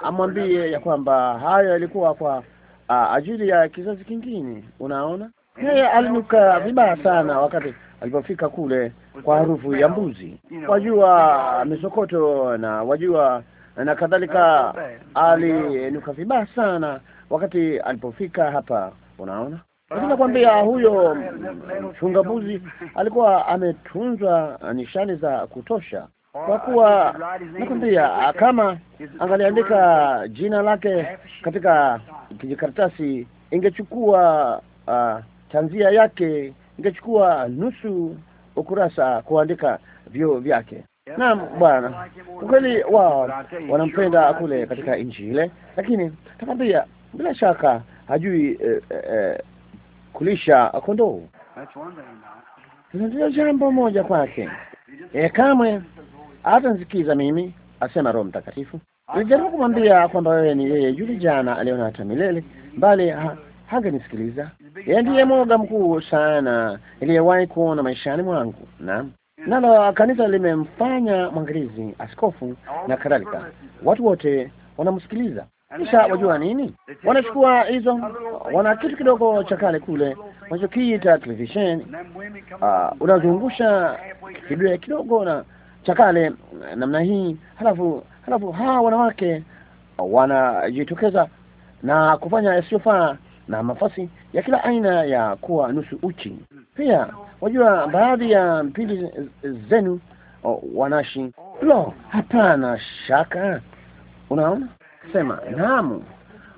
amwambie ya kwamba hayo yalikuwa kwa ajili ya kizazi kingine. Unaona, yeye alinuka vibaya sana wakati alipofika kule kwa harufu ya mbuzi, wajua misokoto na wajua na kadhalika. Alinuka vibaya sana wakati alipofika hapa, unaona. Lakini nakwambia huyo mchunga mbuzi alikuwa ametunzwa nishani za kutosha, kwa kuwa nakwambia, kama angaliandika jina lake katika kijikaratasi ingechukua uh, tanzia yake ingechukua nusu ukurasa kuandika vyuo vyake. Naam Bwana, ukweli wao wanampenda kule katika Injili, lakini takwambia bila shaka hajui eh, eh, eh, kulisha kondoo. Ndio jambo moja kwake, e, kamwe hatanisikiza mimi, asema Roho Mtakatifu. Nilijaribu kumwambia kwamba wewe ni yeye yule jana, aliona hata milele, bali hangenisikiliza. Yeye ndiye mwoga mkuu sana niliyewahi kuona maishani mwangu, naam nalo kanisa limemfanya mwangalizi, askofu na kadhalika. Watu wote wanamsikiliza. Kisha wajua nini? Wanachukua hizo, wana kitu kidogo cha kale kule wanachokiita televisheni. Uh, ah, unazungusha kidue kidogo na cha kale namna hii, halafu halafu hawa wanawake wanajitokeza na kufanya yasiyofaa na mafasi ya kila aina ya kuwa nusu uchi. Pia wajua, baadhi ya mpili zenu wanashi lo, hapana shaka. Unaona, sema naam,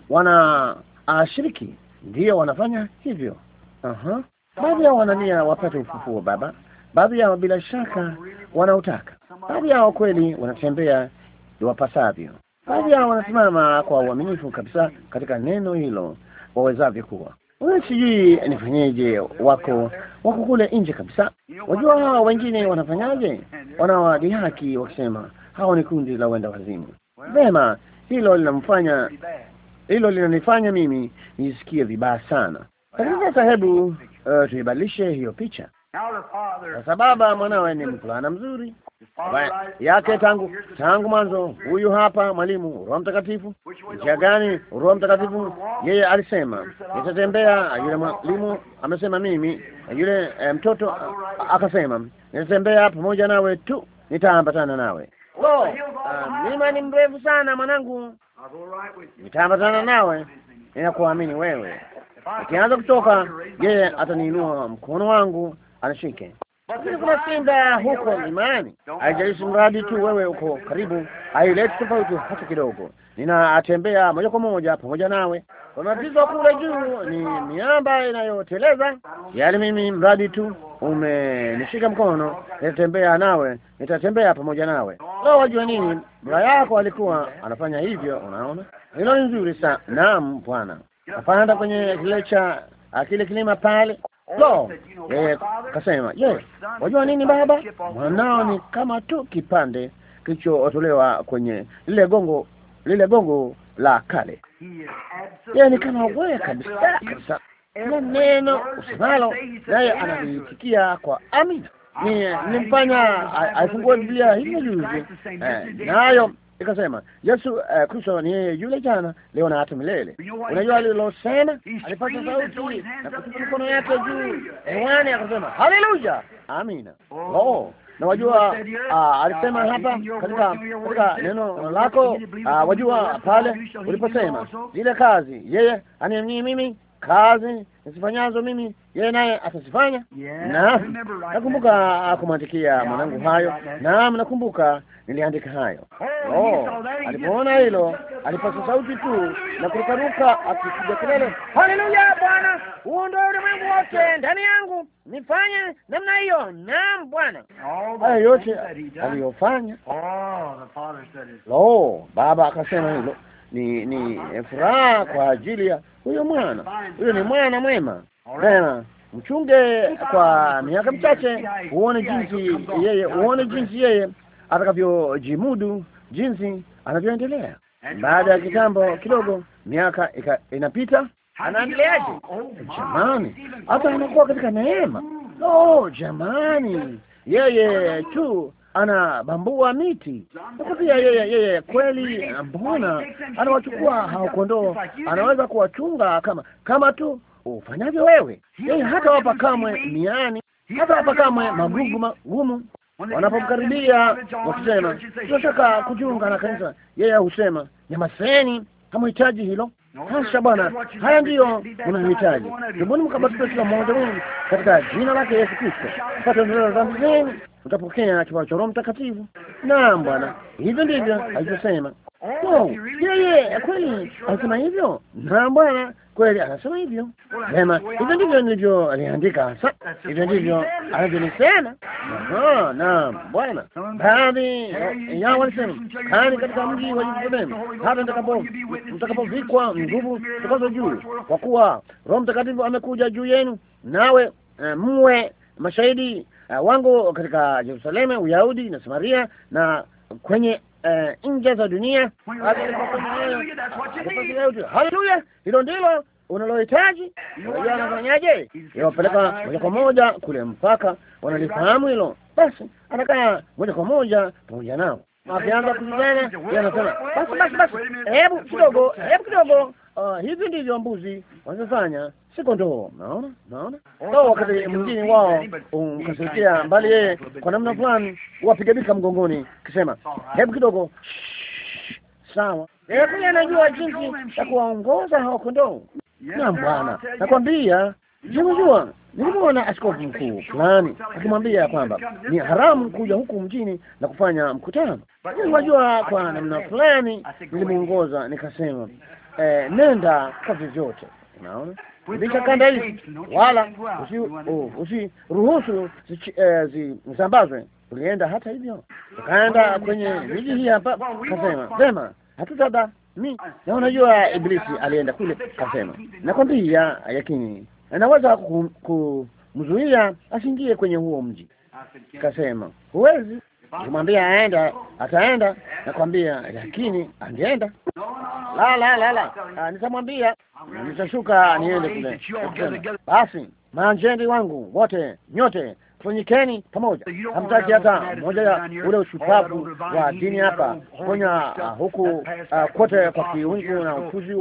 wana ashiriki, ndiyo wanafanya hivyo. Aha, baadhi yao wanania wapate ufufuo Baba, baadhi yao bila shaka wanaotaka, baadhi yao kweli wanatembea iwapasavyo, baadhi yao wanasimama kwa uaminifu kabisa katika neno hilo wawezavyo kuwa. Sijui nifanyeje. Wako wako kule nje kabisa. Wajua hawa wengine wanafanyaje? Wanawadihaki wakisema hawa ni kundi la wenda wazimu. Vema, hilo linamfanya hilo linanifanya mimi nisikie vibaya sana. Lakini sasa, hebu uh, tuibadilishe hiyo picha sasa. Baba mwanawe ni mvulana mzuri yake tangu tangu mwanzo. Huyu hapa mwalimu Roho Mtakatifu. Njia gani? Roho Mtakatifu yeye alisema nitatembea. Yule mwalimu amesema mimi, yule eh, mtoto akasema nitatembea pamoja nawe tu, nitaambatana nawe. Lo, oh, ah, mlima ni mrefu sana mwanangu, nitaambatana nawe, ninakuamini wewe. ikianza kutoka, yeye ataniinua mkono wangu anishike lakini kuna simba huko imani Haijalishi mradi tu wewe uko karibu, haileti tofauti hata kidogo. Ninatembea moja kwa moja pamoja nawe. Kuna tatizo kule juu, ni miamba inayoteleza. Yaani mimi mradi tu umenishika mkono, nitatembea nawe, nitatembea pamoja nawe. Leo wajua nini, bura yako alikuwa anafanya hivyo. Unaona, hilo ni nzuri sana. Naam bwana, napanda kwenye kile cha kile kilima pale Lo, yeye akasema, ye, wajua nini baba, mwanao ni kama tu kipande kilichotolewa kwenye lile gongo, lile gongo la kale. Yeye ni kama wewe kabisa kabisa, na neno usemalo naye analitikia kwa amina. Ah, Nilimfanya ah, aifungue Biblia hiyo juzi eh, nayo ikasema Yesu eh, Kristo ni yeye yule jana leo na hata milele. Unajua alilosema, alipata sauti na kutupa mikono yake juu hewani, akasema haleluya, amina. Oh. oh, na wajua ah, alisema hapa katika katika neno lako, ah, wajua pale uliposema zile kazi yeye aniamini mimi kazi nisifanyazo mimi, yeye naye atazifanya. Na nakumbuka kumwandikia mwanangu hayo, naam, nakumbuka niliandika hayo. Oh, oh alipoona hilo alipasa oh. sauti tu na kurukaruka akipiga kelele, haleluya! Bwana, huo ndio ulimwengu wote ndani yangu, nifanye namna hiyo. Naam Bwana, haya yote aliyofanya. Lo, Baba akasema hilo ni ni eh, furaha kwa ajili ya huyo mwana. Huyo ni mwana mwema. tena, mchunge kwa miaka michache, uone jinsi yeye, uone jinsi yeye atakavyojimudu, jinsi anavyoendelea. Baada ya kitambo kidogo, miaka inapita, anaendeleaje? Jamani, hata anakuwa katika neema. Oh jamani, yeye tu anabambua miti nakutia yeye yeye kweli. Mbona anawachukua hao kondoo? Anaweza kuwachunga kama kama tu ufanyavyo wewe. Yeye hata wapa kamwe miani, hata wapa kamwe magugu magumu. Wanapomkaribia wakisema tunataka kujiunga na kanisa, yeye husema nyamaseni, hamhitaji hilo. Hasha Bwana, haya ndiyo unahitaji. Tubuni mkabatizwe kila mmoja wenu katika jina lake Yesu Kristo, pate ondoleo dhambi zenu, utapokea kipao cha Roho Mtakatifu. Naam Bwana, hivyo ndivyo alivyosema. Wow, yeye kweli anasema hivyo. Naam Bwana, kweli anasema hivyo. Sema hivyo ndivyo ndivyo aliandika hasa, hivyo ndivyo anavyonisema. Naam Bwana, baadhi ya walisema kani katika mji wa Yerusalemu hata mtakapo mtakapovikwa nguvu tukazo juu, kwa kuwa Roho Mtakatifu amekuja juu yenu, nawe eh, muwe mashahidi uh, wangu katika Yerusalemu, Uyahudi na Samaria na kwenye uh, nje za dunia. Haleluya! Hilo ndilo unalohitaji. Unajua anafanyaje? Inawapeleka moja kwa moja kule mpaka wanalifahamu hilo, basi anakaa moja kwa moja pamoja nao, akianza kuzana, anasema basi basi basi, hebu kidogo, hebu kidogo uh, hivi ndivyo mbuzi wanavyofanya, si kondoo. Naona, naona so, wakati mwingine wao umkasirikia mbali yeye kwa namna fulani, wapigabika mgongoni, kisema hebu kidogo, sawa. Yeye eh, anajua jinsi ya kuwaongoza hao kondoo. Naam bwana, nakwambia Nimejua, nilimwona askofu mkuu fulani akimwambia kwamba ni haramu kuja huku mjini na kufanya mkutano. Unajua, kwa namna fulani nilimuongoza nikasema, eh, nenda kwa vyovyote. Unaona, bisha kanda hizi, wala usiruhusu eh, zisambazwe. Ulienda hata hivyo ukaenda kwenye miji hii hapa, kasema sema hatutada mi na unajua, Iblisi alienda kule kasema, nakwambia yakini anaweza kumzuia asingie kwenye huo mji. Kasema huwezi, Ukimwambia aenda ataenda, nakwambia. Lakini angeenda la la la la, ah, nitamwambia nitashuka niende kule. Basi maanjendi wangu wote nyote fonyikeni pamoja, hamtaki hata mmoja ya ule ushupavu wa dini hapa ponya uh, huku uh, kote kwa kiungu na ufuzi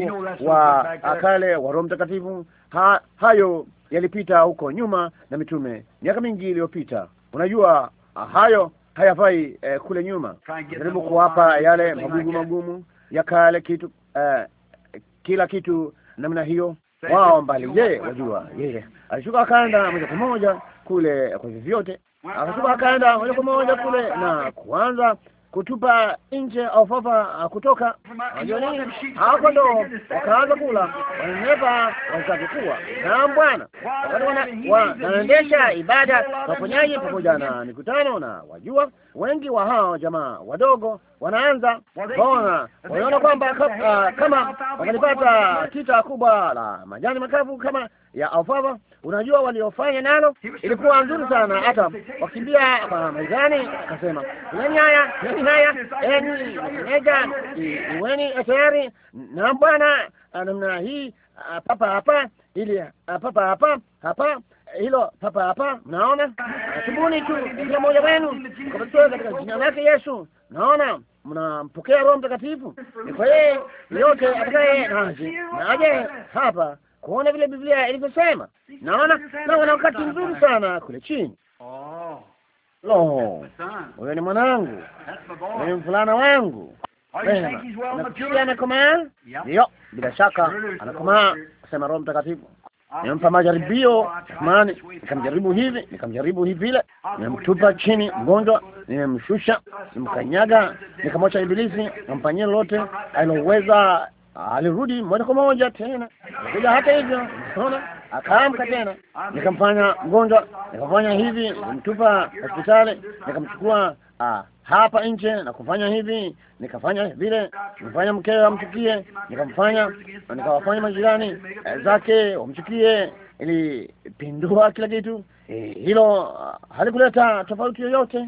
wa kale wa Roho Mtakatifu. Ha, hayo yalipita huko nyuma na mitume miaka mingi iliyopita. Unajua hayo hayafai eh, kule nyuma jaribu kuwapa yale magumu magumu ya kale kitu eh, kila kitu namna hiyo wao mbali. Je, wajua yeye alishuka akaenda moja kwa moja kule kwa vyovyote, akashuka akaenda moja kwa moja kule na kuanza kutupa nje ofafa ah, kutoka wajionini hao kondoo wakaanza kula, walinepa wazavikuwa na Bwana wakati wanaendesha ibada waponyaji pamoja na mikutano na wajua wengi wa hao jamaa wadogo wanaanza kuona, wanaona kwamba kama wangalipata tita kubwa la majani makavu kama ya alfava. Unajua waliofanya nalo ilikuwa nzuri sana, hata wakimbia kwa maizani, akasema nani haya, nani haya, eni nega, iweni e tayari na bwana namna hii, papa hapa, ili papa hapa hapa hilo papa hapa. Mnaona, asubuni tu kila mmoja wenu kapatiwa katika jina lake Yesu. Naona mnampokea Roho Mtakatifu. Ni kwa yeye yote atakaye naje naje hapa kuona vile Biblia ilivyosema. Naona na wana wakati mzuri sana kule chini. Oh. Lo, huyo ni mwanangu, ni mvulana wangu. anakomaa. Ndiyo, bila shaka anakomaa, sema Roho Mtakatifu Nimpa majaribio maana, nikamjaribu hivi nikamjaribu hivi vile, nimemtupa chini mgonjwa, nimemshusha, nimkanyaga, nikamwacha Ibilisi ampanyie lolote aliloweza. Alirudi moja kwa moja tena, kuja hata hivyo, ona, akaamka tena, nikamfanya mgonjwa, nikamfanya hivi, nimtupa hospitali, nikamchukua ah, hapa nje na kufanya hivi, nikafanya vile, nikafanya mkewe amchukie, nikamfanya nikawafanya majirani eh, zake wamchukie, ilipindua kila kitu. Eh, hilo uh, halikuleta tofauti yoyote.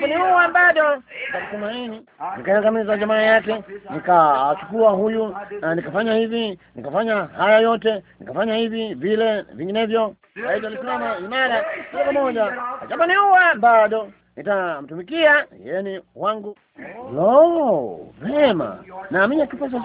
Niua bado nikakumaini, nikaangamiza jamaa yake, nikachukua huyu, nikafanya hivi, nikafanya haya yote, nikafanya hivi vile vinginevyo. Daudi alisimama imara moja moja, niua bado nitamtumikia, yeye ni wangu. Lo, vema, naamini akipasa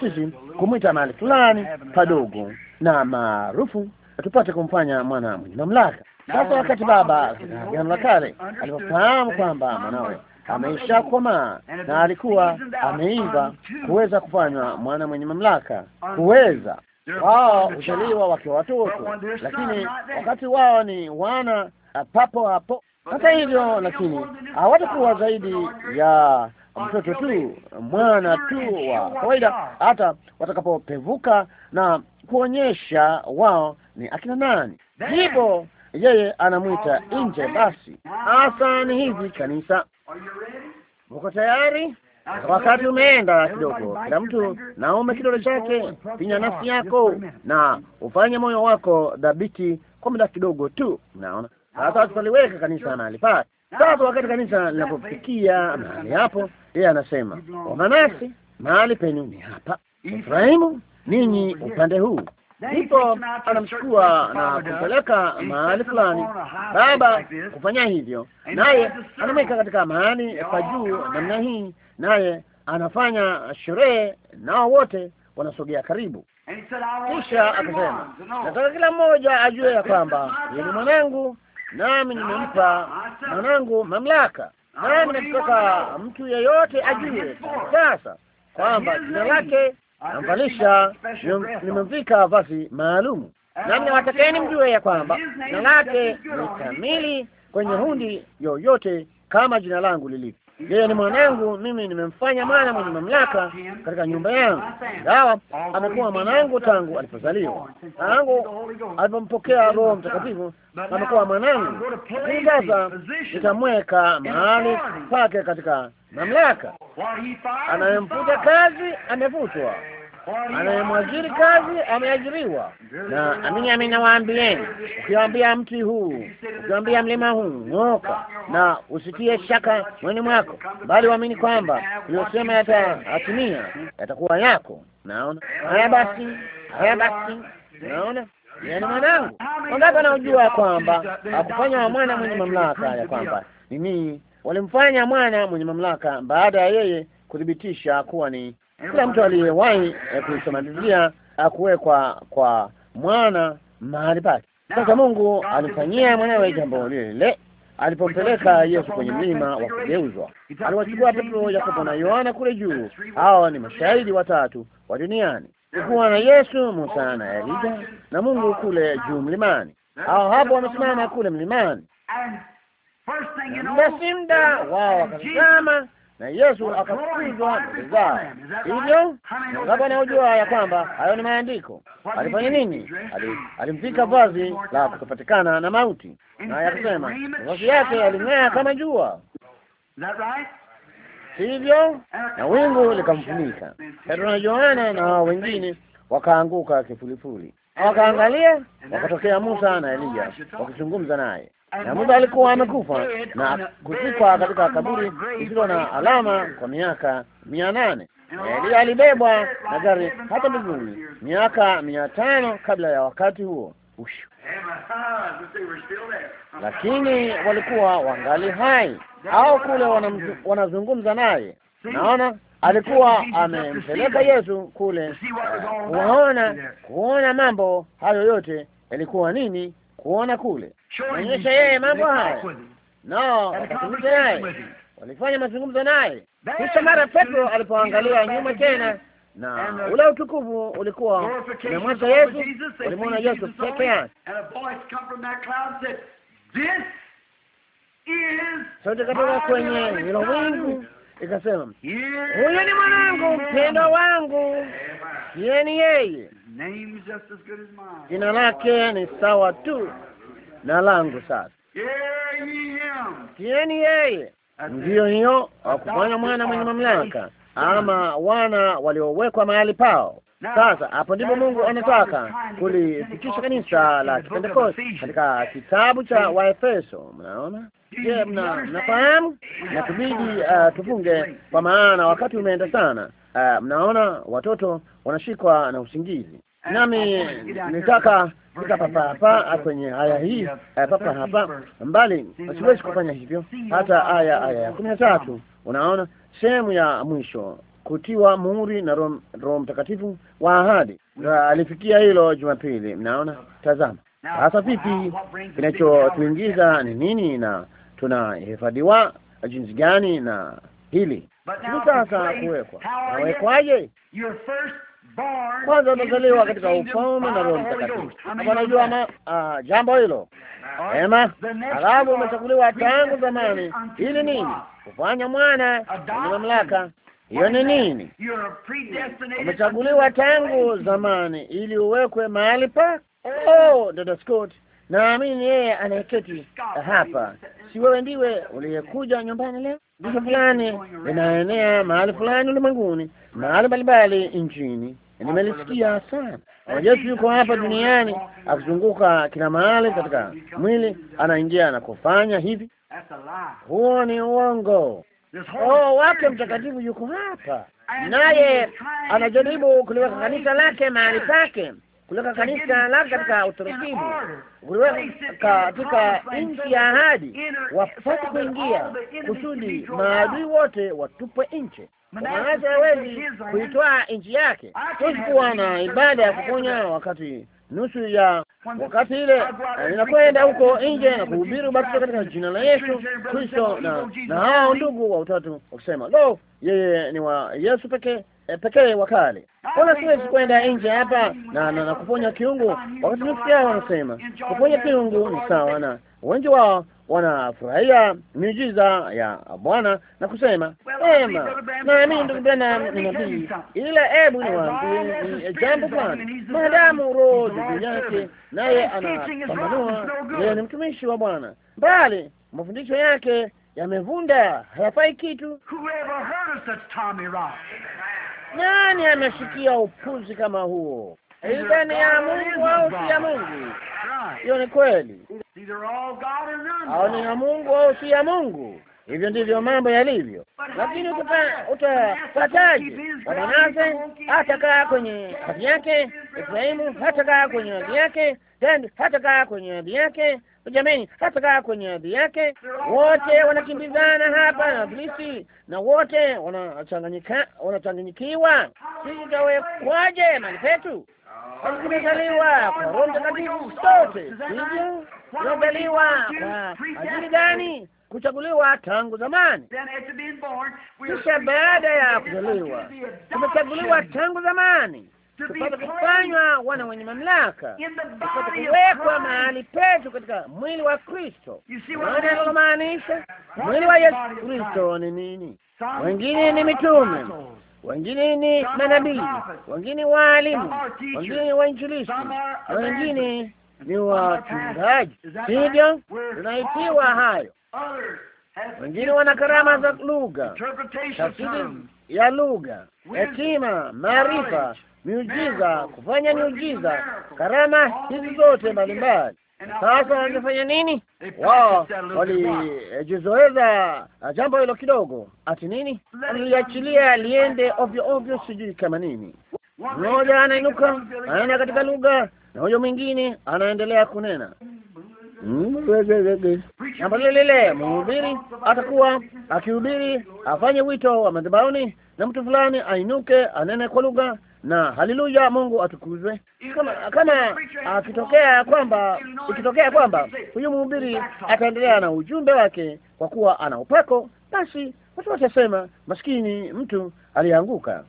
sisi eh, kumwita mahali fulani padogo na maarufu tupate kumfanya mwana mwenye mamlaka. Sasa wakati baba katika Agano la Kale alipofahamu kwamba mwanawe ameisha komaa na alikuwa ameiva kuweza kufanywa mwana mwenye mamlaka, kuweza wao huzaliwa wakiwa watoto, lakini wakati wao ni wana papo hapo. Hata hivyo, lakini hawatakuwa zaidi ya mtoto tu, mwana tu wa kawaida, hata watakapopevuka na kuonyesha wao ni akina nani. Hivyo yeye anamwita oh, nje. Basi hasa ah. ni hivi, kanisa, uko tayari? Wakati umeenda kidogo. Kila mtu naume kidole chake, pinya nafsi yako na ufanye moyo wako dhabiti kwa muda kidogo tu. Naona sasa ah. tutaliweka kanisa na alipata sasa. Wakati kanisa linapofikia mahali hapo, yeye anasema wamanasi, mahali penu ni hapa Efraimu ninyi upande huu. Ndipo anamchukua na kumpeleka mahali fulani, baba kufanya hivyo, naye anamweka katika mahali pa juu namna hii, naye anafanya sherehe, nao wote wanasogea karibu. Kisha akasema, nataka kila mmoja ajue ya kwamba ni mwanangu, nami nimempa mwanangu mamlaka, nami nataka mtu yeyote ajue sasa kwamba jina lake namvalisha, nimemvika vazi maalum nami nawatakeni mjue ya kwamba jina lake ni kamili kwenye um, hundi yoyote kama jina langu lilivyo yeye ni mwanangu, mimi nimemfanya mwana mwenye mamlaka katika nyumba yangu. Dawa amekuwa mwanangu tangu alipozaliwa, mwanangu alipompokea Roho Mtakatifu amekuwa mwanangu, lakini sasa nitamweka mahali pake katika mamlaka. Anayemfuta kazi amevutwa anayemwajiri kazi ameajiriwa. Na amini, amini nawaambieni, mti huu, ukiwaambia mlima huu ng'oka, na usitie shaka mweni mwako, bali waamini kwamba uliyosema yatatimia, yatakuwa yako. Naona haya basi, haya basi, naona yani, mwanangu, wangapi anaojua kwamba akufanya mwana mwenye mamlaka ya kwamba nini, walimfanya mwana mwenye mamlaka baada ya yeye kuthibitisha kuwa ni kila mtu aliyewahi eh, kuisoma Biblia akuwekwa kwa mwana mahali pake. Sasa Mungu alifanyia mwanawe jambo lile lile alipompeleka Yesu kwenye mlima wa kugeuzwa. Aliwachukua Petro, Yakobo na Yohana kule juu. Hawa ni mashahidi watatu wa duniani. Kulikuwa na Yesu, Musa na Elija na Mungu kule juu mlimani. Hawa hapo wamesimama kule mlimani, basi mda wao wakatazama na Yesu akafukuzwa zao, hivyo ngapo anayojua ya kwamba hayo ni maandiko. Alifanya nini? Alimvika vazi la kutopatikana na mauti, na yakasema vazi yake aling'aa kama jua, hivyo Na wingu likamfunika. Petro na Yohana na hao wengine wakaanguka kifulifuli, wakaangalia, wakatokea Musa na Eliya wakizungumza naye na muda alikuwa amekufa na kuzikwa katika kaburi lisilo na alama kwa miaka mia nane. Elia alibebwa na gari hata vizuri miaka mia tano kabla ya wakati huo Ushu. Lakini walikuwa wangali hai au kule wanazungumza naye. Naona alikuwa amempeleka Yesu kule kuwaona, kuona mambo hayo yote yalikuwa nini kuona kule, onyesha yeye mambo haya nao wakazungumza naye, walifanya mazungumzo naye. Kisha mara Petro alipoangalia nyuma tena, na ule utukufu ulikuwa umemwacha Yesu, walimwona Yesu peke yake. Sauti kutoka kwenye hilo wingu ikasema, huyu ni mwanangu mpendwa wangu yeye ni yeye, jina lake ni sawa tu na langu. Sasa tieni yeye, ndiyo hiyo wakufanya mwana mwenye mamlaka ama wana waliowekwa mahali pao. Sasa hapo ndipo Mungu anataka kulifikisha kanisa la Kipentekoste katika kitabu cha Waefeso. Mnaona? Je, mnafahamu? Natubidi uh, tufunge kwa maana wakati umeenda sana. Uh, mnaona watoto wanashikwa na usingizi, nami nitaka fika papa hapa kwenye aya hii eh, papa hapa mbali, siwezi kufanya hivyo hata aya aya ya kumi na tatu. Unaona sehemu ya mwisho kutiwa muhuri na Roho Mtakatifu wa ahadi. Alifikia hilo Jumapili. Mnaona, tazama sasa, vipi kinachotuingiza ni nini, na tunahifadhiwa jinsi gani na hili ni sasa kuwekwa. Nawekwaje? Kwanza umezaliwa katika ufalme na Roho Mtakatifu. Unajua ah, jambo hilo ema, halafu umechaguliwa tangu zamani ili nini? Kufanya mwana mwenye mamlaka. Hiyo ni nini? Umechaguliwa tangu zamani ili uwekwe mahali pa eh. oh, dada Scott naamini yeye anayeketi hapa, si wewe ndiwe uliyekuja nyumbani leo? Jizo fulani linaenea mahali fulani ulimwenguni, mahali mbalimbali nchini. Yaani nimelisikia sana. Yesu yuko hapa duniani akizunguka kila mahali katika mwili, anaingia na kufanya hivi. Huo ni uongo. Oh, wake mtakatifu yuko hapa, naye anajaribu kuliweka kanisa lake mahali pake kutoka kanisa lake katika utaratibu katika nchi ya ahadi, wapate kuingia kusudi maadui wote watupwe nje. Maanake hawezi kuitoa nchi yake. Hawezi kuwa na ibada ya kuponya wakati nusu ya wakati ile eh, inakwenda huko nje na kuhubiri ubatizo katika jina la Yesu Kristo, na hao ndugu wa utatu wakisema, lo, yeye ni wa Yesu pekee Eh, pekee wa kale. Ah, Ona, siwezi kwenda nje hapa na na kuponya kiungu. Wakati nisikia wanasema kuponya kiungu ni sawa, na wengi wao wanafurahia miujiza ya Bwana na kusema ema, naamini ndugu bwana ni nabii, ila hebu niwaambie jambo fulani. Maadamu roho juu yake naye anapambanua, yeye ni mtumishi wa Bwana, bali mafundisho yake yamevunda, hayafai kitu. Nani amesikia upuzi kama huo? Aidha ni ya Mungu au si ya Mungu? Hiyo ni kweli, au ni ya Mungu au si ya Mungu? Hivyo ndivyo mambo yalivyo, lakini utapataje? Manase hatakaa kwenye hadhi yake, Efraimu hatakaa kwenye hadhi yake, Dani hatakaa kwenye hadhi yake, Benjamini hatakaa kwenye hadhi yake. Wote wanakimbizana hapa na Ibilisi, na wote wanachanganyikiwa. Sisi tutawekwaje mali petu? Tumezaliwa kwa Roho Mtakatifu sote, sivyo? Tunazaliwa kwa ajili gani? kuchaguliwa tangu zamani. Kisha baada ya kuzaliwa tumechaguliwa tangu zamani tupate kufanywa wana wenye mamlaka, tupate kuwekwa mahali petu katika mwili wa Kristo. Anamaanisha mwili wa Yesu Kristo ni nini? Wengine ni mitume, wengine ni manabii, wengine waalimu, wengine wainjilisti, wengine ni wachungaji, sivyo? Tunaitiwa hayo. Wengine wana karama za lugha, tafsiri ya lugha, hekima, maarifa, miujiza, kufanya miujiza, karama hizi zote mbalimbali. Sasa wangefanya nini? Wao walijizoeza jambo hilo kidogo, ati nini, aliachilia liende ovyo ovyo, sijui kama nini. Mmoja anainuka anaenda katika lugha na huyo mwingine anaendelea kunena mm, jambo lile lile. Mhubiri atakuwa akihubiri, afanye wito wa madhabahuni, na mtu fulani ainuke anene kwa lugha na haleluya, Mungu atukuzwe. Kama kama akitokea kwamba ikitokea kwamba huyu mhubiri ataendelea na ujumbe wake kwa kuwa ana upako, basi watu watasema maskini mtu alianguka,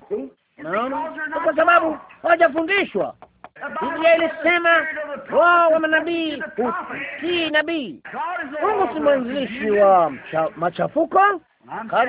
naona kwa sababu hawajafundishwa Biblia ilisema wao wa manabii husikii nabii. Mungu si mwanzilishi wa machafuko. Kama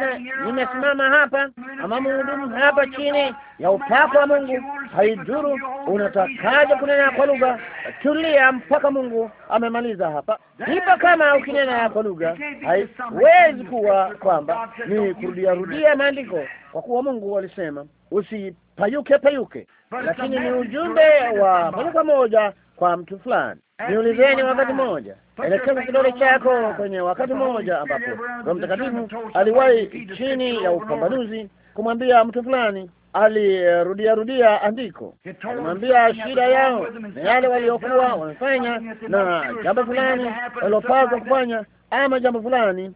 nimesimama hapa ama mhudumu hapa chini ya upako wa Mungu, haidhuru unatakaje kunena kwa lugha, tulia mpaka Mungu amemaliza hapa. Ndipo kama ukinena kwa lugha, haiwezi kuwa kwamba ni kurudia rudia maandiko, kwa kuwa Mungu alisema usipayuke payuke lakini ni ujumbe wa moja kwa moja kwa mtu fulani. Niulizeni wakati mmoja, elekeza kidole chako kwenye wakati mmoja ambapo Roho Mtakatifu aliwahi chini ya upambanuzi kumwambia mtu fulani alirudia rudia andiko, alimwambia shida yao na yale waliokuwa wamefanya na jambo fulani walilopaswa kufanya, ama jambo fulani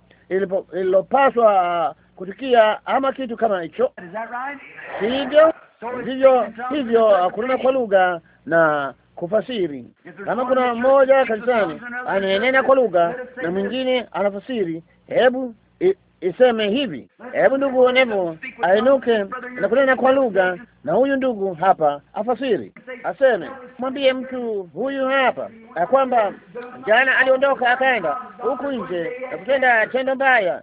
ililopaswa uh, kutukia, ama kitu kama hicho, sivyo? vivyo hivyo kunena kwa lugha na kufasiri. Kama kuna mmoja kanisani anaenena kwa lugha na mwingine anafasiri, hebu iseme hivi, hebu ndugu Nevo ainuke na kunena kwa lugha na huyu ndugu hapa afasiri, aseme, mwambie mtu huyu hapa ya kwamba jana aliondoka akaenda huku nje na kutenda tendo mbaya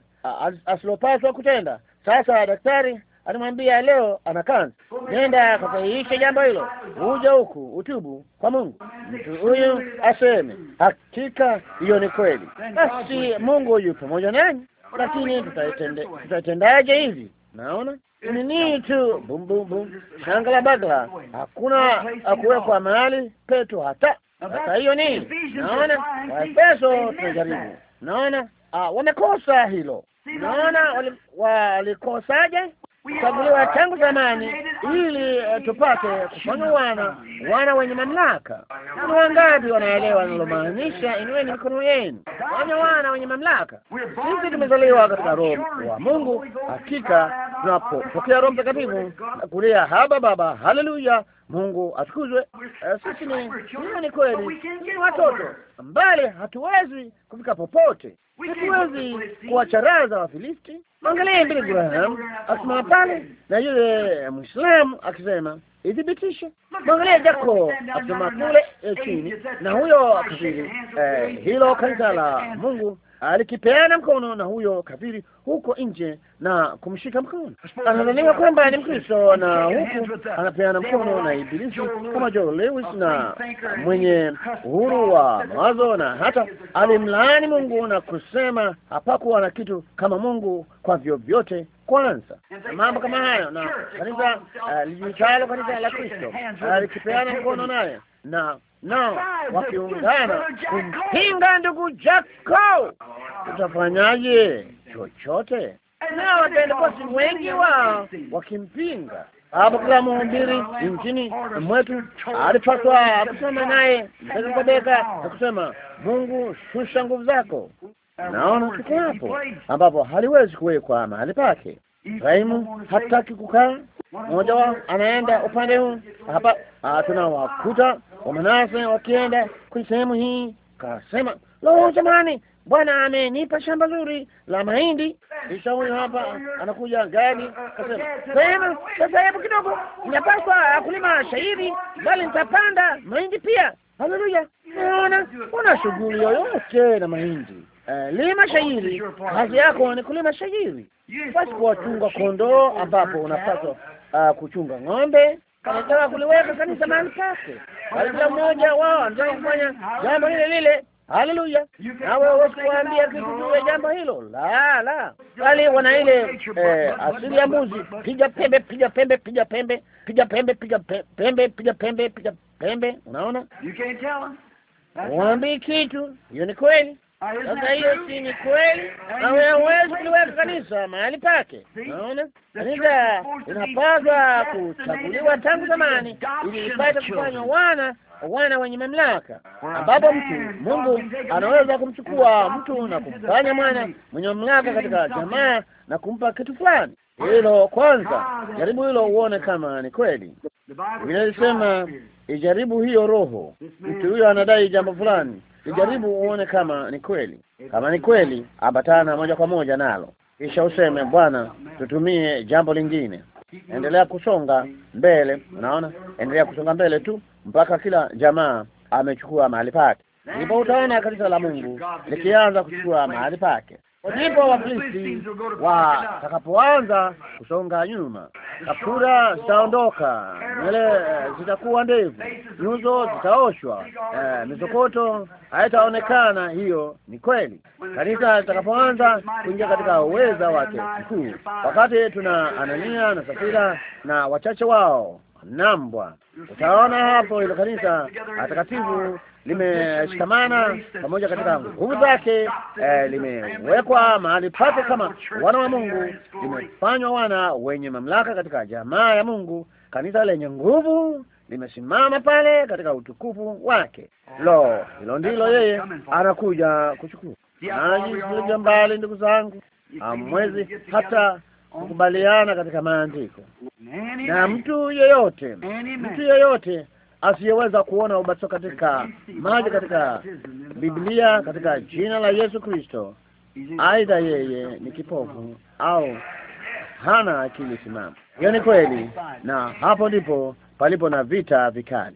asilopaswa kutenda. Sasa daktari alimwambia leo ana kansa, nenda kasahihishe jambo hilo, uja huku utubu kwa Mungu. Mtu huyu aseme hakika hiyo ni kweli, basi Mungu yu pamoja nanyi. Lakini tutaitendaje hivi? Naona nini tu bum bum bum, shanga la bagla, hakuna akuwekwa mahali petu hata sasa. Hiyo nini? Naona Waefeso tunajaribu, naona ah, wamekosa hilo. Naona walikosaje? kuchaguliwa tangu zamani ili eh, tupate kufanywa wana wana wenye mamlaka. Ni wangapi wanaelewa analomaanisha? Inueni mikono yenu, fanya wana wenye mamlaka. Sisi tumezaliwa katika Roho wa Mungu, hakika tunapopokea Roho Mtakatifu na kulia haba baba, haleluya Mungu atukuzwe. Eh, sisi ni kweli, ni watoto mbali, hatuwezi kufika popote, hatuwezi kuwacharaza Wafilisti. Mwangalie mbili Graham asimama pale na yule Mwislamu akisema ithibitishe. Mwangalie jako akisema kule eh, chini, na huyo akasiri eh, hilo kanisa la Mungu alikipeana mkono na huyo kafiri huko nje na kumshika mkono. Anadhaniwa kwamba ni Mkristo na huku anapeana mkono na Ibilisi kama Joe Lewis, na mwenye uhuru wa mawazo, na hata alimlaani Mungu na kusema hapakuwa na kitu kama Mungu kwa vyovyote kwanza mambo kama hayo, na kanisa eh, lijuitalo kanisa la Kristo alikipeana mkono naye na na wakiungana kumpinga ndugu Jacob, utafanyaje? Chochote na wapentekosti wengi wao wakimpinga hapo. Kila mhubiri nchini mwetu alipaswa kusema naye Rebeka na kusema, Mungu, shusha nguvu zako. Naona tuko hapo ambapo haliwezi kuwekwa mahali pake. Raimu hataki kukaa, mmoja wao anaenda upande huu hapa, ah, tunawakuta Wamanase wakienda kwenye sehemu hii, kasema lo, jamani, Bwana amenipa shamba zuri la mahindi. Kisha huyu hapa anakuja gani, kasema sema, sasa hebu kidogo, inapaswa kulima shairi bali nitapanda mahindi pia. Haleluya! Naona una shughuli yoyote na mahindi. Uh, lima shayiri. Kazi yako ni kulima shayiri, basi kuwachunga kondoo ambapo unapaswa uh, kuchunga ng'ombe. Anataka kuliweka kanisa mahali pake, kila mmoja wao kufanya jambo lile lile. Haleluya! nawe wasikuambia kitu juu ya jambo hilo, la la, bali wana ile eh, asili ya mbuzi. Piga pembe, piga pembe, piga pembe, piga pembe, piga pembe, piga pembe, piga pembe. Unaona, uambii kitu hiyo, ni kweli sasa hiyo si ni kweli, na wewe huwezi kuliweka kanisa mahali pake. Unaona, kanisa inapaswa kuchaguliwa tangu zamani, ili ipate kufanywa wana wana wenye mamlaka, ambapo mtu Mungu anaweza kumchukua mtu na kumfanya mwana mwenye mamlaka katika jamaa na kumpa kitu fulani. Hilo kwanza, jaribu hilo uone kama ni kweli. Inasema ijaribu hiyo roho, mtu huyo anadai jambo fulani Jaribu uone kama ni kweli. Kama ni kweli, ambatana moja kwa moja nalo, kisha useme, Bwana, tutumie jambo lingine. Endelea kusonga mbele, unaona, endelea kusonga mbele tu mpaka kila jamaa amechukua mahali pake. Ndipo utaona kanisa la Mungu likianza kuchukua mahali pake ndipo Wafilisti watakapoanza kusonga nyuma, kaptura zitaondoka, nywele eh, zitakuwa ndevu nyuzo zitaoshwa, eh, mizokoto haitaonekana. Hiyo ni kweli. Kanisa litakapoanza kuingia katika uweza wake mkuu, wakati tuna Anania na Safira na wachache wao nambwa, utaona hapo hilo kanisa atakatifu limeshikamana pamoja katika nguvu zake, eh, limewekwa mahali pake kama wana wa Mungu, limefanywa wana wenye mamlaka katika jamaa ya Mungu, kanisa lenye nguvu limesimama pale katika utukufu wake. Lo, hilo ndilo yeye anakuja kuchukua. Najizulia mbali, ndugu zangu, hamwezi hata kukubaliana katika maandiko na mtu yeyote, mtu yeyote asiyeweza kuona ubatizo katika maji katika Biblia katika jina la Yesu Kristo, aidha yeye ni kipofu au hana akili simama. Hiyo ni kweli, na hapo ndipo palipo na vita vikali.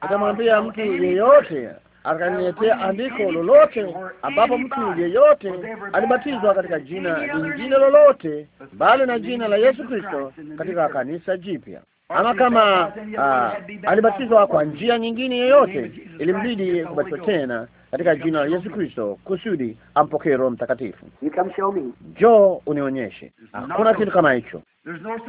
Atamwambia mtu yeyote akaniletea andiko lolote ambapo mtu yeyote alibatizwa katika jina lingine lolote bali na jina la Yesu Kristo katika kanisa jipya ama kama uh, alibatizwa kwa njia nyingine yoyote, ilimbidi kubatizwa tena katika jina la Yesu Kristo kusudi ampokee Roho Mtakatifu. jo unionyeshe. Hakuna kitu kama hicho,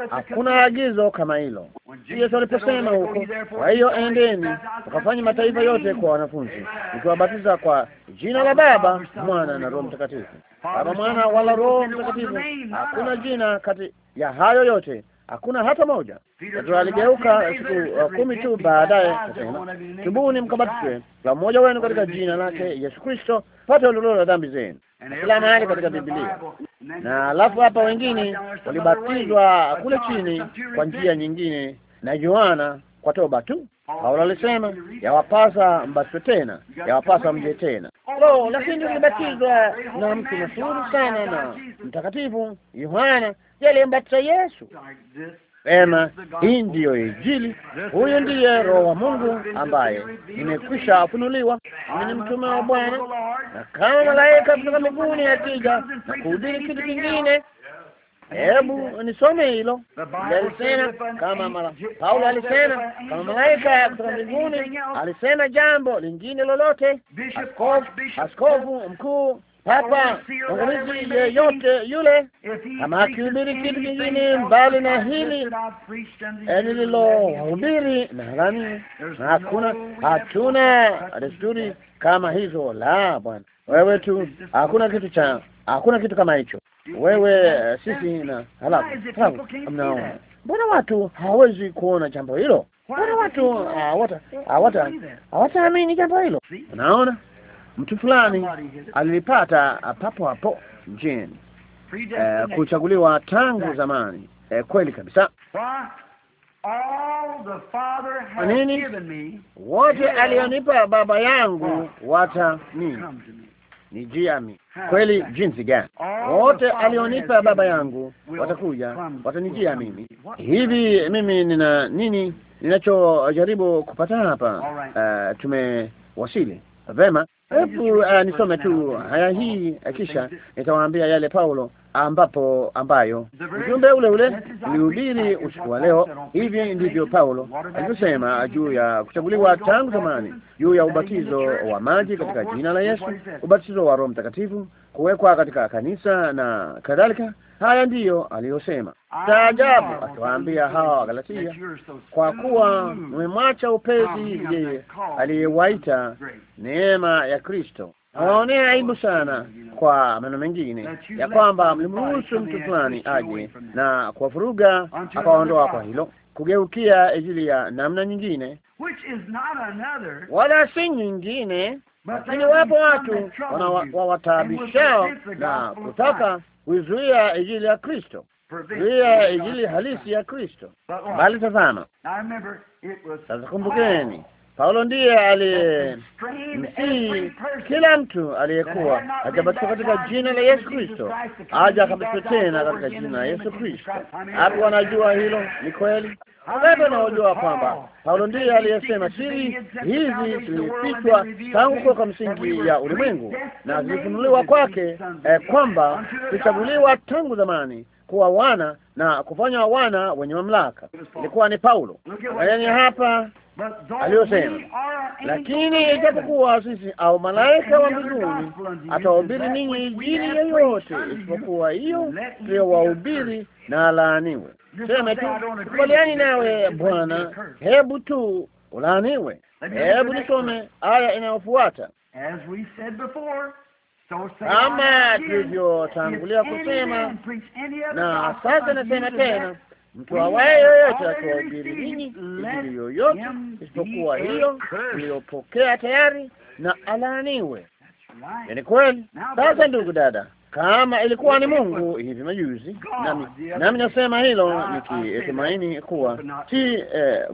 hakuna agizo kama hilo. Yesu oh, aliposema huko, kwa hiyo endeni ukafanye mataifa yote kwa wanafunzi, nikiwabatiza kwa jina la Baba, Mwana na Roho Mtakatifu. Baba, Mwana wala Roho Mtakatifu, hakuna jina kati ya hayo yote hakuna hata moja. Petro aligeuka siku kumi tu baadaye akasema, tubuni mkabatizwe kila mmoja wenu katika jina lake Yesu Kristo pate ondoleo la dhambi zenu, kila mahali katika Biblia. Na alafu hapa wengine walibatizwa kule chini kwa njia nyingine na Yohana kwa toba tu. Paulo alisema yawapasa mbatizwe tena, yawapasa mje tena. Lakini tulibatizwa na mtu mashuhuri sana na mtakatifu Yohana yalimbatiza Yesu ema, hii ndiyo Injili. Huyu ndiye Roho wa Mungu ambaye imekwisha afunuliwa. Mimi ni mtume wa Bwana, na kama malaika kutoka mbinguni akija na kuhubiri kitu kingine Hebu nisome hilo alisema, kama Paulo alisema, kama malaika kutoka mbinguni alisema jambo lingine lolote, askofu mkuu Papa mwangumizi yeyote yule, kama akihubiri kitu kingine mbali na hili nililowahubiri, nadhani hakuna, hatuna desturi kama hizo. La, Bwana wewe tu, hakuna kitu cha, hakuna kitu kama hicho. Wewe sisi na halafu, mnaona mbona watu hawawezi kuona jambo hilo? Mbona watu hawataamini jambo hilo? Unaona? Mtu fulani alilipata papo hapo jini e, eh, kuchaguliwa tangu zamani. e, kweli kabisa. Kwa nini? Wote alionipa Baba yangu wata nini ni jia mi kweli. Jinsi gani? Wote alionipa Baba yangu watakuja watanijia mimi. Hivi mimi nina nini ninachojaribu kupata hapa? Uh, tumewasili vema. Hebu uh, nisome tu haya eh, hii, eh, kisha nitawaambia yale Paulo ambapo ambayo ujumbe ule ule ulihubiri usiku wa leo. Hivi ndivyo Paulo alivyosema juu ya kuchaguliwa tangu zamani, juu ya ubatizo wa maji katika jina la Yesu, ubatizo wa Roho Mtakatifu, kuwekwa katika kanisa na kadhalika. Haya ndiyo aliyosema. Taajabu akiwaambia hawa Wagalatia, kwa kuwa mmemwacha upesi yeye aliyewaita neema ya Kristo anaonea aibu sana, kwa maneno mengine, ya kwamba mlimruhusu mtu fulani aje na kuwavuruga akaondoa kwa hilo kugeukia ajili ya namna nyingine, wala si nyingine, lakini wapo watu wanawawatabishao wa na kutaka kuizuia ajili ya Kristo, kuzuia ajili halisi ya Kristo. Bali tazama sasa, kumbukeni Paulo ndiye alimsihi kila mtu aliyekuwa hajabatizwa katika jina la Yesu Kristo aje akabatizwe tena katika jina la Yesu Kristo. Hapo wanajua hilo ni kweli. Wangapi wanaojua kwamba Paulo ndiye aliyesema siri hizi zilifichwa tangu kwa msingi ya ulimwengu na zilifunuliwa kwake, eh, kwamba kuchaguliwa tangu zamani kuwa wana na kufanywa wana wenye mamlaka. Ilikuwa ni Paulo. Angalieni hapa aliyosema, lakini ijapokuwa sisi au malaika wa mbinguni atawahubiri ninyi injili yoyote isipokuwa hiyo wahubiri, na alaaniwe. Sema tu kubaliani nawe Bwana, hebu tu ulaaniwe. Hebu nisome aya inayofuata. Kama tulivyotangulia kusema, na sasa nasema tena mtu awaye yoyote akiwaajiri nini ijili yoyote isipokuwa hiyo iliyopokea tayari, na alaaniwe. Ni kweli. Sasa ndugu dada, kama ilikuwa ni Mungu hivi majuzi, nami nami nasema hilo nikitumaini kuwa si eh,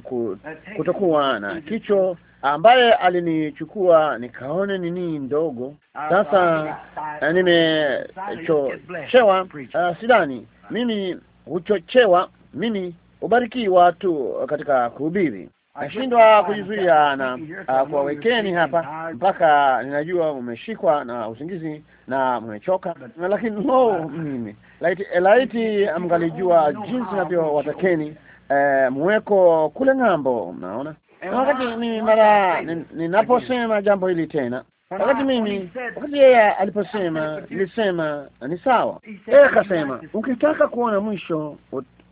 kutokuwa na kicho ambaye alinichukua nikaone nini ndogo. Sasa nimechochewa, uh, sidani mimi huchochewa mimi ubariki watu katika kuhubiri. Nashindwa kujizuia na ah, kuwawekeni hapa mpaka ninajua mmeshikwa na usingizi na mmechoka, lakini no, uh, mimi laiti, laiti mngalijua jinsi watakeni eh, mweko kule ng'ambo. Mnaona, na wakati mimi mara ninaposema jambo hili tena wakati mimi wakati yeye aliposema nilisema ni sawa. Yeye akasema ukitaka kuona mwisho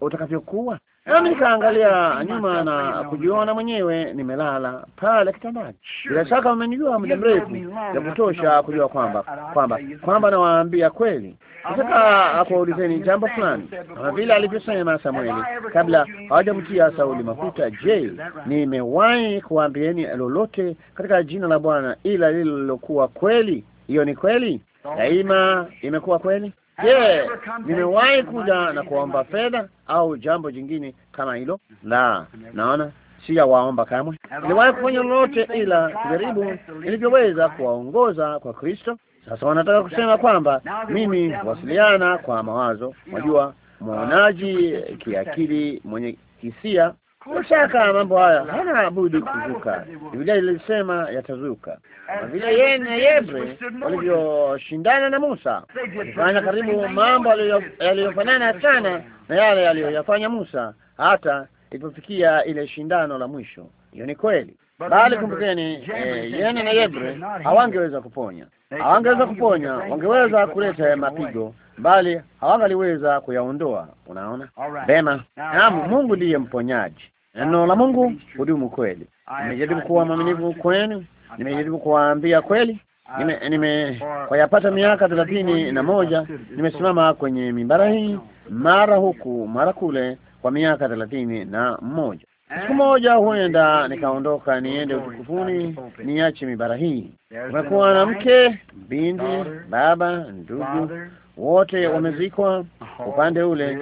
utakavyokuwa. Ah, Nami nikaangalia ah, ah, nyuma na kujiona mwenyewe nimelala pale kitandani. Bila shaka mmenijua muda mrefu ya kutosha kujua kwamba kwamba kwamba nawaambia kweli. Nataka kuwaulizeni jambo fulani, kama vile alivyosema Samueli kabla hawajamtia Sauli mafuta. Je, nimewahi kuambieni lolote katika jina la Bwana ila lililokuwa kweli? Hiyo ni kweli, daima imekuwa kweli. Je, nimewahi kuja na kuomba fedha au jambo jingine kama hilo? Mm-hmm. La, naona sijawaomba kamwe. Niliwahi kufanya lolote ila kujaribu nilivyoweza kuwaongoza kwa Kristo. Sasa wanataka kusema kwamba mimi huwasiliana kwa mawazo. Unajua, uh, mwonaji kiakili, mwenye hisia Kushaka mambo haya hana budi kuzuka. Biblia ilisema yatazuka, na vile yeye na Yebre walivyoshindana na Musa walifanya karibu mambo yaliyofanana sana na yale yaliyoyafanya Musa, hata ilipofikia ile shindano la mwisho. Hiyo ni kweli, bali kumbukeni, eh, yeye na Yebre hawangeweza kuponya, hawangeweza kuponya. Wangeweza kuleta mapigo bali hawangaliweza kuyaondoa. Unaona bema, naam, uh, Mungu ndiye mponyaji. Neno la Mungu hudumu kweli. Nimejaribu kuwa mwaminifu kwenu, nimejaribu kuwaambia kweli. Nime, nime kwa yapata miaka thelathini na moja nimesimama kwenye mimbara hii mara huku mara kule kwa miaka thelathini na moja. Siku moja huenda nikaondoka niende utukufuni, niache mibara hii. Umekuwa na mke, binti, baba, ndugu, wote wamezikwa upande ule,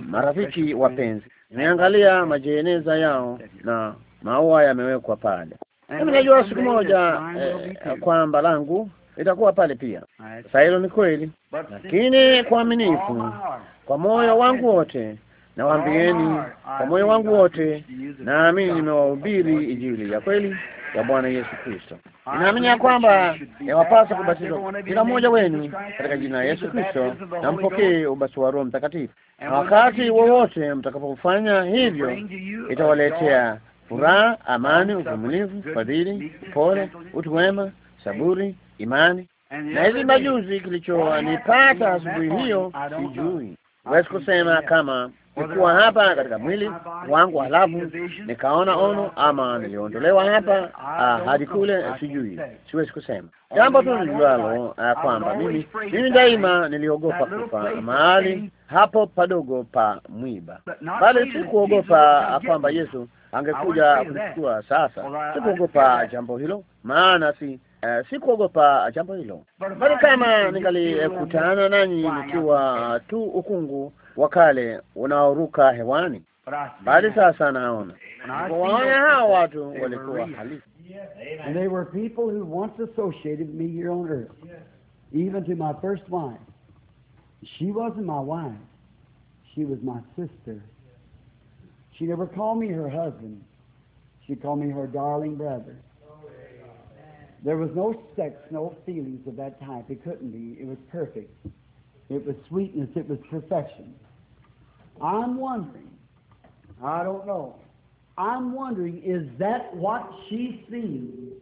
marafiki wapenzi nimeangalia majeneza yao na maua yamewekwa pale. Mimi najua siku moja eh, eh kwamba langu itakuwa pale pia. Sasa hilo ni kweli, lakini kwa aminifu, kwa moyo wangu wote nawaambieni, kwa moyo wangu wote naamini nimewahubiri Injili ya kweli ya Bwana Yesu Kristo. Ninaamini ya kwamba yawapasa kubatizwa kila mmoja wenu katika jina la Yesu Kristo na mpokee ubatizo wa Roho Mtakatifu, na wakati wowote mtakapofanya hivyo itawaletea furaha, amani, uvumilivu, fadhili, upole, utu wema, saburi, imani. Na hizi majuzi kilichonipata asubuhi hiyo sijui, huwezi kusema kama nikuwa hapa katika mwili wangu, halafu nikaona ono ama niliondolewa hapa ah, hadi kule, sijui, siwezi kusema. Jambo tu nijualo ah, kwamba mimi mimi daima niliogopa kufa mahali hapo padogo pa mwiba, bali sikuogopa kwamba Yesu angekuja kuchukua. Sasa sikuogopa jambo hilo, maana si Uh, sikuogopa jambo hilo, bali kama ningalikutana nanyi nikiwa tu ukungu And they were people who once associated me here on earth, even to my first wife. She wasn't my wife. She was my sister. She never called me her husband. She called me her darling brother. There was no sex, no feelings of that type. It couldn't be. It was perfect. It was sweetness. It was perfection. I'm wondering. I don't know. I'm wondering, is that what she seen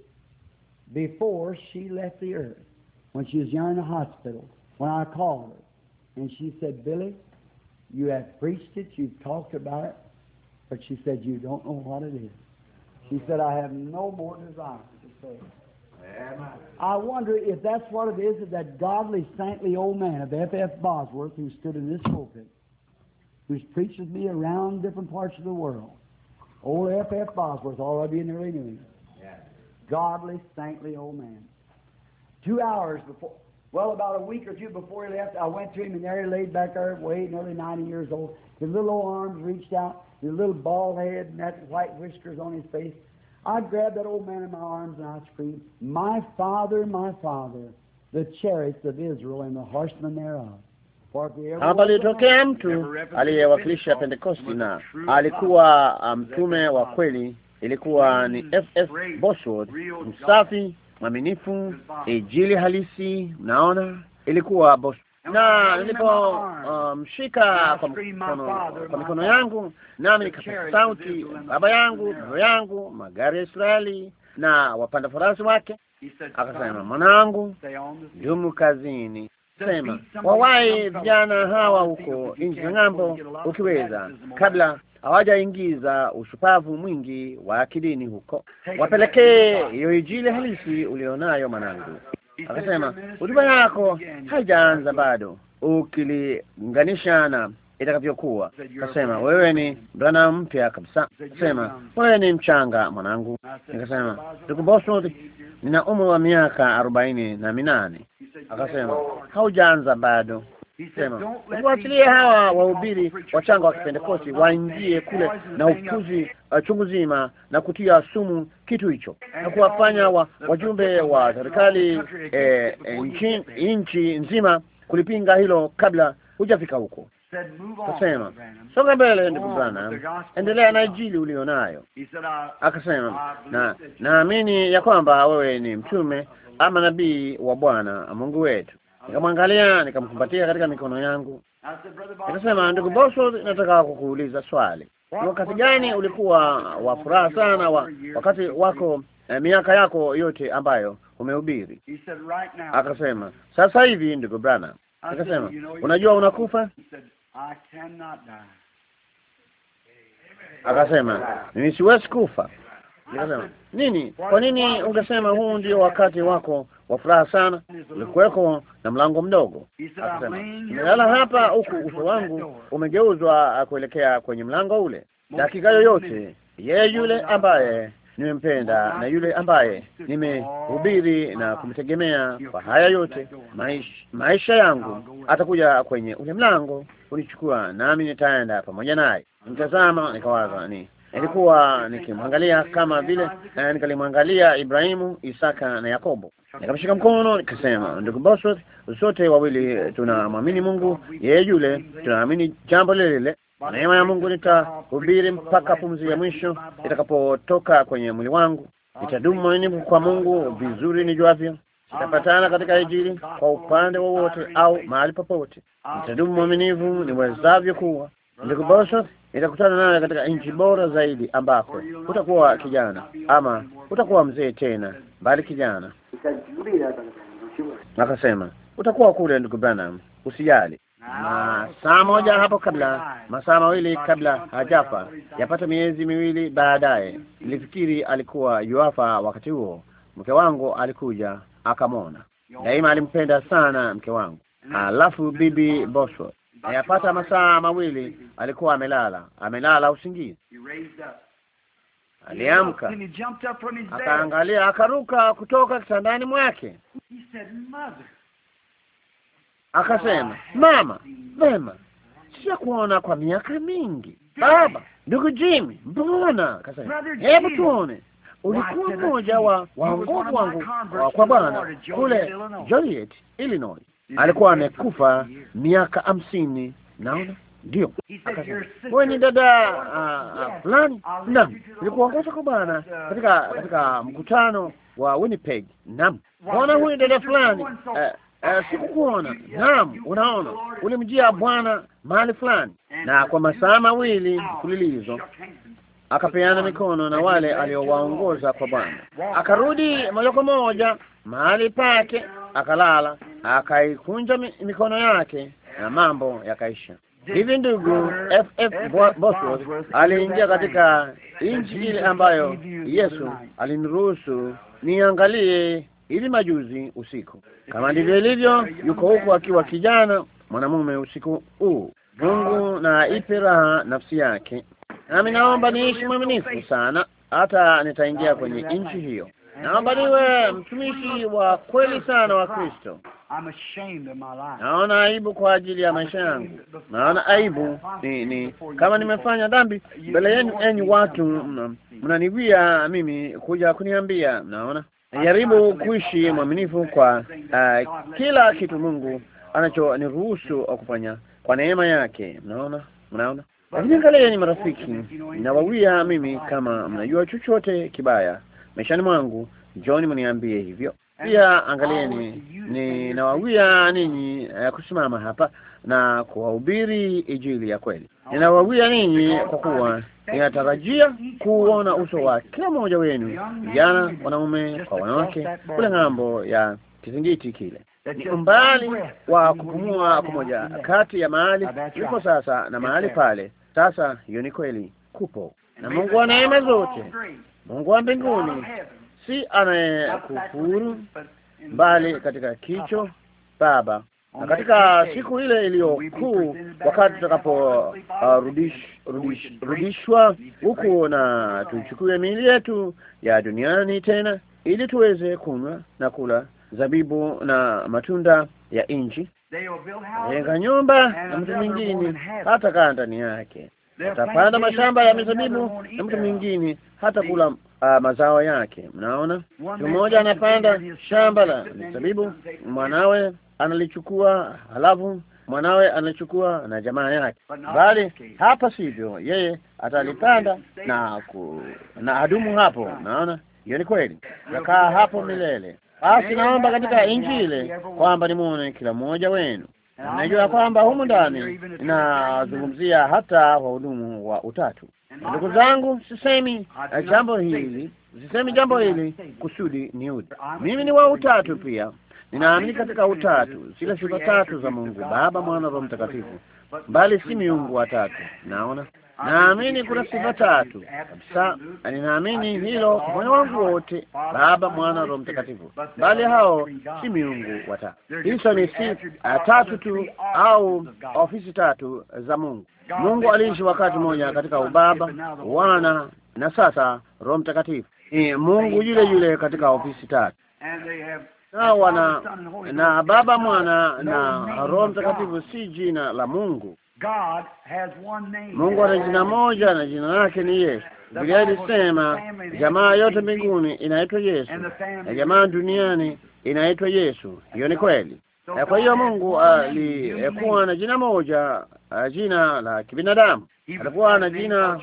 before she left the earth? When she was young in the hospital, when I called her, and she said, Billy, you have preached it, you've talked about it, but she said, you don't know what it is. She said, I have no more desire to say it. I wonder if that's what it is that that godly, saintly old man of F.F. Bosworth, who stood in this pulpit, who's preaches me around different parts of the world. Old F. F. Bosworth, all of you nearly knew him. Yeah. Godly, saintly old man. Two hours before, well, about a week or two before he left, I went to him and there he laid back there, weighing nearly 90 years old. His little old arms reached out, his little bald head and that white whiskers on his face. I grabbed that old man in my arms and I screamed, My father, my father, the chariots of Israel and the horsemen thereof. Hapa alitokea mtu aliyewakilisha Pentekosti na alikuwa um, mtume wa kweli. Ilikuwa ni FF Bosworth, msafi mwaminifu, ijili halisi. Mnaona, ilikuwa Bos na nilipomshika um, kwa mikono yangu, nami nikapata sauti, baba yangu, baba yangu, magari ya Israeli na wapanda farasi wake. Akasema, mwanangu, dumu kazini sema wawahi vijana hawa huko nje za ng'ambo, ukiweza kabla hawajaingiza ushupavu mwingi wa akilini huko, wapelekee hiyo Injili halisi ulionayo mwanangu. Akasema hotuba yako haijaanza bado, ukilinganisha na itakavyokuwa. Akasema wewe ni mvulana mpya kabisa. Akasema wewe ni mchanga mwanangu. Nikasema ndugu Bosworth, nina umri wa miaka arobaini na minane akasema, haujaanza bado. Sema uachilie hawa wahubiri wachanga wa Kipentekosti waingie kule na ukuzi uh, chungu zima na kutia sumu kitu hicho na kuwafanya wa, wajumbe wa serikali eh, eh, nchi nzima kulipinga hilo kabla hujafika huko. Akasema songa mbele, ndugu Bwana, endelea na injili ulionayo. Akasema na naamini ya kwamba wewe ni mtume ama nabii wa Bwana Mungu wetu. Nikamwangalia, nikamkumbatia katika mikono yangu, nikasema, ndugu Boso, nataka kukuuliza swali. Ni wakati gani ulikuwa wa furaha sana wa, wakati wako eh, miaka yako yote ambayo umehubiri? Akasema, sasa hivi ndugu brana Akasema, unajua unakufa. Akasema, mimi siwezi kufa. Nikasema nini? Kwa nini ungesema huu ndio wakati wako wa furaha sana? Ulikuweko na mlango mdogo. Akasema nimelala hapa, huku uso wangu umegeuzwa kuelekea kwenye mlango ule, dakika yoyote, yeye yule ambaye nimempenda na yule ambaye nimehubiri na kumtegemea kwa haya yote maisha, maisha yangu, atakuja kwenye ule mlango unichukua, nami nitaenda pamoja naye. Nitazama nikawaza, ni nilikuwa nikimwangalia kama vile eh, nikalimwangalia Ibrahimu, Isaka na Yakobo. Nikamshika mkono nikasema, ndugu Bosworth, sote wawili tunamwamini Mungu yeye yule, tunaamini jambo lile lile. Neema ya Mungu nitahubiri mpaka pumzi ya mwisho itakapotoka kwenye mwili wangu. Nitadumu mwaminifu kwa Mungu vizuri nijuavyo. Sitapatana katika Injili kwa upande wowote au mahali popote. Nitadumu mwaminifu niwezavyo kuwa. Ndugu Bosworth nitakutana nawe katika nchi bora zaidi, ambapo utakuwa kijana ama utakuwa mzee tena, bali kijana. Akasema utakuwa kule, ndugu Branham, usijali. masaa saa moja hapo kabla, masaa mawili kabla hajafa, yapata miezi miwili baadaye, nilifikiri alikuwa yuafa. Wakati huo mke wangu alikuja akamwona. Daima alimpenda sana mke wangu. Alafu bibi Bosworth ayapata masaa mawili alikuwa amelala, amelala usingizi. Aliamka akaangalia, akaruka kutoka kitandani mwake, akasema, mama, vema, sijakuona kwa miaka mingi. Baba, ndugu Jimmy, mbona? Akasema, hebu tuone ulikuwa mmoja wa waongovu wangu kwa Bwana kule Joliet, Illinois alikuwa amekufa miaka hamsini. Naona ndio wewe ni dada ah, ah, fulani. Naam, nilikuongoza kwa bwana katika katika mkutano wa Winnipeg. Naam, naona huyu dada fulani eh, eh, sikukuona. Naam, unaona, ulimjia Bwana mahali fulani, na kwa masaa mawili mfululizo akapeana mikono na wale aliowaongoza kwa Bwana, akarudi moja kwa moja mahali pake akalala, akaikunja mikono yake na mambo yakaisha. Hivi ndugu FF Bosworth aliingia katika nchi ile ambayo Yesu aliniruhusu niangalie hivi majuzi usiku. Kama ndivyo ilivyo, yuko huku akiwa kijana mwanamume usiku huu. Mungu na ipe raha nafsi yake, nami naomba niishi mwaminifu sana, hata nitaingia kwenye nchi hiyo naomba niwe mtumishi wa kweli sana wa Kristo. Naona aibu kwa ajili ya maisha yangu, naona aibu ni, ni kama nimefanya dhambi mbele yenu, enyi watu mnaniwia mimi kuja kuniambia. Naona jaribu kuishi mwaminifu kwa uh, kila kitu Mungu anachoniruhusu kufanya kwa neema yake. Mnaona, mnaona. Lakini angalieni marafiki, ninawawia mimi, kama mnajua chochote kibaya maishani mwangu. Njoni mniambie hivyo pia. Angalieni, ninawawia ninyi uh, kusimama hapa na kuwahubiri Injili ya kweli. Ninawawia ninyi kwa kuwa ninatarajia kuona uso wa kila mmoja wenu, vijana, wanaume kwa wanawake, kule ng'ambo ya kizingiti kile ni umbali wa kupumua kumoja kati ya mahali yuko sasa na mahali pale. Sasa hiyo ni kweli, kupo na Mungu wa neema zote Mungu wa mbinguni si anayekufuru mbali katika kicho Baba, na katika siku ile kuu wakati tutakapo uh, huku na tuchukue miili yetu ya duniani tena, ili tuweze kunywa na kula zabibu na matunda ya nchi. Jenga nyumba na mtu mwingine hata kaa ndani yake atapanda mashamba ya mizabibu na mtu mwingine hata kula uh, mazao yake. Mnaona, mtu mmoja anapanda shamba la mizabibu, mwanawe analichukua, halafu mwanawe anachukua na jamaa yake. Bali hapa sivyo, yeye atalipanda na ku, na adumu hapo. Naona hiyo ni kweli, nakaa hapo milele. Basi naomba katika Injili kwamba nimwone kila mmoja wenu Najua kwamba humu ndani inazungumzia hata wahudumu wa utatu. Ndugu zangu, sisemi jambo hili, sisemi jambo hili kusudi ni udi. Mimi ni wa utatu pia, ninaamini katika utatu, zile sifa tatu za Mungu Baba, Mwana, Roho Mtakatifu, bali si miungu watatu. Naona Naamini kuna sifa tatu kabisa, na ninaamini hilo moyo wangu wote, Baba, Mwana, Roho Mtakatifu, bali hao si miungu watatu. Hizo ni sifa eh, tatu tu au ofisi tatu za Mungu. Mungu aliishi wakati mmoja katika ubaba, wana na sasa Roho Mtakatifu. Ni Mungu yule yule katika ofisi tatu na wana na Baba, Mwana na Roho Mtakatifu si jina la Mungu Mungu ana jina moja na jina lake ni Yesu. Biblia ilisema jamaa yote mbinguni inaitwa Yesu na jamaa duniani inaitwa Yesu. Hiyo ni kweli. Kwa hiyo Mungu alikuwa na jina moja, jina la kibinadamu. Alikuwa na jina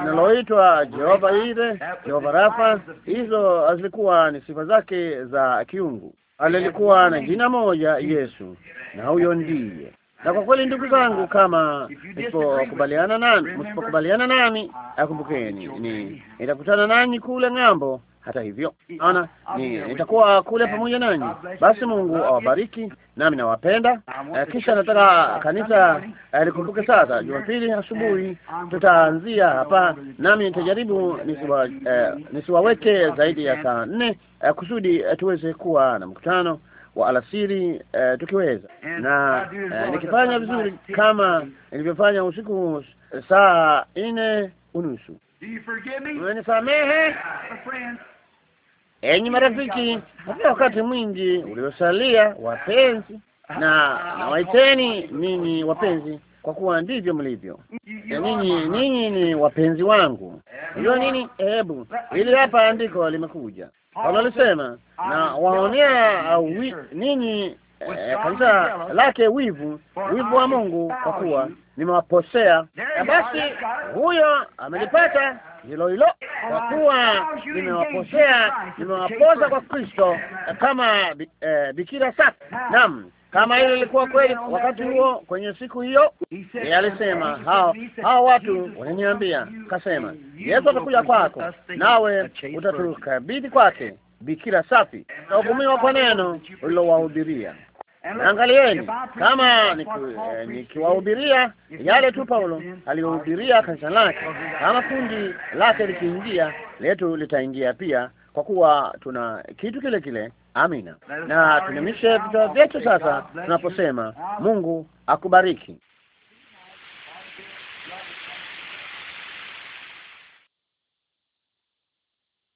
linaloitwa Jehova Ire, Jehova Rafa. Hizo zilikuwa ni sifa zake za kiungu. Alilikuwa na jina moja Yesu, na huyo ndiye na kwa kweli, ndugu zangu, kama msipokubaliana nani, msipokubaliana nani, akumbukeni ni nitakutana nanyi kule ng'ambo. Hata hivyo, ana ni nitakuwa kule pamoja nanyi. Basi Mungu awabariki, nami nawapenda. Eh, kisha nataka kanisa eh, likumbuke sasa, Jumapili asubuhi tutaanzia hapa, nami nitajaribu nisiwa, eh, nisiwaweke zaidi ya saa nne eh, kusudi eh, tuweze kuwa na mkutano wa alasiri eh, tukiweza na eh, nikifanya vizuri kama nilivyofanya usiku saa nne unusu. samehe enyi marafiki, katika wakati mwingi uliosalia, wapenzi na nawaiteni ninyi wapenzi, kwa kuwa ndivyo mlivyo eh, ninyi. Ninyi ni wapenzi wangu. Hiyo nini? Hebu hili hapa andiko limekuja Paulo alisema na waonea uh, uh, ninyi uh, eh, kanisa lake wivu, wivu wa Mungu kwa kuwa nimewaposea. basi huyo amelipata hilo hilo, kwa kuwa nimewaposea, nimewapoza kwa Kristo kama eh, bikira safi. Naam. Kama hilo lilikuwa kweli wakati huo, kwenye siku hiyo, yeye alisema hao hao watu wananiambia, kasema Yesu atakuja kwako, nawe utatukabidhi kwake, bikira safi, utahukumiwa kwa neno ulilowahubiria. Angalieni, kama eh, nikiwahubiria eh, yale tu Paulo aliyohubiria kanisa lake, kama kundi lake likiingia, letu litaingia pia, kwa kuwa tuna kitu kile kile Amina, na tuinamishe vichwa vyetu sasa tunaposema Mungu akubariki.